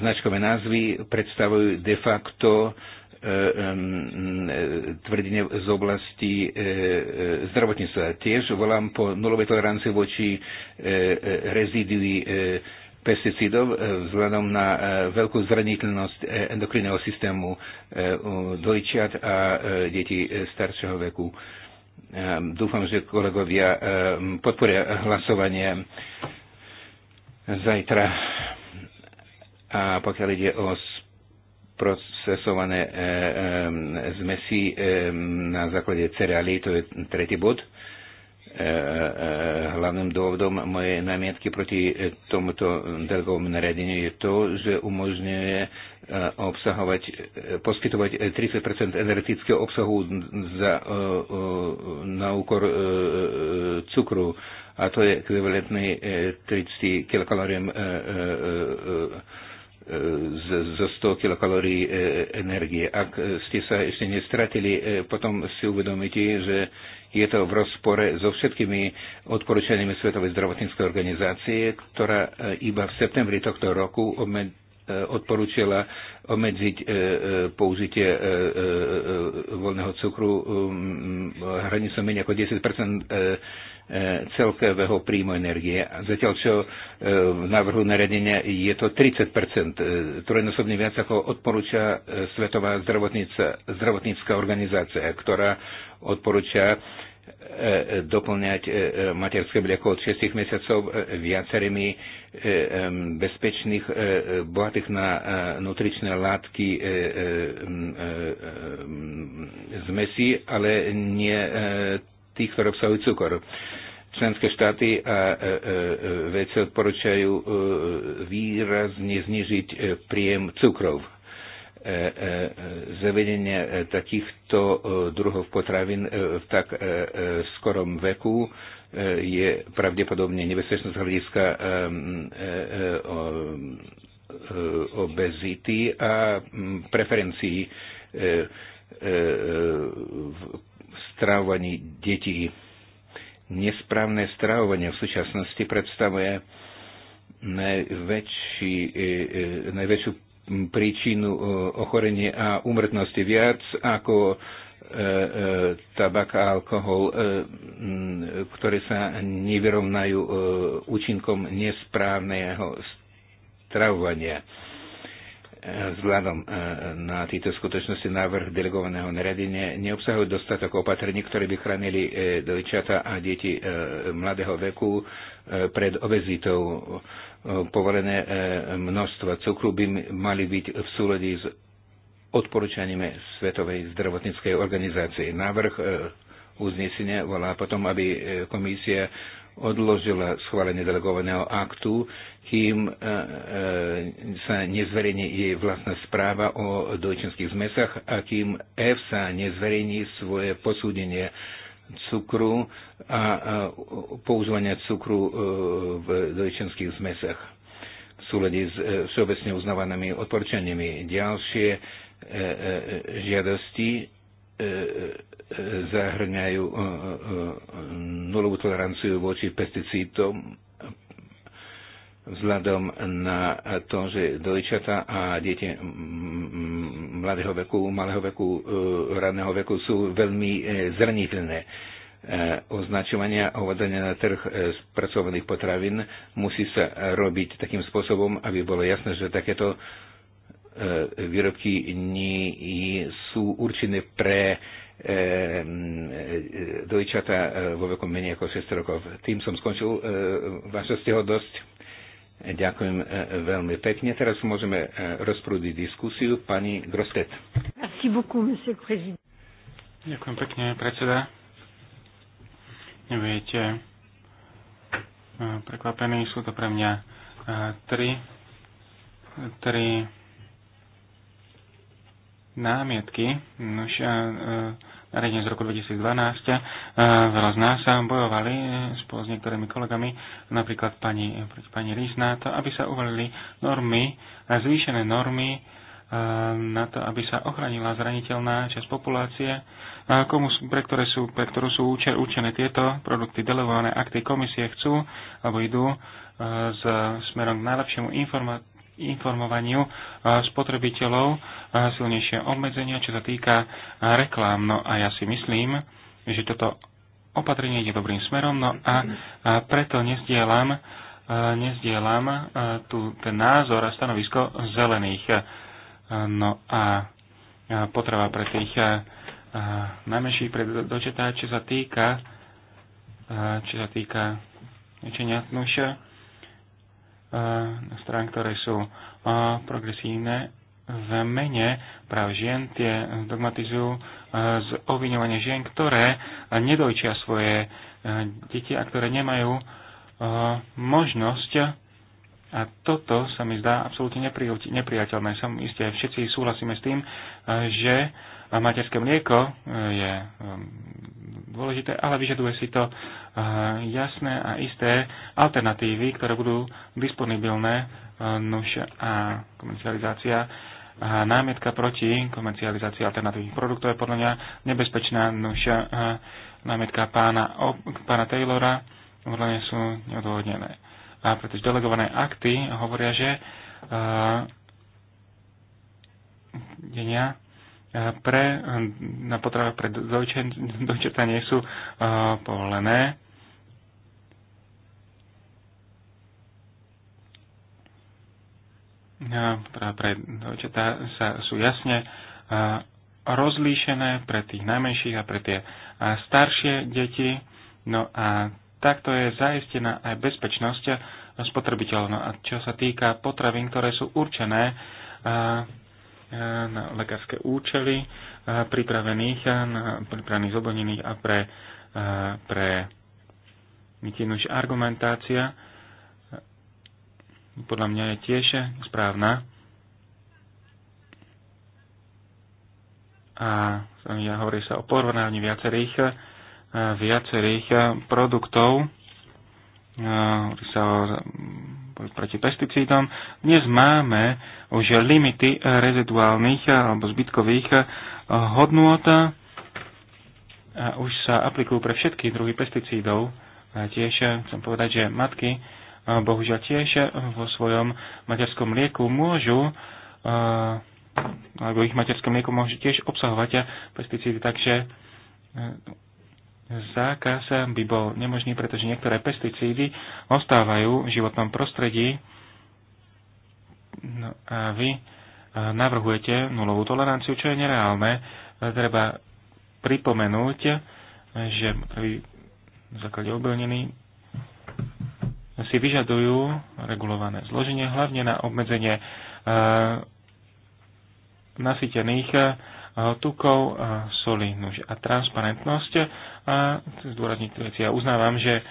značkové názvy predstavujú de facto Eh, eh, tvrdenie z oblasti eh, zdravotníctva. Tiež volám po nulovej tolerancii voči rezidui pesticídov vzhľadom na veľkú zraniteľnosť endokrinného systému dojčiat a detí staršieho veku. Ehm, dúfam, že kolegovia ehm, podporia hlasovanie zajtra. A pokiaľ ide o procesované e, eh, e, eh, zmesi eh, na základe cereálie, to je tretí bod. E, e, Hlavným dôvodom mojej námietky proti tomuto dlhovom nariadeniu je to, že umožňuje obsahovať, poskytovať 30 energetického obsahu za, e, e, na úkor e, e, cukru a to je ekvivalentný 30 kilokaloriem e, e, e, zo 100 kilokalórií e, energie. Ak ste sa ešte nestratili, e, potom si uvedomíte, že je to v rozpore so všetkými odporúčaniami Svetovej zdravotníckej organizácie, ktorá e, iba v septembri tohto roku obmed odporúčila obmedziť použitie voľného cukru um, hranicou menej ako 10 E, celkového príjmu energie. A zatiaľ, čo e, v návrhu naredenia je to 30 e, trojnásobne viac ako odporúča Svetová zdravotnícká organizácia, ktorá odporúča doplňať materské mlieko od 6 mesiacov viacerými bezpečných, bohatých na nutričné látky zmesí, ale nie tých, ktoré obsahujú cukor. Členské štáty a vedci odporúčajú e, výrazne znižiť e, príjem cukrov. E, zavedenie takýchto druhov potravín v tak skorom veku je pravdepodobne nebezpečné z hľadiska obezity a preferencií v strávaní detí Nesprávne stravovanie v súčasnosti predstavuje najväčší, e, e, najväčšiu príčinu e, ochorenia a úmrtnosti viac ako tabak a alkohol, ktoré sa nevyrovnajú účinkom nesprávneho stravovania vzhľadom e, na tieto skutočnosti návrh delegovaného naradenia neobsahujú dostatok opatrení, ktoré by chránili e, dojčata a deti e, mladého veku pred obezitou. Povolené množstva cukru by mali byť v súlade s odporúčaniami Svetovej zdravotníckej organizácie. Návrh uznesenia volá potom, aby komisia odložila schválenie delegovaného aktu, kým e, e, sa nezverejní jej vlastná správa o dojčenských zmesách a kým EFSA nezverejní svoje posúdenie cukru a používania cukru e, v dojčenských zmesách v súlade s všeobecne uznávanými odporčaniami. Ďalšie žiadosti E, e, zahrňajú e, nulovú toleranciu voči pesticídom vzhľadom na to, že dojčata a dieťa mladého veku, malého veku, radného veku sú veľmi zraniteľné. Označovania a uvedenia na trh spracovaných potravín musí sa robiť takým spôsobom, aby bolo jasné, že takéto E, výrobky nie sú určené pre e, e, dojčata vo veku menej ako 6 rokov. Tým som skončil vašu stehodosť. Ďakujem veľmi pekne. Teraz môžeme rozprúdiť diskusiu. Pani Grosket. Ďakujem pekne, predseda. Neviete, prekvapení sú to pre mňa tri, tri námietky. Už, e, e, nariadenie z roku 2012. E, veľa z nás bojovali spolu s niektorými kolegami, napríklad pani, pani Rís, na to, aby sa uvalili normy, zvýšené normy na to, aby sa ochránila zraniteľná časť populácie, komu, pre, ktoré sú, pre ktorú sú určené tieto produkty delegované ak tie komisie chcú alebo idú s smerom k najlepšiemu informáciu informovaniu e, spotrebiteľov e, silnejšie obmedzenia, čo sa týka reklám. No a ja si myslím, že toto opatrenie ide dobrým smerom, no a preto nezdielam, e, nezdielam tu ten názor a stanovisko zelených. No a potreba pre tých najmenších pre dočetá, čo sa týka čo sa týka niečenia no E, strán, ktoré sú e, progresívne v mene práv žien, tie dogmatizujú e, z obviňovania žien, ktoré nedojčia svoje deti a ktoré nemajú možnosť a toto sa mi zdá absolútne nepriateľné. Som isté, všetci súhlasíme s tým, že materské mlieko je dôležité, ale vyžaduje si to jasné a isté alternatívy, ktoré budú disponibilné. E, nuž a komercializácia a námietka proti komercializácii alternatívnych produktov je podľa mňa nebezpečná. Nuž námietka pána, pána Taylora podľa mňa sú neodôvodnené. A pretože delegované akty hovoria, že a, e, denia pre, na potravách pre dojčatá nie sú povolené. Práve pre dojčatá sa, sú jasne rozlíšené pre tých najmenších a pre tie staršie deti. No a takto je zaistená aj bezpečnosť spotrebiteľov. No a čo sa týka potravín, ktoré sú určené na lekárske účely eh, pripravených, eh, na, pripravených zoblnených a pre, eh, pre mytinuž argumentácia podľa mňa je tiež správna. A ja hovorí sa o porovnávaní viacerých, viacerých produktov. Hovorí sa o boj proti pesticídom. Dnes máme už limity reziduálnych eh, alebo zbytkových eh, hodnôt a eh, už sa aplikujú pre všetky druhy pesticídov. A tiež chcem povedať, že matky bohužiaľ tiež vo svojom materskom lieku môžu alebo ich materské mlieko môže tiež obsahovať pesticídy, takže zákaz by bol nemožný, pretože niektoré pesticídy ostávajú v životnom prostredí no a vy e, navrhujete nulovú toleranciu, čo je nereálne. E, treba pripomenúť, e, že pri základe obilniny si vyžadujú regulované zloženie, hlavne na obmedzenie nasýtených tukov, soli, nuž a transparentnosť. A chcem zdôrazniť veci. Ja uznávam, že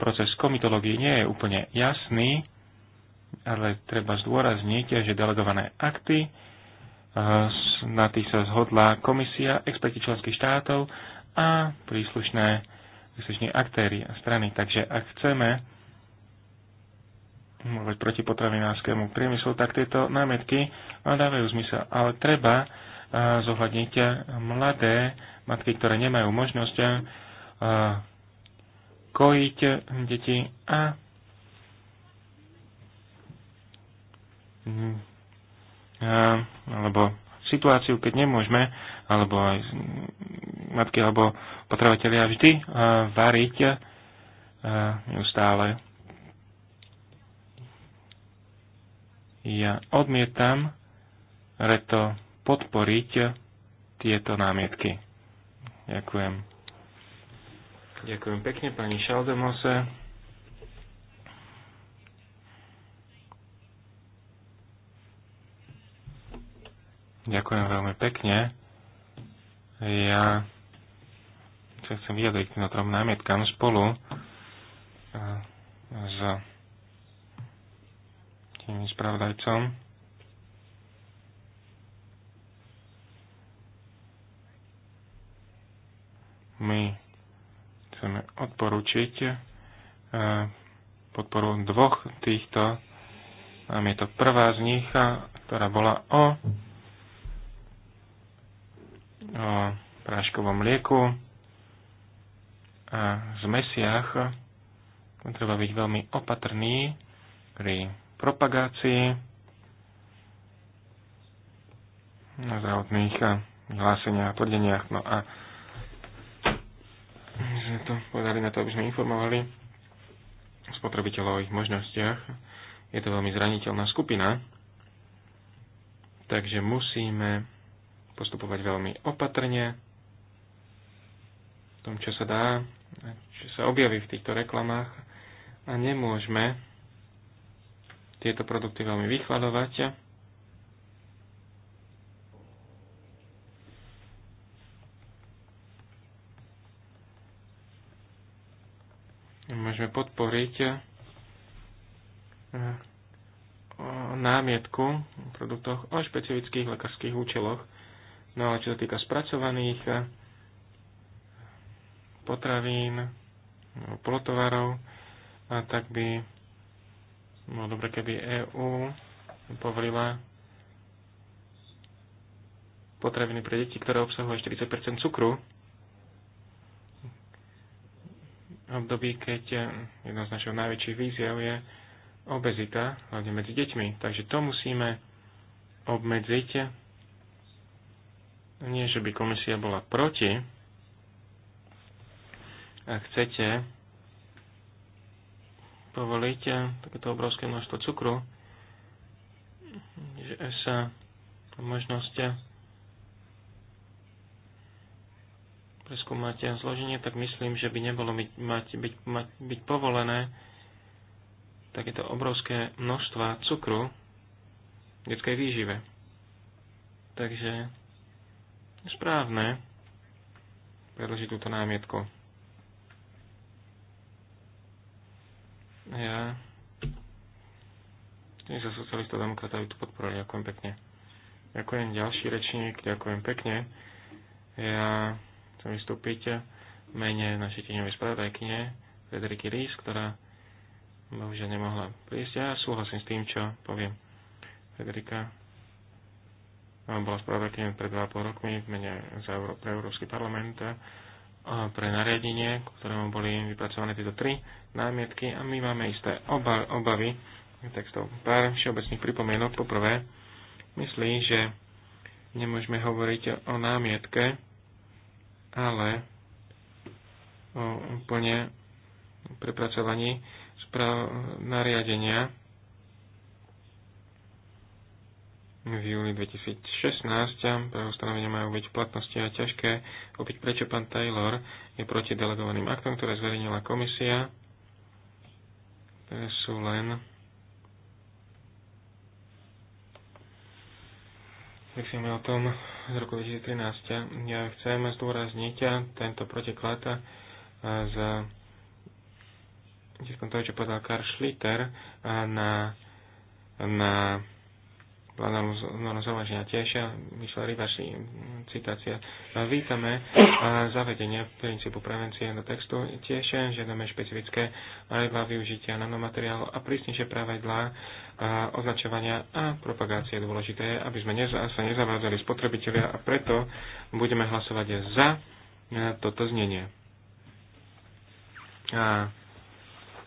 proces komitológie nie je úplne jasný, ale treba zdôrazniť, že delegované akty, na tých sa zhodla komisia, experti členských štátov a príslušné príslušní aktéry a strany. Takže ak chceme bojovať proti potravinárskému priemyslu, tak tieto námetky dávajú zmysel. Ale treba zohľadniť mladé matky, ktoré nemajú možnosť kojiť deti mm, a alebo situáciu, keď nemôžeme, alebo aj mm, matky, alebo potrebovateľia vždy variť neustále. Ja odmietam reto podporiť tieto námietky. Ďakujem. Ďakujem pekne pani Šaldemose. Ďakujem veľmi pekne. Ja sa chcem vyjadriť k trom námietkám spolu s tým spravodajcom My chceme odporučiť e, podporu dvoch týchto. Tam je to prvá z nich, ktorá bola o, o práškovom lieku a zmesiach. Treba byť veľmi opatrný pri propagácii na zdravotných hláseniach a tvrdeniach. No a sme to povedali na to, aby sme informovali spotrebiteľov o ich možnostiach. Je to veľmi zraniteľná skupina, takže musíme postupovať veľmi opatrne v tom, čo sa dá, čo sa objaví v týchto reklamách a nemôžeme tieto produkty veľmi vychladovať môžeme podporiť eh, eh, námietku v produktoch o špecifických lekárskych účeloch. No a čo sa týka spracovaných eh, potravín, polotovarov, tak by bolo dobre, keby EÚ povolila potraviny pre deti, ktoré obsahujú 40 cukru. období, keď eh, jedna z našich najväčších víziev je obezita, hlavne medzi deťmi. Takže to musíme obmedziť. Nie, že by komisia bola proti. Ak chcete povoliť eh, takéto obrovské množstvo cukru, že sa možnosť eh, preskúmať zloženie, tak myslím, že by nebolo byť, mať, byť, mať, byť povolené takéto obrovské množstva cukru v detskej výžive. Takže správne predložiť túto námietku. Ja tým sa demokrata, by to podporili. Ďakujem pekne. Ďakujem ďalší rečník, ďakujem pekne. Ja chcem vystúpiť v mene našej tieňovej spravodajkyne Federiky Rís, ktorá bohužiaľ nemohla prísť. Ja súhlasím s tým, čo poviem. Federika bola spravodajkyňou pred 2,5 rokmi v mene za Euró- pre Európsky parlament pre nariadenie, ktorému boli vypracované tieto tri námietky a my máme isté oba- obavy textov. Pár všeobecných pripomienok. Poprvé, myslím, že nemôžeme hovoriť o námietke, ale o úplne prepracovaní správ nariadenia v júli 2016 pre ustanovenia majú byť v platnosti a ťažké opäť prečo pán Taylor je proti delegovaným aktom, ktoré zverejnila komisia. Ktoré sú len Myslíme o tom, z roku 2013. Ja chcem zdôrazniť tento protiklad eh, z toho, čo povedal Karl Schlitter eh, na, na plánovno založenia tiež, Michel Rybaš, citácia. No, vítame eh, zavedenie princípu prevencie do textu tiež, žiadame špecifické pravidlá využitia nanomateriálu a prísnejšie pravidlá eh, označovania a propagácie. Dôležité je, aby sme neza, sa nezavádzali spotrebitelia a preto budeme hlasovať za eh, toto znenie. A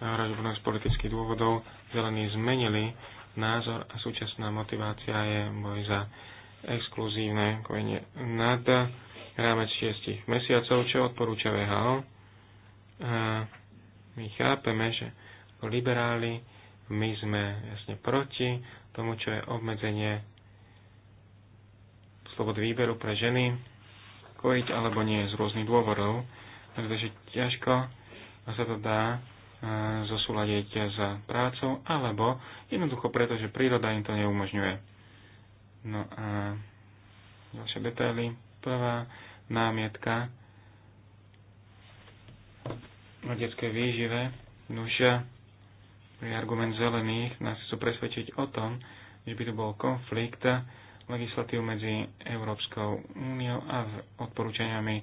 rozhodnosť politických dôvodov zelení zmenili názor a súčasná motivácia je boj za exkluzívne kojenie nad rámec 6 mesiacov, čo odporúča VHO. A my chápeme, že ako liberáli my sme jasne proti tomu, čo je obmedzenie slobod výberu pre ženy, kojiť alebo nie z rôznych dôvodov, Takže ťažko sa to dá E, zosúľadiť s prácou, alebo jednoducho preto, že príroda im to neumožňuje. No a ďalšie detaily. Prvá námietka o detskej výžive. Nužia pri argument zelených nás chcú presvedčiť o tom, že by to bol konflikt legislatív medzi Európskou úniou a odporúčaniami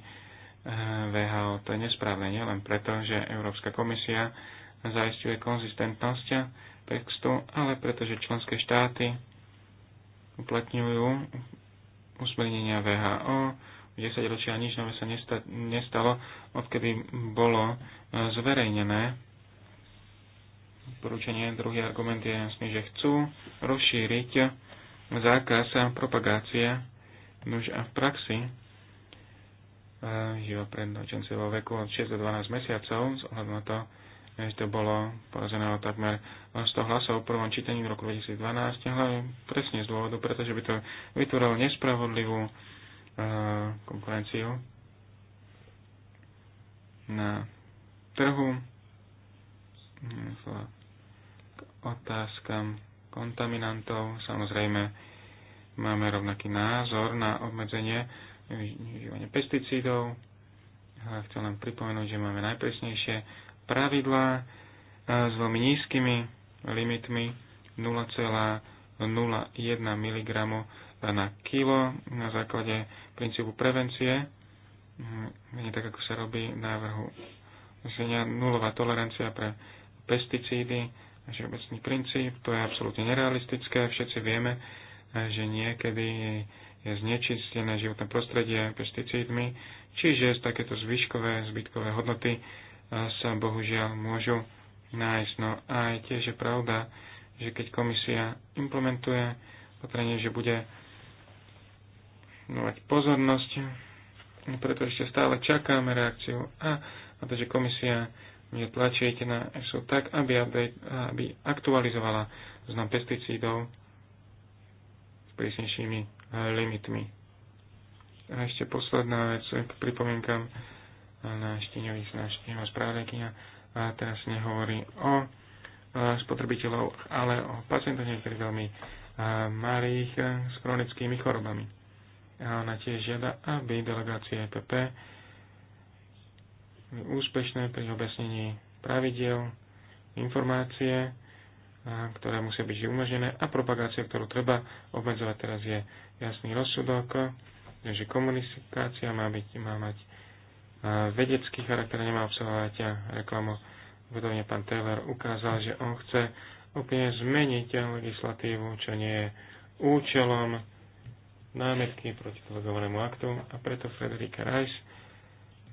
VHO. To je nesprávne nielen preto, že Európska komisia zaistuje konzistentnosť textu, ale pretože členské štáty uplatňujú usmernenia VHO, v 10 ročia nič nové sa nestalo, odkedy bolo e, zverejnené porúčanie. Druhý argument je jasný, že chcú rozšíriť zákaz propagácie. Nož a v praxi E, žil pred dočencevou veku od 6 do 12 mesiacov, z ohľadu na to, e, že to bolo porazené o takmer 100 hlasov v prvom čítaní v roku 2012, ale presne z dôvodu, pretože by to vytvorilo nespravodlivú e, konkurenciu na trhu k otázkam kontaminantov. Samozrejme, máme rovnaký názor na obmedzenie využívanie pesticídov. A chcem len pripomenúť, že máme najpresnejšie pravidlá e, s veľmi nízkymi limitmi 0,01 mg na kilo na základe princípu prevencie. Mm, nie tak, ako sa robí v návrhu zenia nulová tolerancia pre pesticídy, že obecný princíp, to je absolútne nerealistické, všetci vieme, že niekedy je znečistené životné prostredie pesticídmi, čiže z takéto zvyškové, zbytkové hodnoty e, sa bohužiaľ môžu nájsť. No a je tiež je pravda, že keď komisia implementuje opatrenie, že bude dávať pozornosť, no preto ešte stále čakáme reakciu a na to, že komisia bude tlačiť na ESO tak, aby, aby aktualizovala znam pesticídov s prísnejšími limitmi. A ešte posledná vec, pripomienkam na Štíňových náštevná správnekyňa a teraz nehovorí o spotrebiteľov, ale o pacientov niektorých veľmi malých s chronickými chorobami. A ona tiež žiada, aby delegácie EPP úspešné pri obesnení pravidel, informácie, ktoré musia byť umožnené a propagácia, ktorú treba obmedzovať teraz je jasný rozsudok, že komunikácia má, byť, má mať e, vedecký charakter, nemá obsahovať e, reklamu. Budovne pán Taylor ukázal, že on chce úplne zmeniť e, legislatívu, čo nie je účelom námetky proti delegovanému aktu a preto Frederika Rice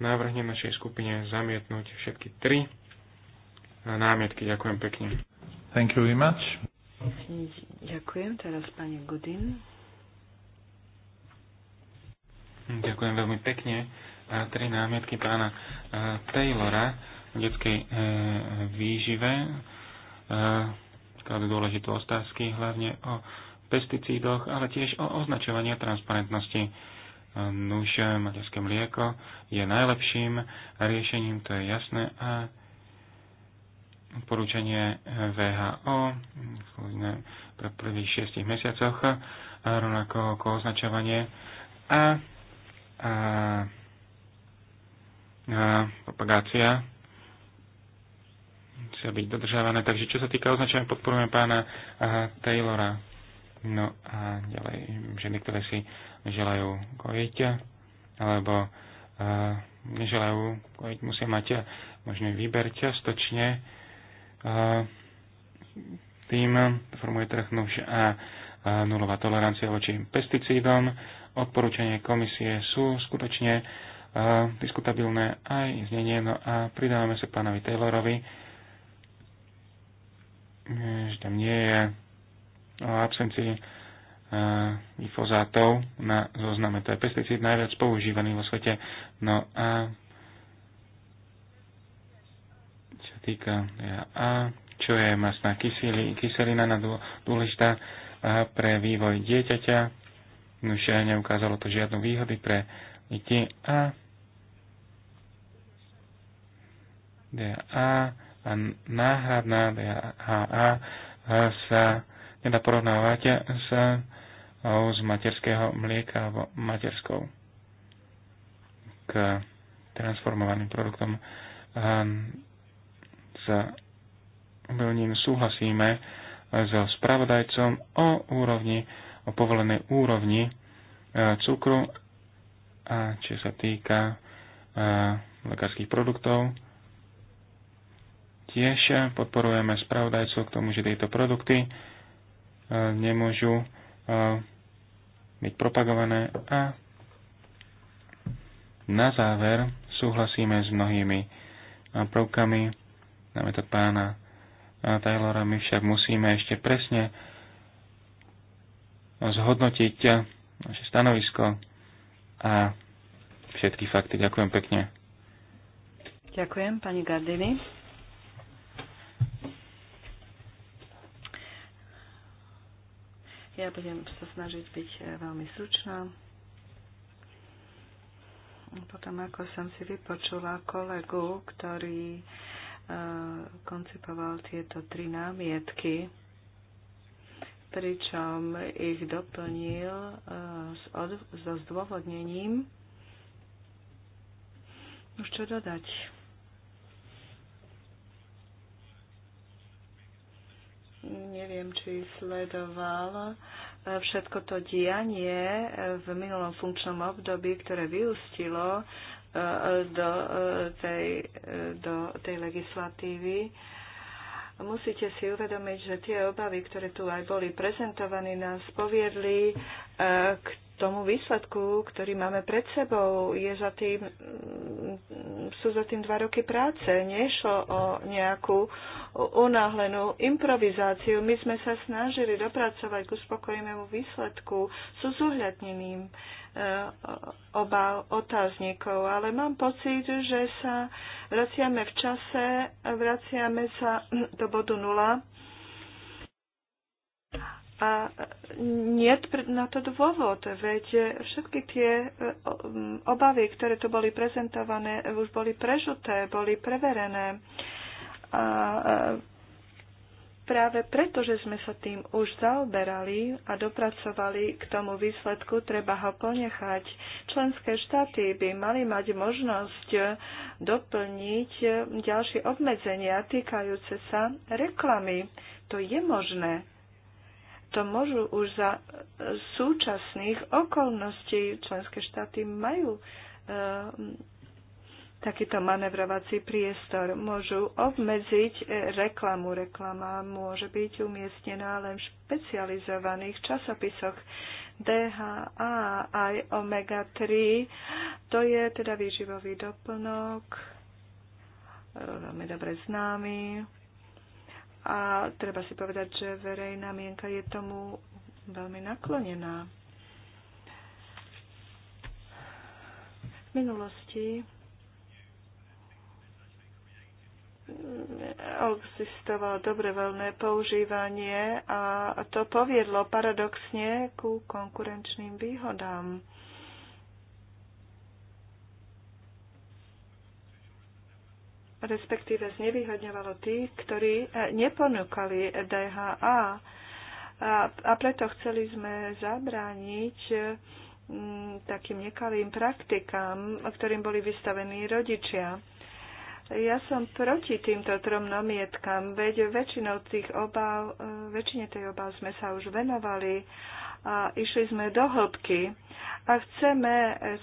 návrhne našej skupine zamietnúť všetky tri námietky. Ďakujem pekne. Thank you very much. Ďakujem. Teraz pani Godin. Ďakujem veľmi pekne. A tri námietky pána e, Taylora v detskej e, výžive. E, skladu dôležité otázky hlavne o pesticídoch, ale tiež o označovaní transparentnosti. Nuž materské mlieko je najlepším riešením, to je jasné. A porúčanie VHO pre prvých šiestich mesiacoch, rovnako ako označovanie a a, a propagácia musia byť dodržávané. Takže čo sa týka označenia, podporujeme pána aha, Taylora. No a ďalej, ženy, ktoré si želajú kojiť, alebo uh, neželajú kojiť, musia mať možný výber čiastočne. Uh, tým formuje trh nuž a, a nulová tolerancia voči pesticídom odporúčanie komisie sú skutočne uh, diskutabilné aj znenie. No a pridávame sa pánovi Taylorovi, eh, že tam nie je o absencii eh, glyfozátov na zozname. To je pesticíd najviac používaný vo svete. No a čo sa týka A, čo je masná kyselina, na dôležitá pre vývoj dieťaťa, už neukázalo to žiadnu výhody pre deti a DA a náhradná DHA sa nedá porovnávať s, z materského mlieka alebo materskou k transformovaným produktom. S obilním súhlasíme so spravodajcom o úrovni o povolenej úrovni e, cukru, a čo sa týka e, lekárskych produktov. Tiež podporujeme spravodajcov k tomu, že tieto produkty e, nemôžu byť propagované a na záver súhlasíme s mnohými prvkami, dáme to pána Taylora, my však musíme ešte presne zhodnotiť eh, naše stanovisko a všetky fakty. Ďakujem pekne. Ďakujem, pani Gardini. Ja budem sa snažiť byť eh, veľmi stručná. Potom, ako som si vypočula kolegu, ktorý eh, koncipoval tieto tri námietky, pričom ich doplnil eh, s, od, so zdôvodnením. Už čo dodať? Neviem, či sledoval eh, všetko to dianie eh, v minulom funkčnom období, ktoré vyústilo do tej, do tej legislatívy musíte si uvedomiť, že tie obavy, ktoré tu aj boli prezentované, nás poviedli eh, k tomu výsledku, ktorý máme pred sebou. Je za tým, sú za tým dva roky práce. Nešlo o nejakú unáhlenú improvizáciu. My sme sa snažili dopracovať k uspokojenému výsledku sú zohľadneným e, oba otáznikov, ale mám pocit, že sa vraciame v čase, vraciame sa do bodu nula a nie na to dôvod, veď všetky tie e, obavy, ktoré tu boli prezentované, už boli prežuté, boli preverené. A e, práve preto, že sme sa tým už zaoberali a dopracovali k tomu výsledku, treba ho ponechať. Členské štáty by mali mať možnosť doplniť ďalšie obmedzenia týkajúce sa reklamy. To je možné to môžu už za e, súčasných okolností. Členské štáty majú e, takýto manevrovací priestor. Môžu obmedziť e, reklamu. Reklama môže byť umiestnená len v špecializovaných časopisoch. DHA aj omega-3, to je teda výživový doplnok, e, veľmi dobre známy a treba si povedať, že verejná mienka je tomu veľmi naklonená. V minulosti mm, existovalo veľné používanie a to poviedlo paradoxne ku konkurenčným výhodám. respektíve znevýhodňovalo tých, ktorí e, neponúkali DHA. A preto chceli sme zabrániť e, takým nekalým praktikám, ktorým boli vystavení rodičia. Ja som proti týmto trom nomietkám, veď väčšinou tých obav, e, väčšine tej obav sme sa už venovali a išli sme do hĺbky a chceme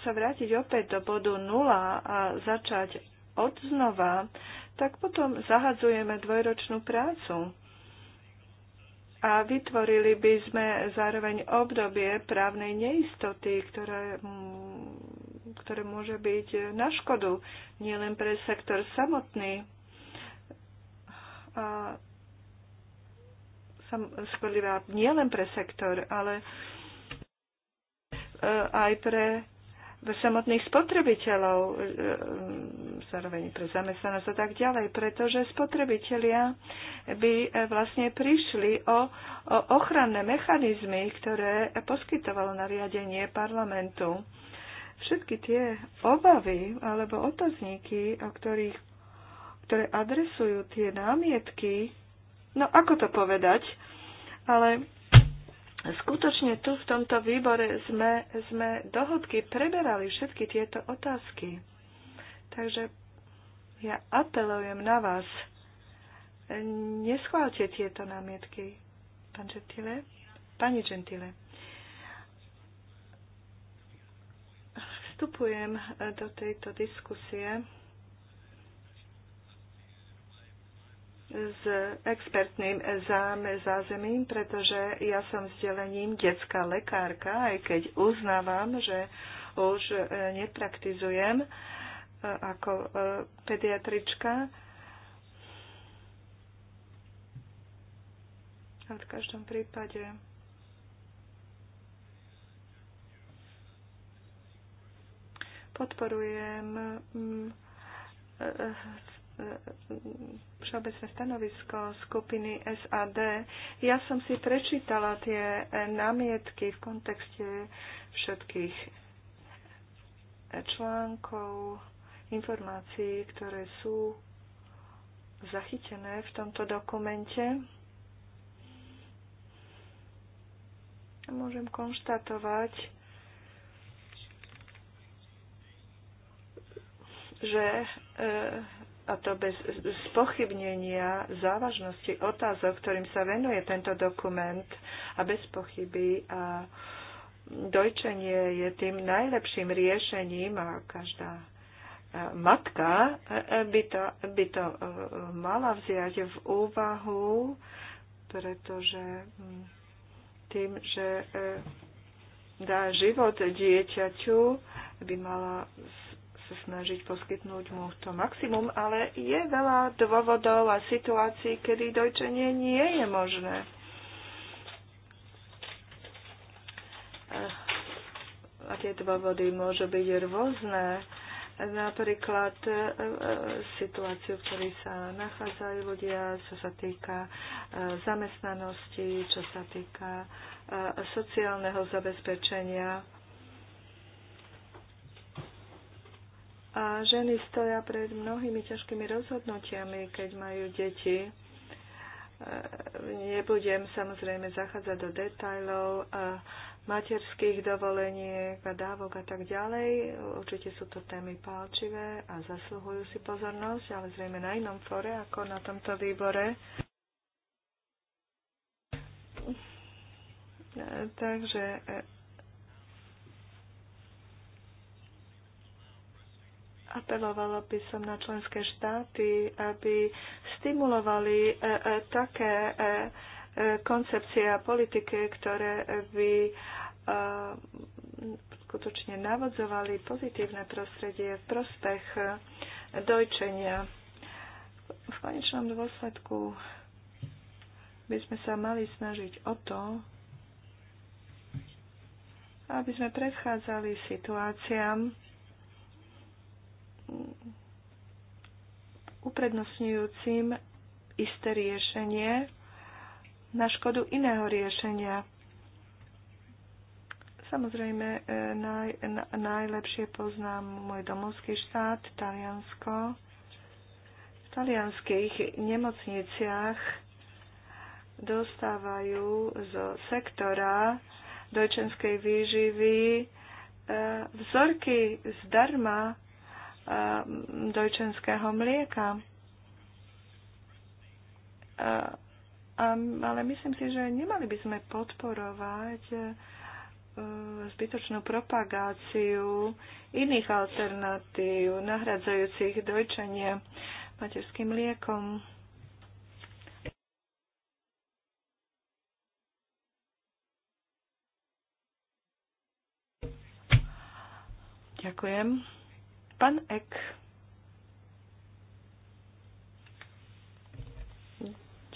sa vrátiť opäť do bodu nula a začať znova, tak potom zahadzujeme dvojročnú prácu. A vytvorili by sme zároveň obdobie právnej neistoty, ktoré, mm, ktoré môže byť na škodu nielen pre sektor samotný, a škodlivá nielen pre sektor, ale e, aj pre pre samotných spotrebiteľov, e, e, zároveň pre zamestnanosť a tak ďalej, pretože spotrebitelia by e, vlastne prišli o, o ochranné mechanizmy, ktoré poskytovalo nariadenie parlamentu. Všetky tie obavy alebo otazníky, o ktorých, ktoré adresujú tie námietky, no ako to povedať, ale Skutočne tu v tomto výbore sme, sme dohodky preberali všetky tieto otázky. Takže ja apelujem na vás, neschválte tieto námietky, pán Gentile, pani Gentile. Vstupujem do tejto diskusie s expertným zázemím, pretože ja som vzdelením detská lekárka, aj keď uznávam, že už e, nepraktizujem e, ako e, pediatrička. A v každom prípade podporujem mm, všeobecné stanovisko skupiny SAD. Ja som si prečítala tie námietky v kontexte všetkých článkov, informácií, ktoré sú zachytené v tomto dokumente. Môžem konštatovať, že e, a to bez spochybnenia závažnosti otázok, ktorým sa venuje tento dokument a bez pochyby a dojčenie je tým najlepším riešením a každá e, matka e, by to, by to e, mala vziať v úvahu, pretože mm, tým, že dá život dieťaťu, by mala sa snažiť poskytnúť mu to maximum, ale je veľa dôvodov a situácií, kedy dojčenie nie je možné. A tie dôvody môžu byť rôzne. Napríklad e, e, situáciu, v ktorej sa nachádzajú ľudia, čo sa týka e, zamestnanosti, čo sa týka sociálneho zabezpečenia a ženy stoja pred mnohými ťažkými rozhodnutiami, keď majú deti. E, nebudem samozrejme zachádzať do detajlov e, materských dovoleniek a dávok a tak ďalej. Určite sú to témy pálčivé a zasluhujú si pozornosť, ale zrejme na inom fore ako na tomto výbore. E, takže apelovala by som na členské štáty, aby stimulovali e, e, také e, koncepcie a politiky, ktoré by skutočne navodzovali pozitívne prostredie v prospech dojčenia. V konečnom dôsledku by sme sa mali snažiť o to, aby sme predchádzali situáciám, uprednostňujúcim isté riešenie na škodu iného riešenia. Samozrejme, e, naj, najlepšie poznám môj domovský štát, Taliansko. V talianských nemocniciach dostávajú zo sektora dojčenskej výživy e, vzorky zdarma Ehm, dojčenského mlieka. Ale myslím si, že nemali by sme podporovať e, zbytočnú propagáciu iných alternatív, nahradzajúcich dojčenie materským liekom. Ďakujem. Pán Ek.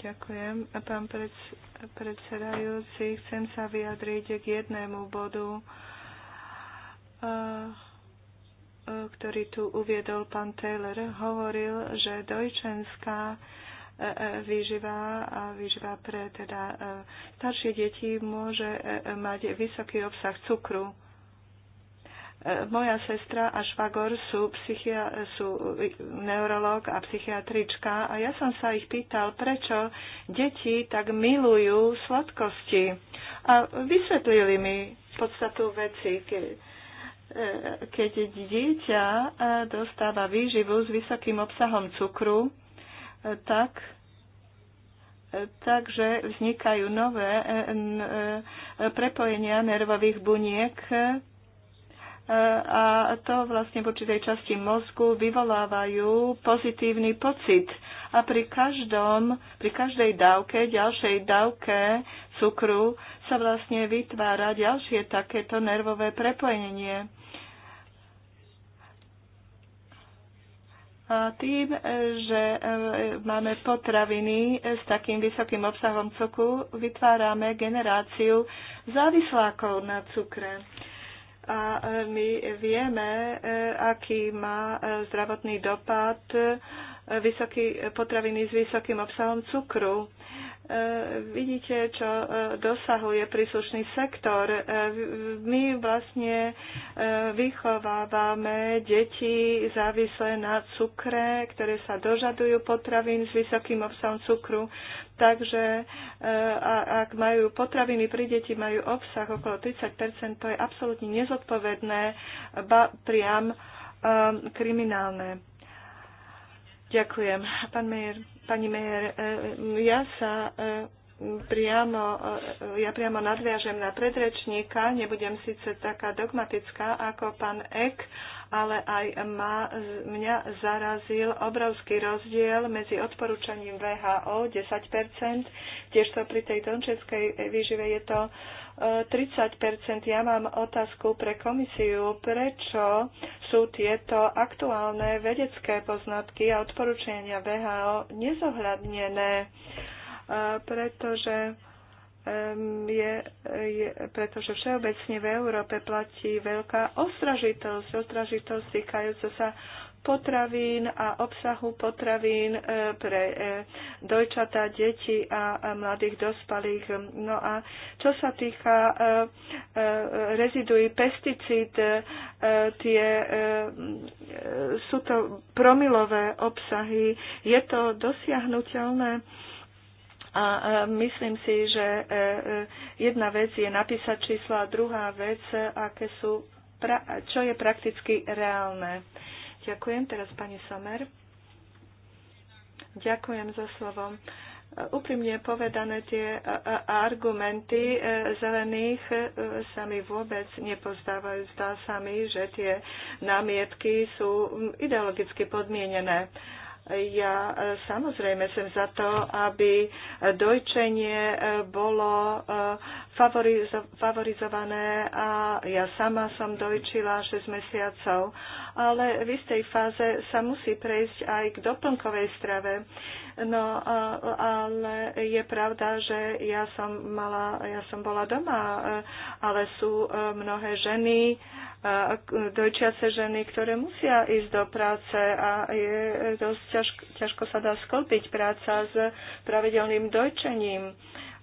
Ďakujem. Pán predsedajúci, chcem sa vyjadriť k jednému bodu, ktorý tu uviedol pán Taylor. Hovoril, že dojčenská e, e, výživa a výživa pre teda e, staršie deti môže mať vysoký obsah cukru moja sestra a švagor sú, psychia, sú e, neurolog a psychiatrička a ja som sa ich pýtal, prečo deti tak milujú sladkosti. A vysvetlili mi podstatu veci, keď, e, keď dieťa e, dostáva výživu s vysokým obsahom cukru, tak takže vznikajú nové prepojenia nervových buniek E, a to vlastne v určitej časti mozgu vyvolávajú pozitívny pocit. A pri, každom, pri každej dávke, ďalšej dávke cukru sa vlastne vytvára ďalšie takéto nervové prepojenie. A tým, e, že e, máme potraviny s takým vysokým obsahom cukru, vytvárame generáciu závislákov na cukre a e, my vieme, e, aký má e, zdravotný dopad vysoký, potraviny s vysokým obsahom cukru vidíte, čo e, dosahuje príslušný sektor. E, my vlastne e, vychovávame deti závislé na cukre, ktoré sa dožadujú potravín s vysokým obsahom cukru. Takže ak majú potraviny pri deti, majú obsah okolo 30 to je absolútne nezodpovedné, ba priam kriminálne. Ďakujem. Pán Mejer. Pani Mejer, e, ja sa e, priamo, e, ja priamo nadviažem na predrečníka, nebudem síce taká dogmatická ako pán Ek, ale aj ma, mňa zarazil obrovský rozdiel medzi odporúčaním VHO 10%, tiež to pri tej dončeskej výžive je to 30 Ja mám otázku pre komisiu, prečo sú tieto aktuálne vedecké poznatky a odporúčania VHO nezohľadnené, pretože je, je, pretože všeobecne v Európe platí veľká ostražitosť, ostražitosť týkajúca sa potravín a obsahu potravín e, pre e, dojčatá, deti a mladých dospalých. No a čo sa týka e, reziduí pesticíd, tie, sú to promilové obsahy. Je to dosiahnutelné? A myslím si, že jedna vec je napísať čísla a druhá vec, aké sú, čo je prakticky reálne. Uh, Ďakujem teraz pani Somer. Ďakujem za slovo. Úprimne povedané, tie argumenty e, zelených e, sa mi vôbec nepozdávajú. Zdá sa mi, že tie námietky sú ideologicky podmienené. Ja e, samozrejme som za to, aby dojčenie e, bolo e, favorizo- favorizované a ja sama som dojčila 6 mesiacov, ale v istej fáze sa musí prejsť aj k doplnkovej strave. No, ale je pravda, že ja som, mala, ja som bola doma, e, ale sú e, mnohé ženy, e, dojčiace ženy, ktoré musia ísť do práce a je dosť ťažko, ťažko sa dá sklpiť práca s pravidelným dojčením.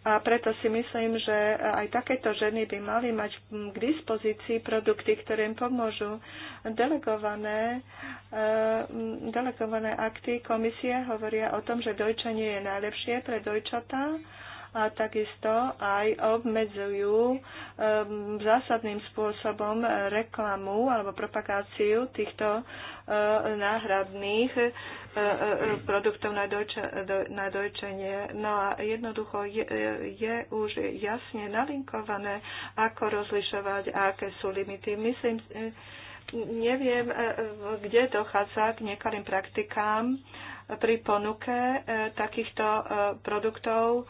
A preto si myslím, že aj takéto ženy by mali mať k dispozícii produkty, ktoré im pomôžu. Delegované, eh, delegované akty komisie hovoria o tom, že dojčanie je najlepšie pre dojčatá a takisto aj obmedzujú um, zásadným spôsobom reklamu alebo propagáciu týchto uh, náhradných uh, uh, produktov na, dojče, na dojčenie. No a jednoducho je, je už jasne nalinkované, ako rozlišovať aké sú limity. Myslím, eh, neviem, eh, kde dochádza k nekalým praktikám pri ponuke eh, takýchto produktov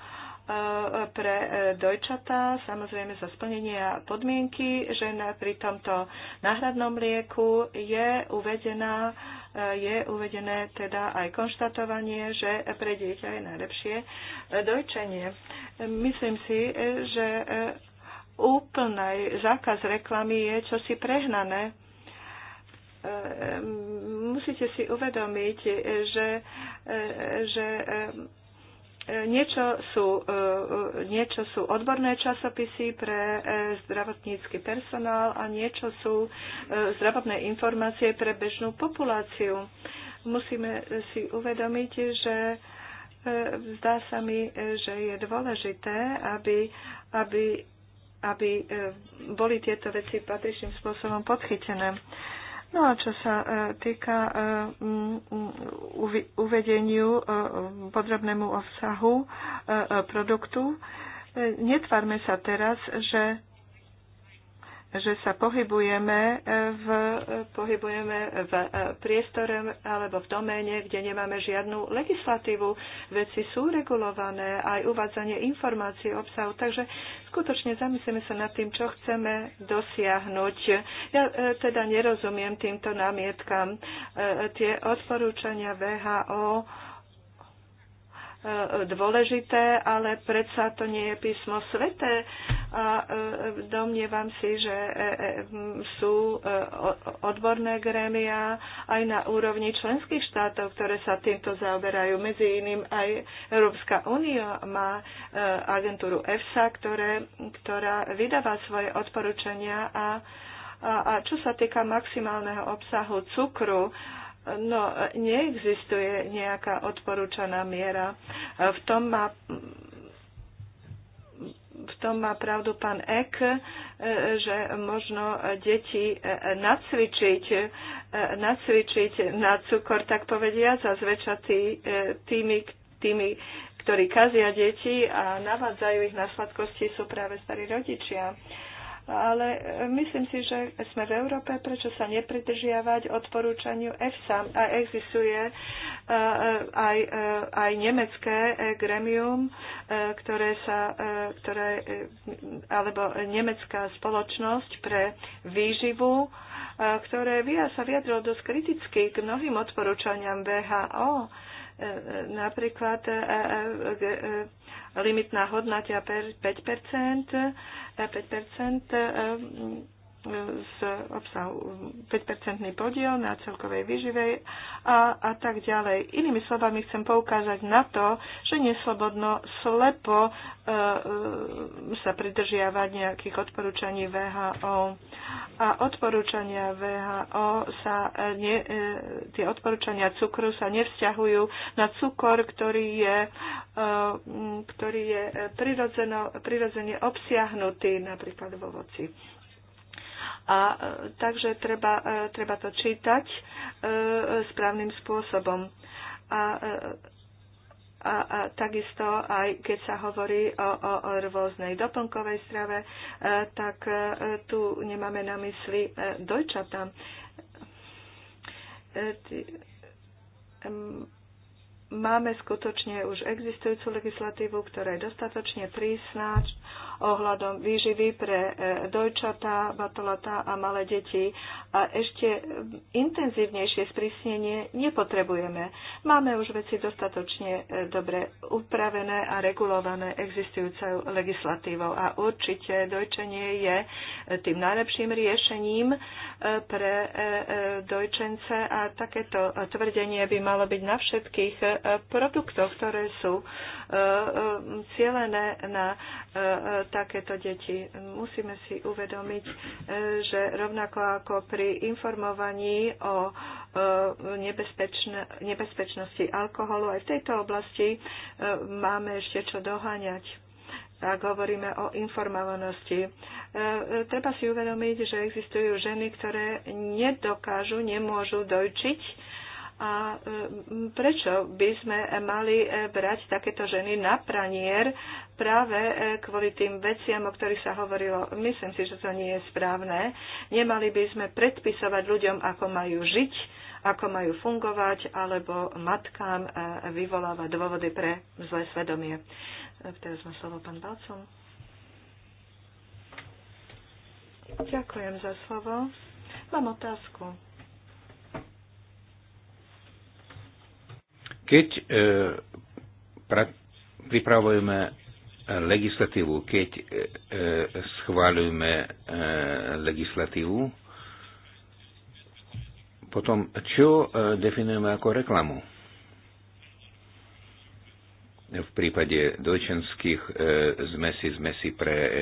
pre e, dojčatá, samozrejme za splnenia podmienky, že pri tomto náhradnom lieku je uvedená e, je uvedené teda aj konštatovanie, že pre dieťa je najlepšie e, dojčenie. Myslím si, že úplný zákaz reklamy je čosi prehnané. Musíte si uvedomiť, že, že Niečo sú, e, niečo sú odborné časopisy pre e, zdravotnícky personál a niečo sú e, zdravotné informácie pre bežnú populáciu. Musíme si uvedomiť, že zdá sa mi, že je dôležité, aby, aby, aby boli tieto veci patričným spôsobom podchytené. No a čo sa e, týka e, uvedeniu e, podrobnému obsahu produktu, netvárme sa teraz, že že sa pohybujeme e, v, e, pohybujeme v e, priestore alebo v doméne, kde nemáme žiadnu legislatívu. Veci sú regulované, aj uvádzanie informácií, obsahu. Takže skutočne zamyslíme sa nad tým, čo chceme dosiahnuť. Ja teda nerozumiem týmto námietkam. Tie odporúčania VHO E, dôležité, ale predsa to nie je písmo sveté a e, domnievam si, že e, sú odborné grémia aj na úrovni členských štátov, ktoré sa týmto zaoberajú. Medzi iným aj Európska únia má agentúru EFSA, ktoré, ktorá vydáva svoje odporúčania a a, a čo sa týka maximálneho obsahu cukru, No, neexistuje nejaká odporúčaná miera. V tom má v tom má pravdu pán Ek, e, že možno deti e, nacvičiť, e, nacvičiť na cukor, tak povedia, a zväčša tý, tými, tými, ktorí kazia deti a navádzajú ich na sladkosti, sú práve starí rodičia. Uh, ale e, myslím si, že sme v Európe, prečo sa nepridržiavať odporúčaniu EFSA. A existuje e, e, aj, aj nemecké gremium, ktoré sa, ktoré, alebo nemecká spoločnosť pre výživu, ktoré via sa vyjadrilo dosť kriticky k mnohým odporúčaniam VHO napríklad limitná hodnota 5%, 25 z obsahu 5-percentný mm, podiel na celkovej výžive a, a tak ďalej. Inými slovami chcem poukázať na to, že neslobodno slepo e, e, sa pridržiavať nejakých odporúčaní VHO. A odporúčania VHO sa e, ne, e, tie odporúčania cukru sa nevzťahujú na cukor, ktorý je, e, ktorý je e, prirodzene obsiahnutý napríklad vo voci. A e, takže treba, e, treba to čítať e, správnym spôsobom. A, a, a takisto aj keď sa hovorí o, o, o rôznej doplnkovej strave, tak tu nemáme na mysli dojčata. Máme skutočne už existujúcu legislatívu, ktorá je dostatočne prísna ohľadom výživy pre e, dojčatá, batolatá a malé deti. A ešte intenzívnejšie sprísnenie nepotrebujeme. Máme už veci dostatočne e, dobre upravené a regulované existujúcou legislatívou. A určite dojčenie je e, tým najlepším riešením pre dojčence a takéto tvrdenie by malo byť na všetkých produktoch, ktoré sú cielené na e, e, takéto deti. Musíme si uvedomiť, e, že rovnako ako pri informovaní o nebezpečnosti alkoholu, aj v tejto oblasti máme ešte čo doháňať ak hovoríme o informovanosti. Treba si uvedomiť, že existujú ženy, ktoré nedokážu, nemôžu dojčiť a prečo by sme mali e, brať takéto ženy na pranier práve e, kvôli tým veciam, o ktorých sa hovorilo? Myslím si, že to nie je správne. Nemali by sme predpisovať ľuďom, ako majú žiť, ako majú fungovať, alebo matkám e, vyvolávať dôvody pre zlé svedomie. Teraz má slovo pán Balcom. Ďakujem za slovo. Mám otázku Keď e, pripravujeme e, legislatívu, keď e, schváľujeme legislatívu, potom čo definujeme ako reklamu? v prípade dojčenských e, zmesí, zmesí pre e,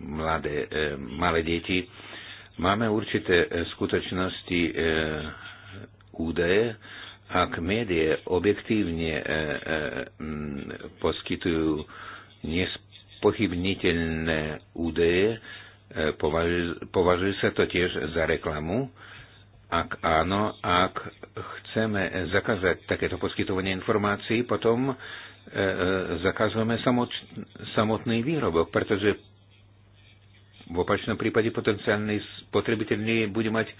mladé, e, malé deti. Máme určité skutočnosti, e, údaje, ak médie objektívne e, e, m, poskytujú nespochybniteľné údeje, e, považuje považuje sa to tiež za reklamu. Ak áno, ak chceme zakázať takéto poskytovanie informácií, potom e, e, zakazujeme samotný výrobok, pretože v opačnom prípade potenciálny spotrebiteľ nebude mať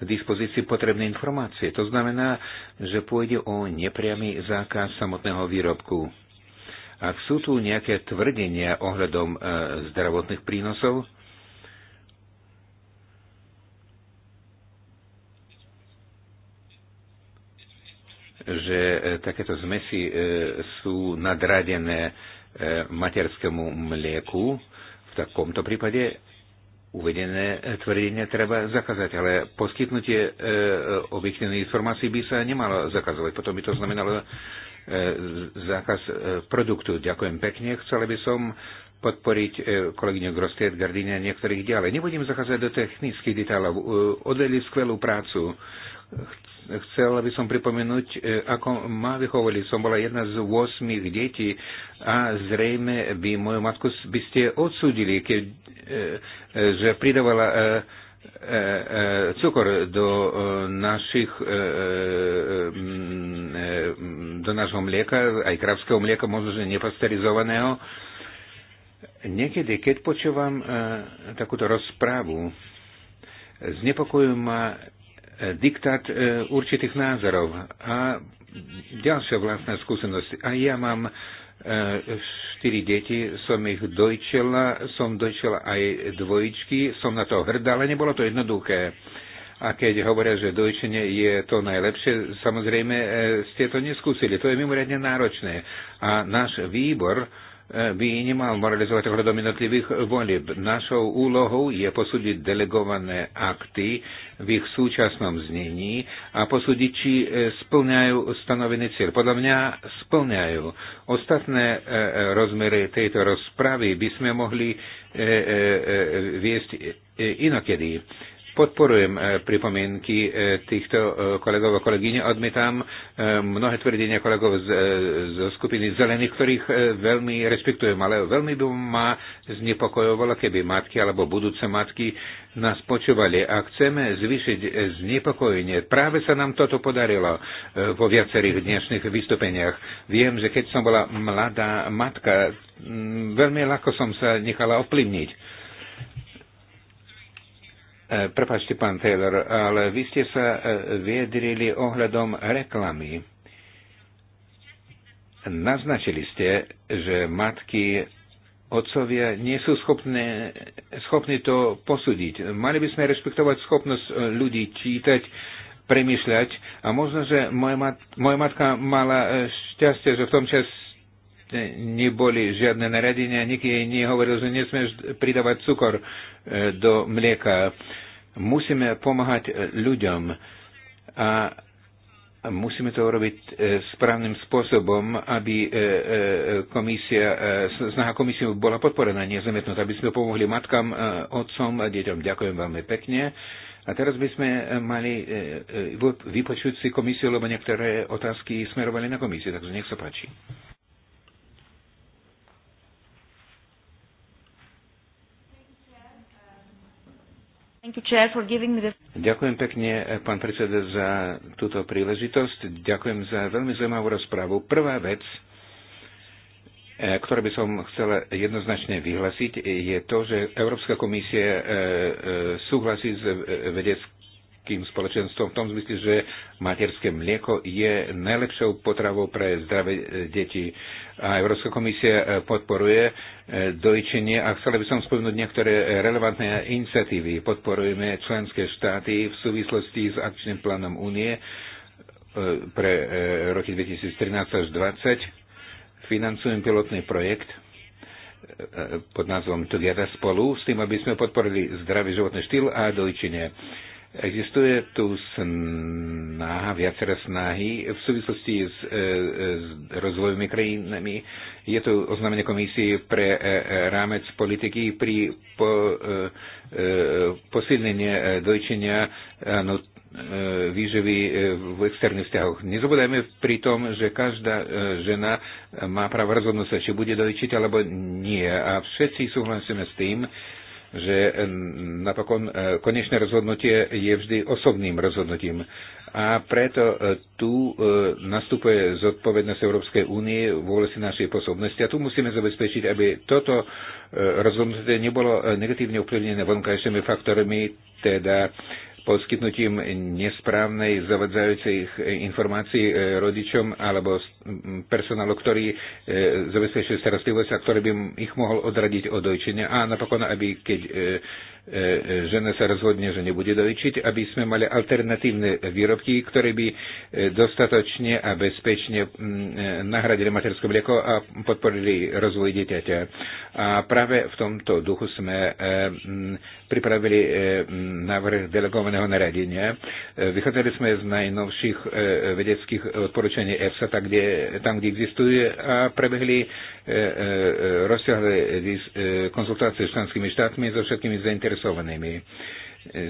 k dispozícii potrebné informácie. To znamená, že pôjde o nepriamy zákaz samotného výrobku. Ak sú tu nejaké tvrdenia ohľadom e, zdravotných prínosov, že e, takéto e, sú nadradené e, materskému mlieku, v takomto prípade Uvedené tvrdenie treba zakázať, ale poskytnutie e, objektívnej informácií by sa nemalo zakazovať. Potom by to znamenalo e, zákaz e, produktu. Ďakujem pekne. Chcela by som podporiť e, kolegyňu Grostiet, Gardine a niektorých ďalej. Nebudem zacházať do technických detailov. E, odvedli skvelú prácu chcel by som pripomenúť, e, ako ma vychovali. Som bola jedna z 8 detí a zrejme by moju matku by ste odsudili, keď, e, e, že pridávala cukor do našich do nášho mlieka, aj kravského mlieka, možno, že nepasterizovaného. Niekedy, keď počúvam takúto rozprávu, znepokojujú ma diktát e, určitých názorov a ďalšia vlastná skúsenosť. A ja mám e, štyri deti, som ich dojčela, som dojčela aj dvojičky, som na to hrdá, ale nebolo to jednoduché. A keď hovoria, že dojčenie je to najlepšie, samozrejme e, ste to neskúsili. To je mimoriadne náročné. A náš výbor E, by nemal moralizovať ohľadom jednotlivých volieb. Našou úlohou je posúdiť delegované akty v ich súčasnom znení a posúdiť, či e, splňajú stanovený cieľ. Podľa mňa splňajú. Ostatné e, rozmery tejto rozpravy by sme mohli viesť inokedy. Podporujem e, pripomienky e, týchto e, kolegov a kolegyne. Odmietam mnohé tvrdenia kolegov z, zo skupiny zelených, ktorých veľmi respektujem, ale veľmi by ma znepokojovalo, keby matky alebo budúce matky nás počúvali. A chceme zvýšiť znepokojenie. Práve sa nám toto podarilo vo viacerých dnešných vystúpeniach. Viem, že keď som bola mladá matka, veľmi ľahko som sa nechala ovplyvniť E, prepačte, pán Taylor, ale vy ste sa e, viedrili ohľadom reklamy. Naznačili ste, že matky, otcovia nie sú schopné, schopní to posúdiť. Mali by sme rešpektovať schopnosť e, ľudí čítať, premýšľať a možno, že moja, mat, moja matka mala šťastie, že v tom čase neboli žiadne naradenia, nikto jej nehovoril, že nesmieš pridávať cukor e, do mlieka. Musíme pomáhať e, ľuďom a musíme to robiť e, správnym spôsobom, aby komisia, snaha komisie bola podporená, nezamietnúť, aby sme pomohli matkám, otcom a deťom. Ďakujem veľmi pekne. A teraz by sme mali vypočuť si komisiu, lebo niektoré otázky smerovali na komisiu, takže nech sa páči. Ďakujem pekne, eh, pán predseda, za túto príležitosť. Ďakujem za veľmi zaujímavú rozprávu. Prvá vec, eh, ktorú by som chcela jednoznačne vyhlasiť, je to, že Európska komisia eh, súhlasí s vedeckým všetkým spoločenstvom v tom zmysle, že materské mlieko je najlepšou potravou pre zdravé e, deti. A Európska komisia e, podporuje e, dojčenie a chcela by som spomenúť niektoré relevantné iniciatívy. Podporujeme členské štáty v súvislosti s akčným plánom únie pre roky 2013 až 2020. Financujem pilotný projekt pod názvom Together spolu s tým, aby sme podporili zdravý životný štýl a dojčenie. Existuje tu snaha, viacera snahy v súvislosti s, e, e, s rozvojovými krajinami. Je tu oznámenie komisie pre e, rámec politiky pri po, posilnenie dojčenia no, výživy v externých vzťahoch. Nezabudajme pri tom, že každá žena má právo rozhodnúť sa, či bude dojčiť alebo nie. A všetci súhlasíme s tým, že eh, napokon eh, konečné rozhodnutie je vždy osobným rozhodnutím. A preto eh, tu nastupuje zodpovednosť Európskej únie v si našej posobnosti. a tu musíme zabezpečiť, aby toto rozhodnutie nebolo negatívne ovplyvnené vonkajšími faktormi, teda poskytnutím nesprávnej zavadzajúcej informácií e, rodičom alebo personálu, ktorý e, zabezpečuje starostlivosť a ktorý by ich mohol odradiť od dojčenia a napokon, aby keď e, E, e, žena sa rozhodne, že nebude dojčiť, aby sme mali alternatívne výrobky, ktoré by e, dostatočne a bezpečne nahradili materské mlieko a podporili rozvoj dieťaťa. A práve v tomto duchu sme pripravili návrh delegovaného naradenia. Vychádzali sme z najnovších vedeckých odporúčaní EFSA, tam kde, tam, kde existuje a prebehli rozsiahle konzultácie s členskými štátmi, so všetkými zainteresovanými zainteresovanými.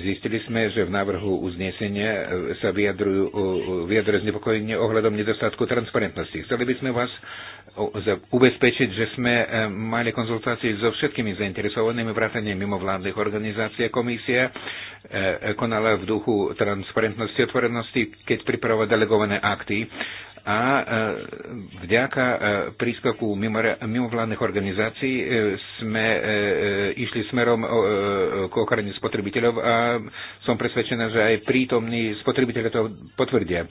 Zistili sme, že v návrhu uznesenia sa vyjadrujú, vyjadruje znepokojenie ohľadom nedostatku transparentnosti. Chceli by sme vás ubezpečiť, že sme e, mali konzultácie so všetkými zainteresovanými vrátane mimovládnych organizácií. Komisia e, e, konala v duchu transparentnosti, otvorenosti, keď pripravila delegované akty a e, vďaka e, prískoku mimovládnych organizácií e, sme išli smerom k ochrane spotrebiteľov a som presvedčená, že aj prítomní spotrebiteľe to potvrdia.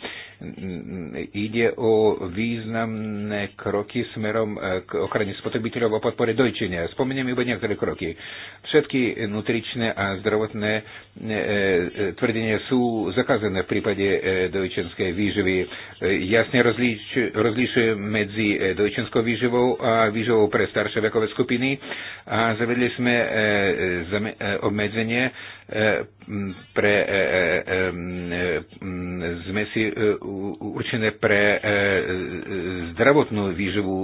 Ide o významné kroky smerom k ochrane spotrebiteľov o podpore dojčenia. Spomeniem iba niektoré kroky. Všetky nutričné a zdravotné tvrdenia sú zakázané v prípade dojčenskej výživy. Jasne jasne rozliš, rozlišuje medzi e, dojčenskou výživou a výživou pre staršie vekové skupiny a zavedli sme obmedzenie pre zmesi určené pre e, e, zdravotnú výživu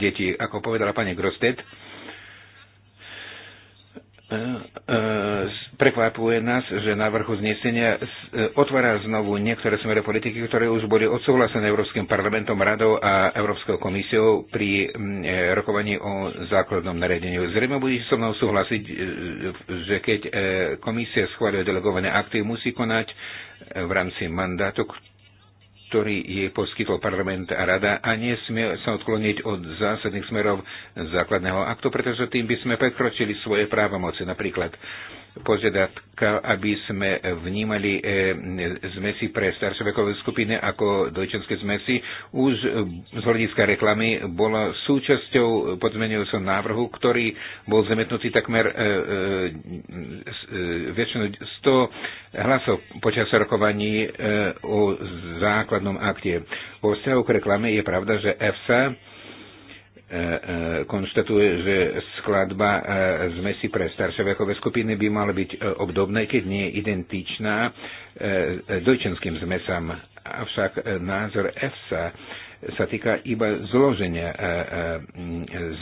detí. Ako povedala pani Grostet, prekvapuje nás, že na vrchu znesenia otvára znovu niektoré smere politiky, ktoré už boli odsúhlasené Európskym parlamentom, radou a Európskou komisiou pri mm, e, rokovaní o základnom naredeniu. Zrejme bude so mnou súhlasiť, e, že keď e, komisia schváľuje delegované akty, musí konať v rámci mandátu, ktorý jej poskytol parlament a rada a nesmie sa odkloniť od zásadných smerov základného aktu, pretože tým by sme prekročili svoje právomoci. Napríklad požiadavka, aby sme vnímali e, zmesi pre staršie vekové skupiny ako dojčenské zmesi, už z hľadiska reklamy bola súčasťou podmenujúceho návrhu, ktorý bol zemetnutý takmer e, e, väčšinou 100 hlasov počas rokovaní o základnom akte. Vo vzťahu k reklame je pravda, že EFSA E, e, konštatuje, že skladba e, zmesi pre staršie vekové skupiny by mala byť obdobná, keď nie identičná dojčenským zmesám. Avšak názor EFSA sa týka iba zloženia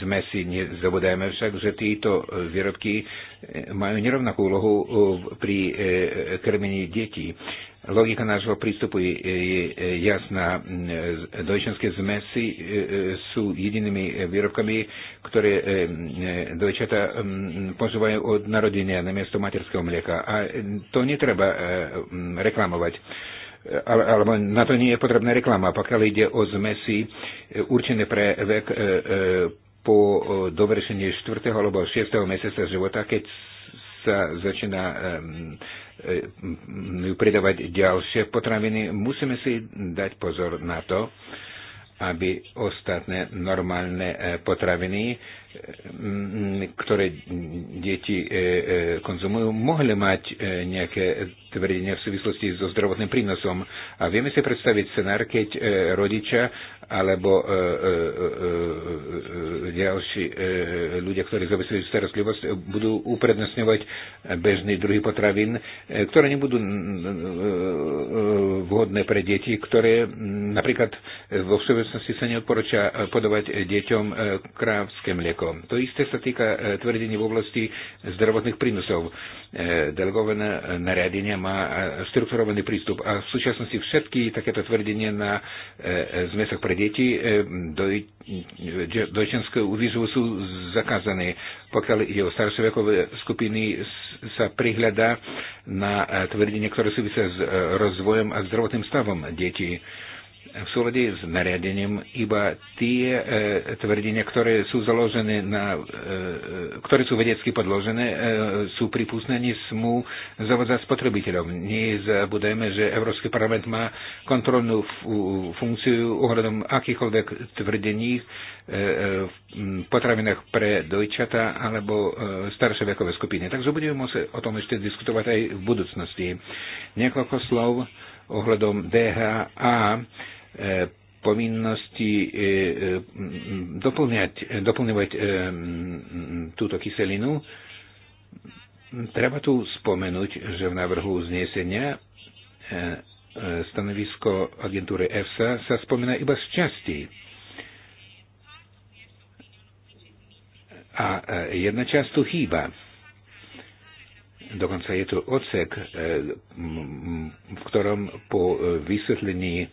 zmesi. Nezabudajme však, že títo výrobky majú nerovnakú úlohu pri krmení detí. Logika nášho prístupu je, je jasná. Dojčenské zmesi e, e, sú jedinými výrobkami, ktoré e, dojčata požívajú od narodenia na miesto materského mlieka. A to netreba reklamovať Ale, alebo na to nie je potrebná reklama, pokiaľ ide o zmesy určené pre vek po dovršení 4. alebo 6. mesiaca života, keď sa začína E, pridávať ďalšie potraviny, musíme si dať pozor na to, aby ostatné normálne e, potraviny, e, ktoré deti konzumujú, mohli mať nejaké tvrdenia v súvislosti so zdravotným prínosom. A vieme si predstaviť scenár, keď e, rodiča alebo e, e, ďalší ľudia, ktorí zabezpečujú starostlivosť, budú uprednostňovať bežný druhý potravín, ktoré nebudú vhodné pre deti, ktoré napríklad vo všeobecnosti sa neodporúča podávať deťom krávské mlieko. To isté sa týka tvrdení v oblasti zdravotných prínosov. E, delegované nariadenie má štrukturovaný e, prístup a v súčasnosti všetky takéto tvrdenie na e, zmesách pre deti do čenského výživu sú zakázané. Pokiaľ je o staršie vekové skupiny, sa prihľadá na tvrdenie, ktoré súvisia s rozvojom a zdravotným stavom detí v súlade s nariadením iba tie e, tvrdenia, ktoré sú založené na, e, e ktoré sú vedecky podložené, e, sú prípustné, nesmú zavádzať spotrebiteľov. Nezabudajme, že Európsky parlament má kontrolnú funkciu ohľadom akýchkoľvek tvrdení e, e v potravinách pre dojčata alebo e, staršie vekové skupiny. Takže budeme musieť o tom ešte diskutovať aj v budúcnosti. Niekoľko slov ohľadom DHA povinnosti e, doplňať, doplňovať e, túto kyselinu. Treba tu spomenúť, že v návrhu uznesenia e, stanovisko agentúry EFSA sa spomína iba z časti. A jedna časť tu chýba. Dokonca je tu odsek, v ktorom po vysvetlení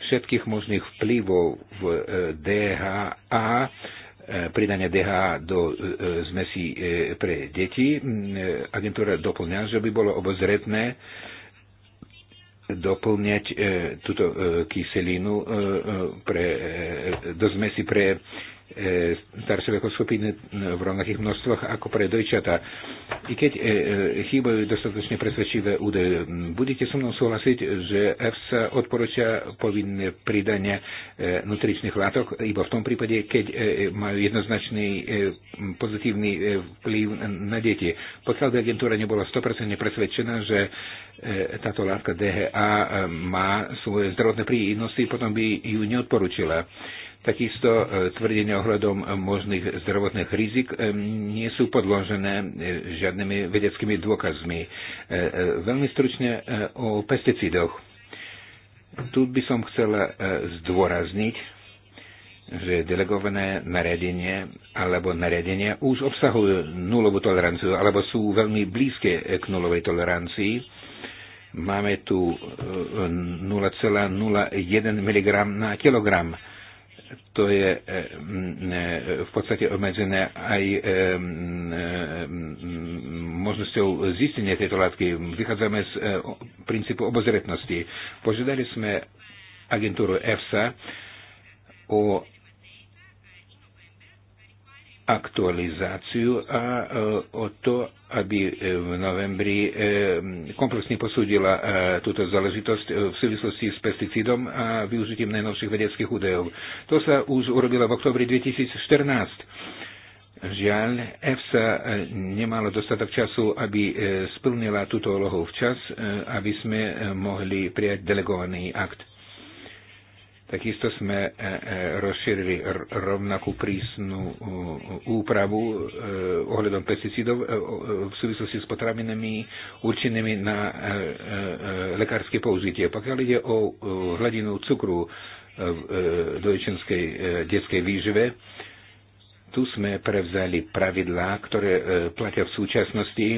všetkých možných vplyvov v e, DHA, e, pridania DHA do zmesí e, pre deti. Agentúra doplňa, že by bolo obozretné doplňať túto kyselinu pre, do zmesi pre E, staršie veko skupiny v rovnakých množstvách ako pre dojčatá. I keď e, e, chýbajú dostatočne presvedčivé údaje, budete so mnou súhlasiť, že EFSA odporúča povinné pridanie e, nutričných látok iba v tom prípade, keď e, e majú jednoznačný e, pozitívny e, vplyv na deti. Pokiaľ by agentúra nebola 100% presvedčená, že táto látka DHA má svoje zdravotné prínosy, potom by ju neodporúčila. Takisto e, tvrdenia ohľadom možných zdravotných rizik e, nie sú podložené e, žiadnymi vedeckými dôkazmi. Veľmi stručne o pesticidoch. Tu by som chcela zdôrazniť, že delegované nariadenie alebo nariadenia už obsahujú nulovú toleranciu alebo sú veľmi blízke k nulovej tolerancii máme tu 0,01 mg na kilogram to je eh, mm, eh, v podstate obmedzené aj eh, mm, možnosťou zistenia tejto látky. Vychádzame z princípu obozretnosti. Požiadali sme agentúru EFSA o aktualizáciu a e, o to, aby e, v novembri e, komplexne posúdila túto záležitosť v súvislosti s pesticídom a využitím najnovších vedeckých údajov. To sa už urobilo v oktobri 2014. Žiaľ, EFSA nemala dostatok času, aby splnila túto úlohu včas, aby sme mohli prijať delegovaný akt. Takisto sme e, e, rozšírili rovnakú prísnu e, úpravu ohľadom pesticídov v súvislosti s potravinami určenými na lekárske použitie. Pokiaľ ide o hladinu cukru v dojčenskej detskej výžive, tu sme prevzali pravidlá, ktoré platia v súčasnosti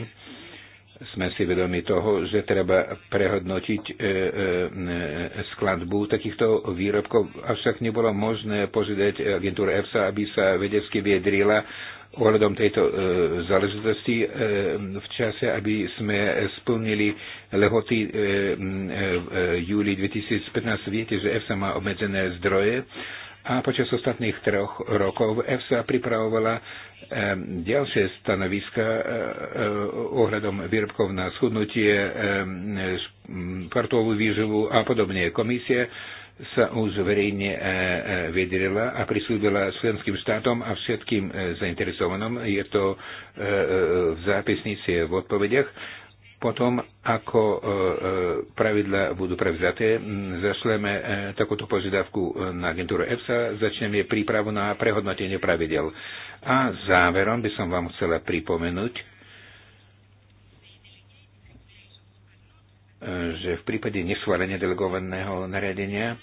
sme si vedomi toho, že treba prehodnotiť e, e, e, skladbu takýchto výrobkov, avšak nebolo možné požiadať agentúru EFSA, aby sa vedecky vyjadrila ohľadom tejto záležitosti v čase, aby sme splnili lehoty v júli 2015. Viete, že EFSA má obmedzené zdroje a počas ostatných troch rokov EFSA pripravovala ďalšie stanoviska e, e, ohľadom výrobkov na schudnutie, športovú výživu a podobne. Komisie sa už verejne e, vedela a prislúbila slovenským štátom a všetkým zainteresovanom. Je to v zápisnici v odpovediach potom, ako e, e, pravidla budú prevzaté, zašleme e, takúto požiadavku na agentúru EFSA, začneme prípravu na prehodnotenie pravidel. A záverom by som vám chcela pripomenúť, že v prípade neschválenia delegovaného nariadenia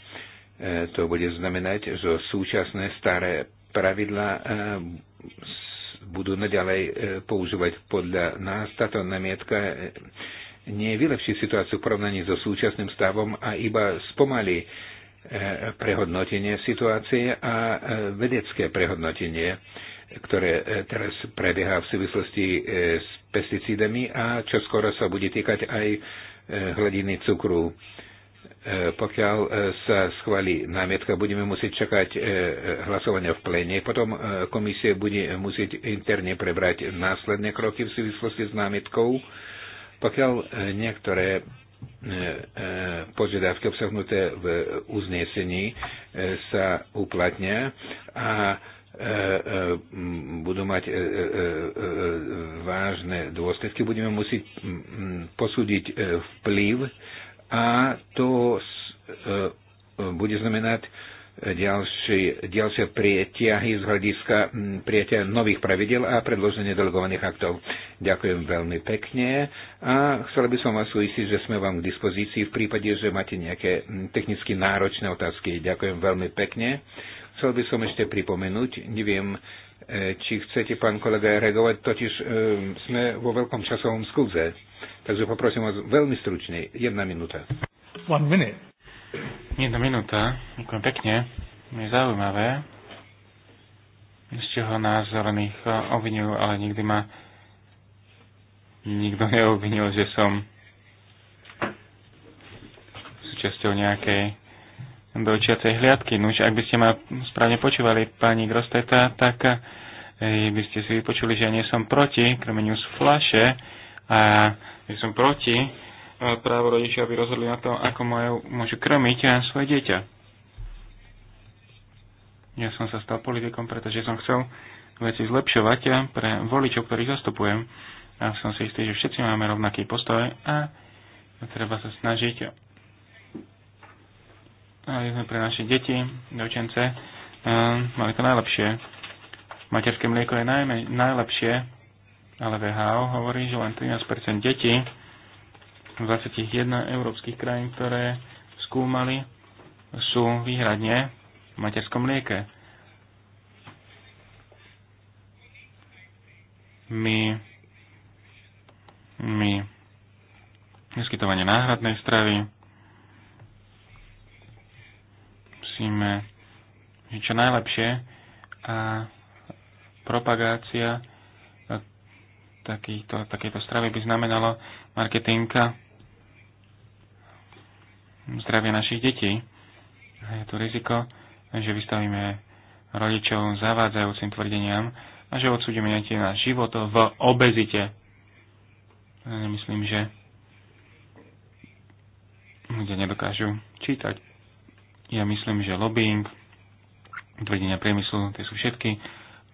to bude znamenať, že súčasné staré pravidla budú naďalej e, používať podľa nás. Táto namietka e, vylepší situáciu v porovnaní so súčasným stavom a iba spomalí e, prehodnotenie situácie a vedecké prehodnotenie, ktoré teraz prebieha v súvislosti s pesticídami a čo skoro sa bude týkať aj hladiny cukru. E, pokiaľ e, sa schváli námietka, budeme musieť čakať e, hlasovania v plene. Potom komisie bude musieť interne prebrať následné kroky v súvislosti s námietkou. Pokiaľ niektoré požiadavky obsahnuté v uznesení sa uplatnia a budú mať vážne dôsledky, budeme musieť posúdiť vplyv a to e, bude znamenať ďalšie, ďalšie prietiahy z hľadiska prietia nových pravidel a predloženie delegovaných aktov. Ďakujem veľmi pekne a chcel by som vás uistiť, že sme vám k dispozícii v prípade, že máte nejaké technicky náročné otázky. Ďakujem veľmi pekne. Chcel by som ešte pripomenúť, neviem, E, či chcete, pán kolega, reagovať, totiž e, sme vo veľkom časovom skúze. Takže poprosím vás veľmi stručne, jedna minúta. One minute. Jedna minúta, ďakujem pekne. Je zaujímavé, z čoho nás zelených e, obvinil, ale nikdy ma nikto neobvinil, že som súčasťou nejakej do očiacej hliadky. Nuž, no ak by ste ma správne počúvali, pani Grosteta, tak eh, by ste si vypočuli, že ja nie som proti krmeniu z flaše a nie som proti eh, právo rodičia, aby rozhodli na to, ako majú, môžu krmiť a eh, svoje dieťa. Ja som sa stal politikom, pretože som chcel veci zlepšovať pre voličov, ktorých zastupujem. A som si istý, že všetci máme rovnaký postoj a treba sa snažiť aby sme pre naše deti, dočence, ehm, mali to najlepšie. Materské mlieko je najmä, najlepšie, ale VHO hovorí, že len 13% detí v 21 európskych krajín, ktoré skúmali, sú výhradne v materskom mlieke. My, my, vyskytovanie náhradnej stravy, musíme niečo najlepšie a propagácia e, takýto, takéto stravy by znamenalo marketinga zdravia našich detí. A je tu riziko, že vystavíme rodičov zavádzajúcim tvrdeniam a že odsúdime deti na život v obezite. Ja myslím, že ľudia nedokážu čítať. Ja myslím, že lobbying, tvrdenia priemyslu, tie sú všetky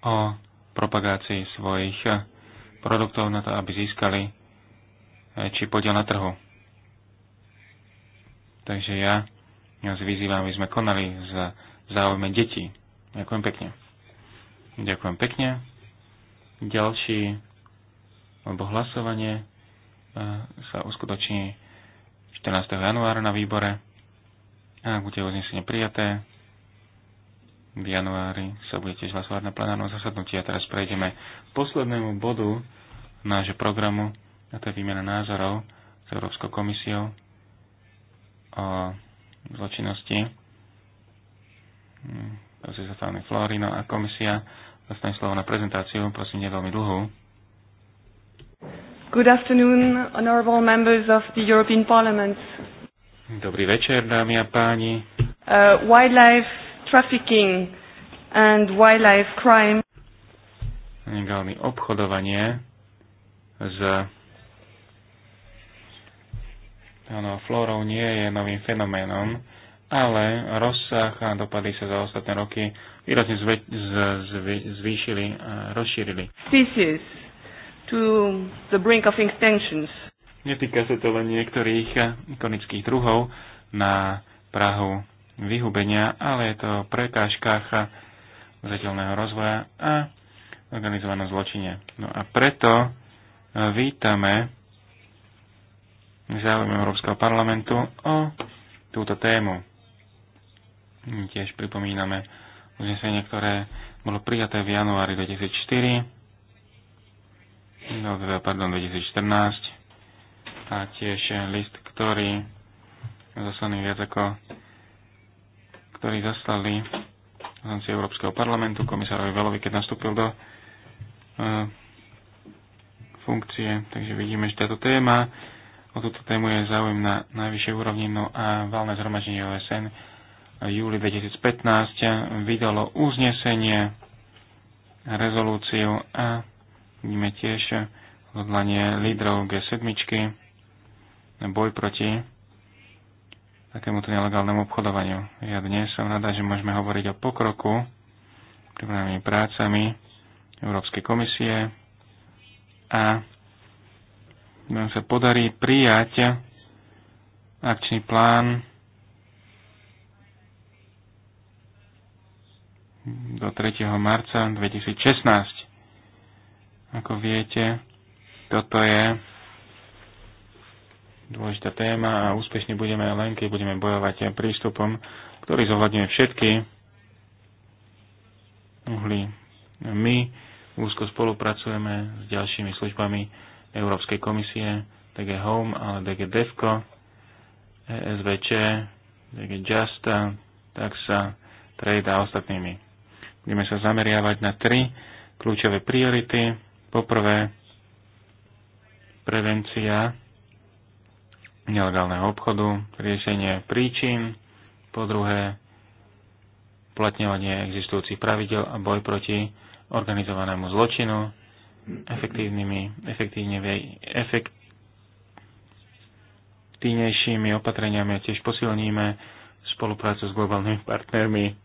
o propagácii svojich produktov na to, aby získali eh, či podiel na trhu. Takže ja vás vyzývam, aby sme konali za záujme detí. Ďakujem pekne. Ďakujem pekne. Ďalší alebo hlasovanie eh, sa uskutoční 14. januára na výbore. A ak bude uznesenie prijaté, v januári sa bude tiež hlasovať na plenárnom zasadnutí. A teraz prejdeme k poslednému bodu nášho programu, a to je výmena názorov s Európskou komisiou o zločinnosti sa zastavený Florino a komisia dostane slovo na prezentáciu, prosím, nie veľmi dlhú. Good afternoon, honorable members of the European Parliament. Dobrý večer, dámy a páni. Uh, wildlife trafficking and wildlife crime. Nelegálne obchodovanie s áno, flórou nie je novým fenoménom, ale rozsah a dopady sa za ostatné roky výrazne zve- z- zv- zvýšili a rozšírili. Species to the brink of extinctions. Netýka sa to len niektorých eh, ikonických druhov na Prahu vyhubenia, ale je to o prekážkách zateľného eh, rozvoja a organizovanom zločine. No a preto eh, vítame záujem Európskeho parlamentu o túto tému. Tiež pripomíname uznesenie, ktoré bolo prijaté v januári 2004, no, pardon, 2014, a tiež list, ktorý zaslaný viac ako ktorý zaslali poslanci Európskeho parlamentu komisárovi Velovi, keď nastúpil do e, funkcie. Takže vidíme, že táto téma, o túto tému je záujem na najvyššej úrovni no a valné zhromaždenie OSN v júli 2015 vydalo uznesenie, rezolúciu a vidíme tiež odhodlanie lídrov G7 boj proti takémuto nelegálnemu obchodovaniu. Ja dnes som rada, že môžeme hovoriť o pokroku prípravnými prácami Európskej komisie a nám sa podarí prijať akčný plán do 3. marca 2016. Ako viete, toto je dôležitá téma a úspešne budeme len, keď budeme bojovať prístupom, ktorý zohľadňuje všetky uhly. My úzko spolupracujeme s ďalšími službami Európskej komisie, DG Home, ale DG Devco, ESVČ, DG Just, Taxa, Trade a ostatnými. Budeme sa zameriavať na tri kľúčové priority. Poprvé, prevencia nelegálneho obchodu, riešenie príčin, po druhé uplatňovanie existujúcich pravidel a boj proti organizovanému zločinu efektívnymi, efektívne, efektívnejšími opatreniami a tiež posilníme spoluprácu s globálnymi partnermi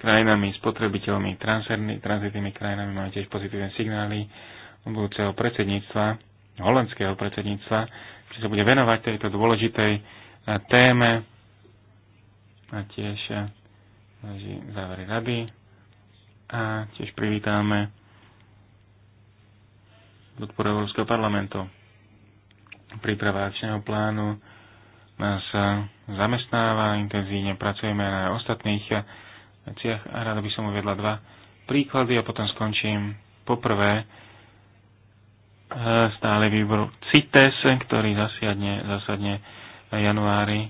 krajinami, spotrebiteľmi, tranzitnými krajinami. Máme tiež pozitívne signály od budúceho predsedníctva, holandského predsedníctva, či sa bude venovať tejto dôležitej eh, téme a tiež eh, závery rady a tiež privítame podporu Európskeho parlamentu. Príprava akčného plánu nás eh, zamestnáva, intenzívne pracujeme na ostatných veciach a rada by som uvedla dva príklady a potom skončím. Poprvé, e, stále výbor CITES, ktorý zasiadne, zasadne v januári,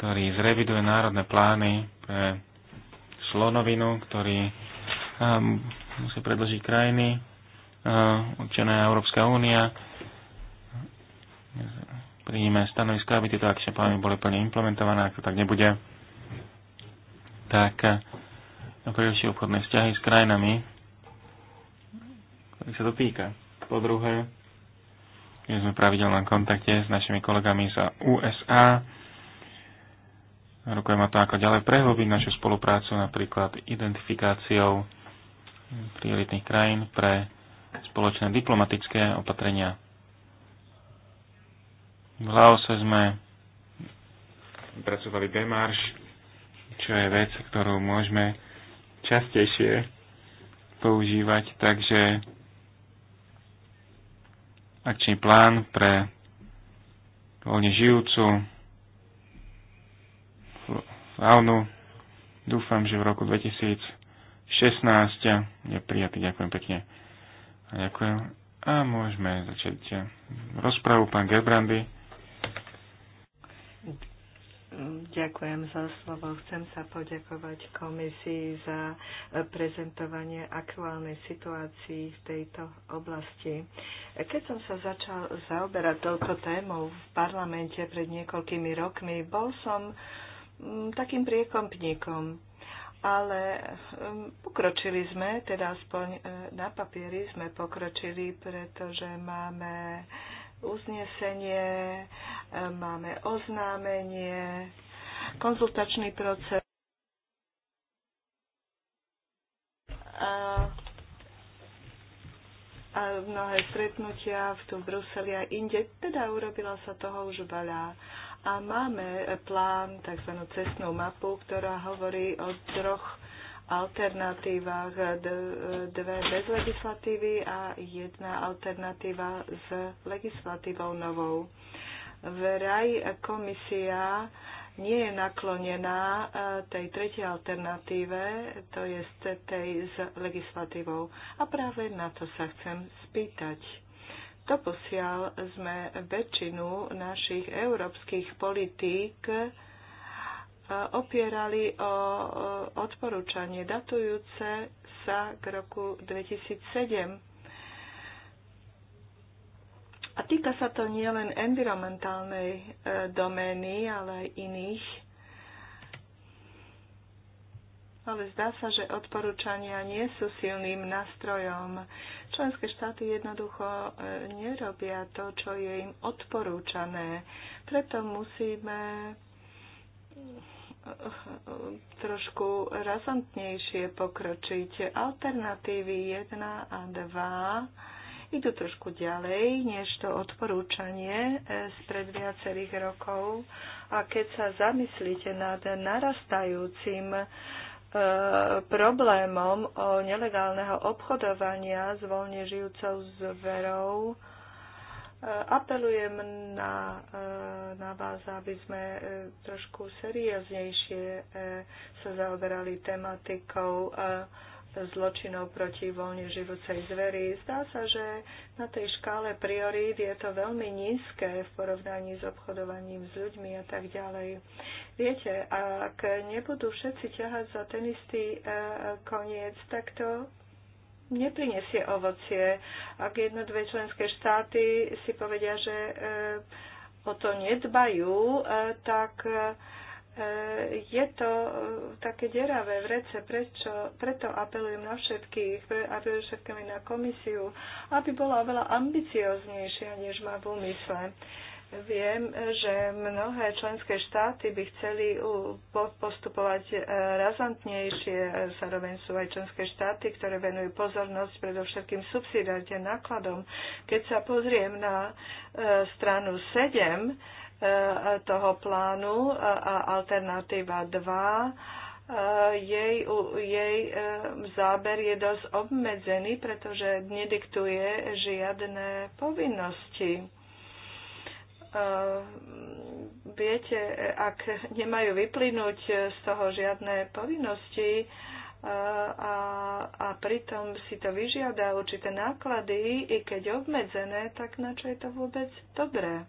ktorý zreviduje národné plány pre slonovinu, ktorý um, musí predložiť krajiny, uh, e, určená Európska únia, príjme stanoviska, aby tieto akčné plány boli plne implementované, ak to tak nebude tak preruší eh, obchodné vzťahy s krajinami, ktorých sa to týka. Po druhé, my sme v pravidelnom kontakte s našimi kolegami z USA. ma to, ako ďalej prehlbiť našu spoluprácu napríklad identifikáciou prioritných krajín pre spoločné diplomatické opatrenia. V Laose sme pracovali demarš čo je vec, ktorú môžeme častejšie používať, takže akčný plán pre voľne žijúcu faunu. Dúfam, že v roku 2016 je prijatý. Ďakujem pekne. A ďakujem. A môžeme začať rozprávu Pán Gerbrandy. Ďakujem za slovo. Chcem sa poďakovať komisii za prezentovanie aktuálnej situácii v tejto oblasti. Keď som sa začal zaoberať touto témou v parlamente pred niekoľkými rokmi, bol som mm, takým priekompníkom, ale mm, pokročili sme, teda aspoň e, na papieri sme pokročili, pretože máme uznesenie, e, máme oznámenie, konzultačný proces. A, a mnohé stretnutia v tu Bruseli a inde, teda urobila sa toho už veľa. A máme plán, tzv. cestnú mapu, ktorá hovorí o troch alternatívach, dve bez legislatívy a jedna alternatíva s legislatívou novou. Veraj komisia nie je naklonená e, tej tretej alternatíve, to je tej s legislatívou. A práve na to sa chcem spýtať. Doposiaľ sme väčšinu našich európskych politík opierali o odporúčanie datujúce sa k roku 2007. A týka sa to nielen environmentálnej e, domény, ale aj iných. Ale zdá sa, že odporúčania nie sú silným nástrojom. Členské štáty jednoducho e, nerobia to, čo je im odporúčané. Preto musíme trošku razantnejšie pokročiť. Alternatívy 1 a 2 idú trošku ďalej, než to odporúčanie e, spred viacerých rokov. A keď sa zamyslíte nad narastajúcim e, problémom o nelegálneho obchodovania s voľne žijúcou zverou, apelujem na, e, na vás, aby sme e, trošku serióznejšie e, sa zaoberali tematikou zločinov proti voľne živúcej zveri. Zdá sa, že na tej škále priorít je to veľmi nízke v porovnaní s obchodovaním s ľuďmi a tak ďalej. Viete, ak nebudú všetci ťahať za ten istý koniec, tak to neprinesie ovocie. Ak jedno, dve členské štáty si povedia, že eh, o to nedbajú, eh, tak eh, je to také deravé vrece, prečo, preto apelujem na všetkých, apelujem všetkými na komisiu, aby bola oveľa ambicioznejšia, než má v úmysle. Viem, že mnohé členské štáty by chceli postupovať e, razantnejšie. Zároveň sú aj členské štáty, ktoré venujú pozornosť predovšetkým subsidiarite nákladom. Keď sa pozriem na e, stranu 7 e, toho plánu a alternatíva 2, jej, jej záber je dosť obmedzený, pretože nediktuje žiadne povinnosti. Ehm, viete, ak nemajú vyplynúť z toho žiadne povinnosti ehm, a, a pritom si to vyžiada určité náklady, i keď obmedzené, tak na čo je to vôbec dobré?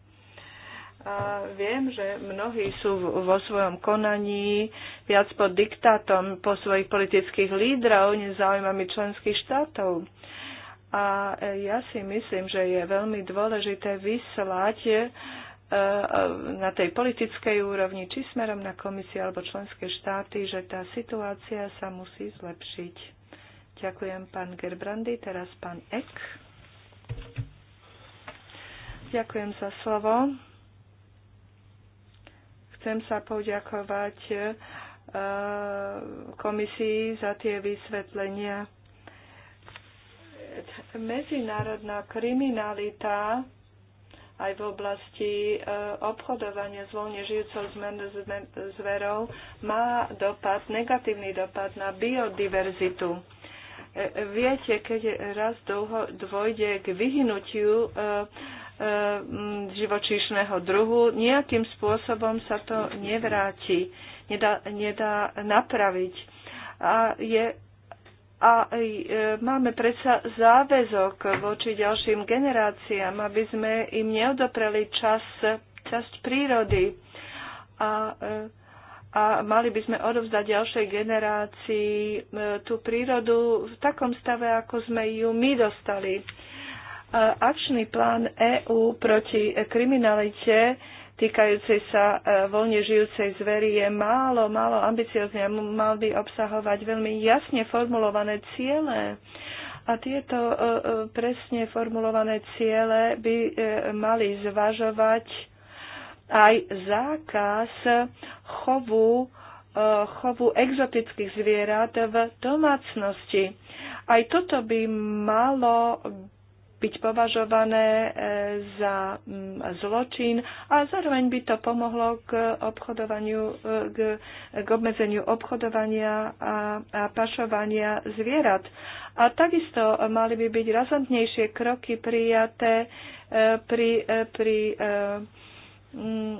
A viem, že mnohí sú vo svojom konaní viac pod diktátom po svojich politických lídrov, nezáujmami členských štátov. A e, ja si myslím, že je veľmi dôležité vyslať e, e, na tej politickej úrovni, či smerom na komisie alebo členské štáty, že tá situácia sa musí zlepšiť. Ďakujem pán Gerbrandy, teraz pán Ek. Ďakujem za slovo. Chcem sa poďakovať komisii za tie vysvetlenia medzinárodná kriminalita aj v oblasti e, obchodovania s voľne žijúcou zverou má dopad, negatívny dopad na biodiverzitu. E, viete, keď raz dlho dôjde k vyhnutiu e, živočíšneho druhu, nejakým spôsobom sa to nevráti, nedá, nedá napraviť. A je a e, máme predsa záväzok voči ďalším generáciám, aby sme im neodopreli čas, časť prírody. A, e, a mali by sme odovzdať ďalšej generácii e, tú prírodu v takom stave, ako sme ju my dostali. Akčný plán EÚ proti kriminalite týkajúcej sa e, voľne žijúcej zvery je málo, málo ambiciozne a mal by obsahovať veľmi jasne formulované ciele. A tieto e, e, presne formulované ciele by mali zvažovať aj zákaz chovu, chovu exotických zvierat v domácnosti. Aj toto by malo byť považované e, za mm, zločin a zároveň by to pomohlo k obchodovaniu, e, k, k obmedzeniu obchodovania a, a pašovania zvierat. A takisto mali by byť razantnejšie kroky prijaté e, pri, pri mm,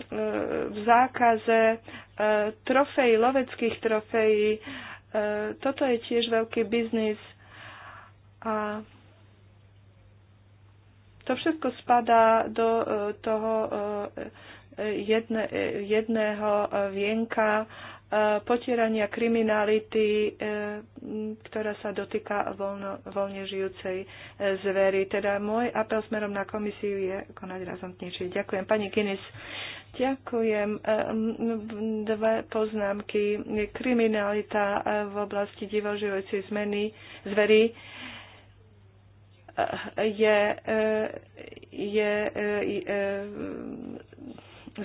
v zákaze trofej, loveckých trofejí. Toto je tiež veľký biznis a to všetko spadá do e, toho e, jedne, e, jedného vienka potierania kriminality, ktorá sa dotýka voľno, voľne žijúcej zvery. Teda môj apel smerom na komisiu je konať razantnejšie. Ďakujem. Pani Guinness, Ďakujem. Dve poznámky. Kriminalita v oblasti divoživojcej zmeny zvery je, je, je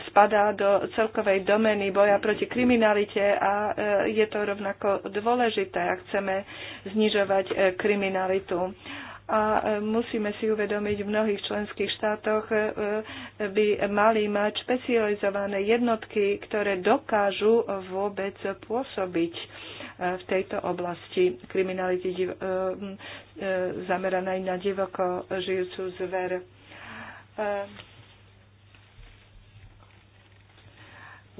spadá do celkovej domeny boja proti kriminalite a je to rovnako dôležité, ak chceme znižovať e, kriminalitu. A e, musíme si uvedomiť, v mnohých členských štátoch e, by mali mať špecializované jednotky, ktoré dokážu vôbec pôsobiť v tejto oblasti kriminality div- e, e, zameranej na divoko žijúcu zver. E,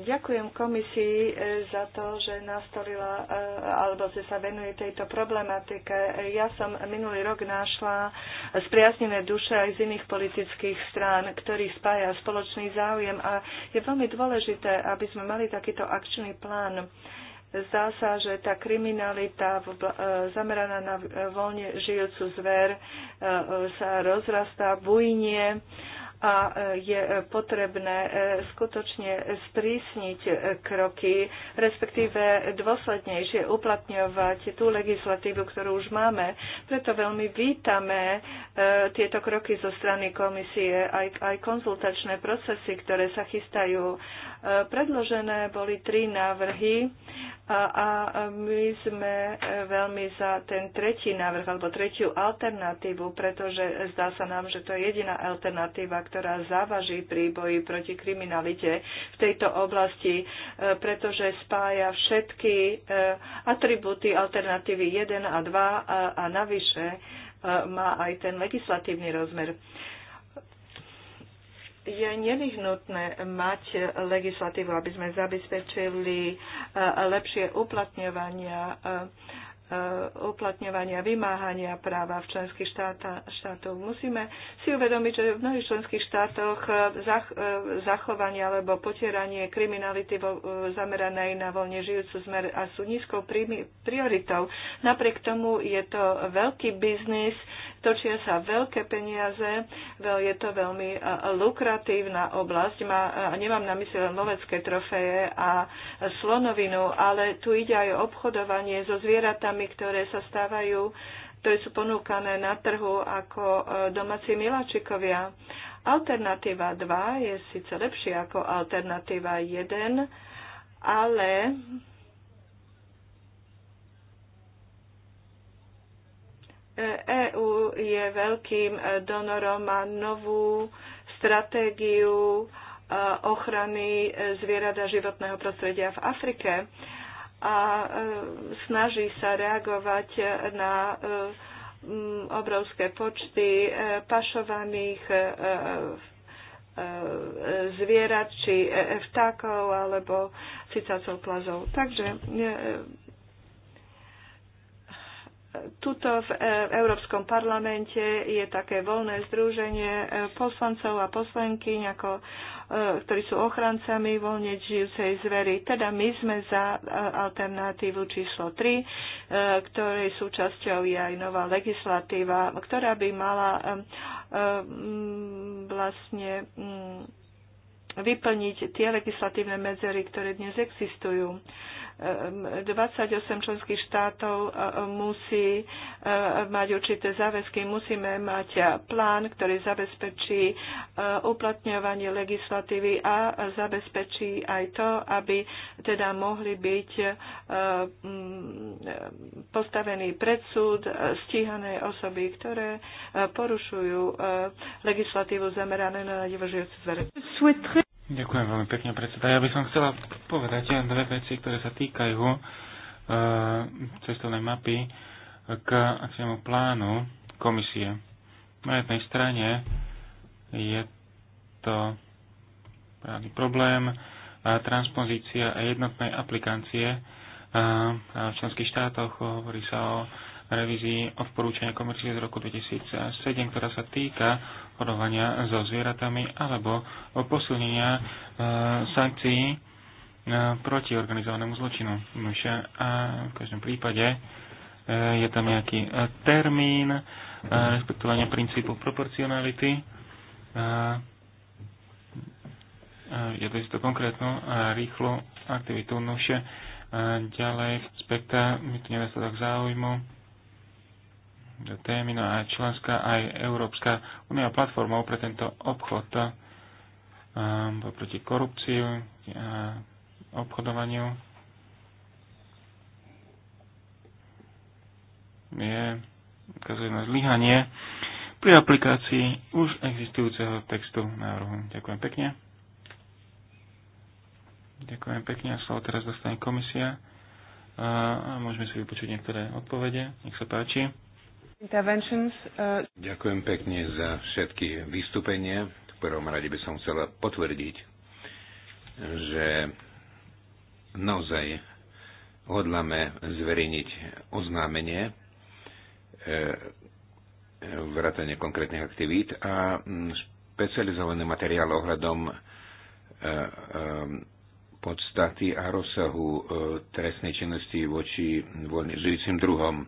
Ďakujem komisii za to, že nastolila alebo že sa venuje tejto problematike. Ja som minulý rok našla spriaznené duše aj z iných politických strán, ktorých spája spoločný záujem a je veľmi dôležité, aby sme mali takýto akčný plán. Zdá sa, že tá kriminalita e, zameraná na e, voľne žijúcu zver e, sa rozrastá, bujnie a e, je potrebné e, skutočne sprísniť e, kroky, respektíve dôslednejšie uplatňovať tú legislatívu, ktorú už máme. Preto veľmi vítame tieto kroky zo strany komisie, aj, aj konzultačné procesy, ktoré sa chystajú. Predložené boli tri návrhy a, a my sme veľmi za ten tretí návrh alebo tretiu alternatívu, pretože zdá sa nám, že to je jediná alternatíva, ktorá závaží pri boji proti kriminalite v tejto oblasti, e, pretože spája všetky e, atribúty alternatívy 1 a 2 a navyše e, má aj ten legislatívny rozmer je nevyhnutné mať legislatívu, aby sme zabezpečili lepšie uplatňovania uplatňovania, vymáhania práva v členských štáta, štátoch. Musíme si uvedomiť, že v mnohých členských štátoch eh, zach, eh, zachovanie alebo potieranie kriminality vo, eh, zameranej na voľne žijúcu zmer a sú nízkou prioritou. Napriek tomu je to veľký biznis, točia sa veľké peniaze, je to veľmi e, lukratívna oblasť. Má, e, nemám na mysli len lovecké trofeje a slonovinu, ale tu ide aj obchodovanie so zvieratami, ktoré sa stávajú ktoré sú ponúkané na trhu ako e, domáci miláčikovia. Alternatíva 2 je síce lepšia ako alternatíva 1, ale EÚ e je veľkým e, donorom, a novú stratégiu e, ochrany zvierat a životného prostredia v Afrike a snaží sa reagovať na obrovské počty pašovaných zvierat či vtákov alebo cicacov plazov. Takže Tuto e, v Európskom parlamente je také voľné združenie e, poslancov a poslenky, ako, e, ktorí sú ochrancami voľne žijúcej zvery. Teda my sme za alternatívu číslo 3, ktorej súčasťou je aj nová legislatíva, ktorá by mala vlastne vyplniť tie legislatívne medzery, ktoré dnes existujú. 28 členských štátov e, musí e, mať určité záväzky. Musíme mať plán, ktorý zabezpečí e, uplatňovanie legislatívy a zabezpečí aj to, aby teda mohli byť postavení pred súd stíhané osoby, ktoré porušujú legislatívu zameranú na divožujúcu zverejnosť. Ďakujem veľmi pekne, predseda. Ja by som chcela povedať len dve veci, ktoré sa týkajú uh, cestovnej mapy k akciemu plánu komisie. Na jednej strane je to právny problém a e, transpozícia a jednotnej aplikácie a e, v členských štátoch hovorí sa o revízii odporúčania komisie z roku 2007, ktorá sa týka obchodovania so zvieratami alebo e, sankcií e, proti organizovanému zločinu. E, a v každom prípade e, je tam nejaký termín respektovania princípu proporcionality. Je to isto konkrétnu a rýchlu aktivitu. Nuše ďalej spekta, je tu tak záujmu témy, no a členská aj Európska únia platformou pre tento obchod proti korupciu a obchodovaniu je ukazuje na zlyhanie pri aplikácii už existujúceho textu návrhu. Ďakujem pekne. Ďakujem pekne a slovo teraz dostane komisia a môžeme si vypočuť niektoré odpovede. Nech sa páči. Uh, Ďakujem pekne za všetky vystúpenia. V prvom rade by som chcela potvrdiť, že naozaj hodláme zverejniť oznámenie e, vrátane konkrétnych aktivít a mm, špecializovaný materiál ohľadom e, e, podstaty a rozsahu trestnej činnosti voči voľne žijúcim druhom.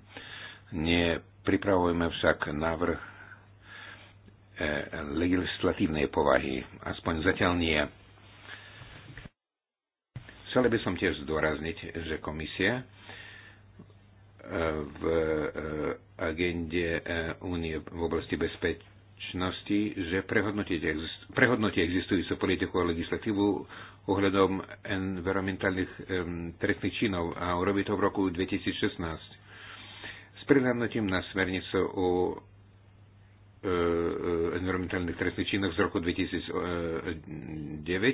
Nie Pripravujeme však návrh e, legislatívnej povahy, aspoň zatiaľ nie. Chcel by som tiež zdôrazniť, že komisia e, v e, agende únie v oblasti bezpečnosti, že prehodnotí existujúcu politiku a legislatívu ohľadom environmentálnych trestných činov a urobí to v roku 2016 s prihľadnutím na smernicu o e, e, environmentálnych trestných činoch z roku 2009, e,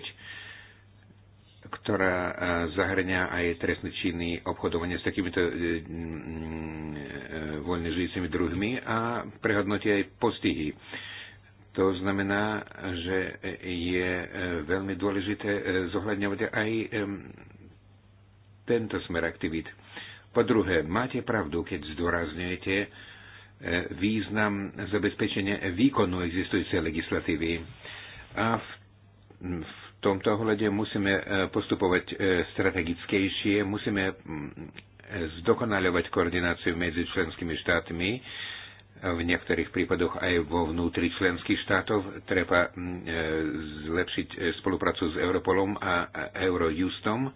ktorá zahrňa aj trestné činy obchodovania s takýmito voľne žijúcimi druhmi a prehodnotí aj postihy. To znamená, že je veľmi dôležité zohľadňovať aj tento smer aktivít. Po druhé, máte pravdu, keď zdôrazňujete e, význam zabezpečenia výkonu existujúcej legislatívy. A v, v tomto ohľade musíme e, postupovať e, strategickejšie, musíme zdokonaľovať koordináciu medzi členskými štátmi, v niektorých prípadoch aj vo vnútri členských štátov. Treba zlepšiť spoluprácu s Europolom a Eurojustom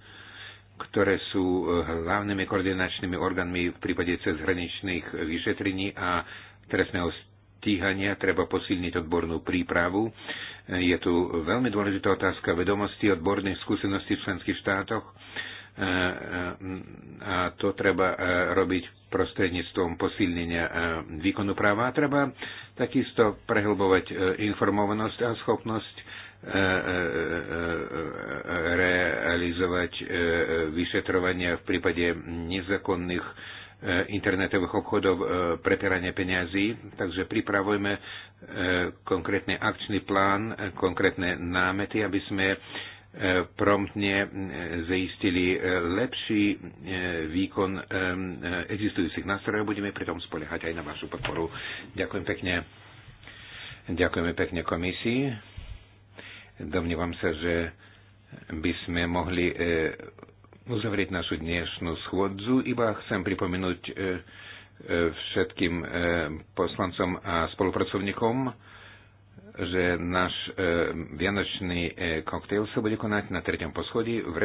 ktoré sú eh, hlavnými koordinačnými orgánmi v prípade cezhraničných vyšetrení a trestného stíhania. Treba posilniť odbornú prípravu. Eh, je tu veľmi dôležitá otázka vedomosti, odborných skúseností v členských štátoch eh, a to treba robiť prostredníctvom posilnenia výkonu práva. A treba takisto prehlbovať informovanosť a schopnosť E, e, e, realizovať vyšetrovania v prípade nezákonných internetových obchodov prepierania peňazí. Takže pripravujeme konkrétny akčný plán, konkrétne námety, aby sme promptne zaistili lepší výkon existujúcich nástrojov. Budeme pritom spoliehať aj na vašu podporu. Ďakujem pekne. Ďakujeme pekne komisii. Domnívam sa, že by sme mohli e, uzavrieť našu dnešnú schôdzu. Iba chcem pripomenúť e, e, všetkým poslancom a spolupracovníkom, že náš vianočný koktejl sa bude konať na tretom poschodí v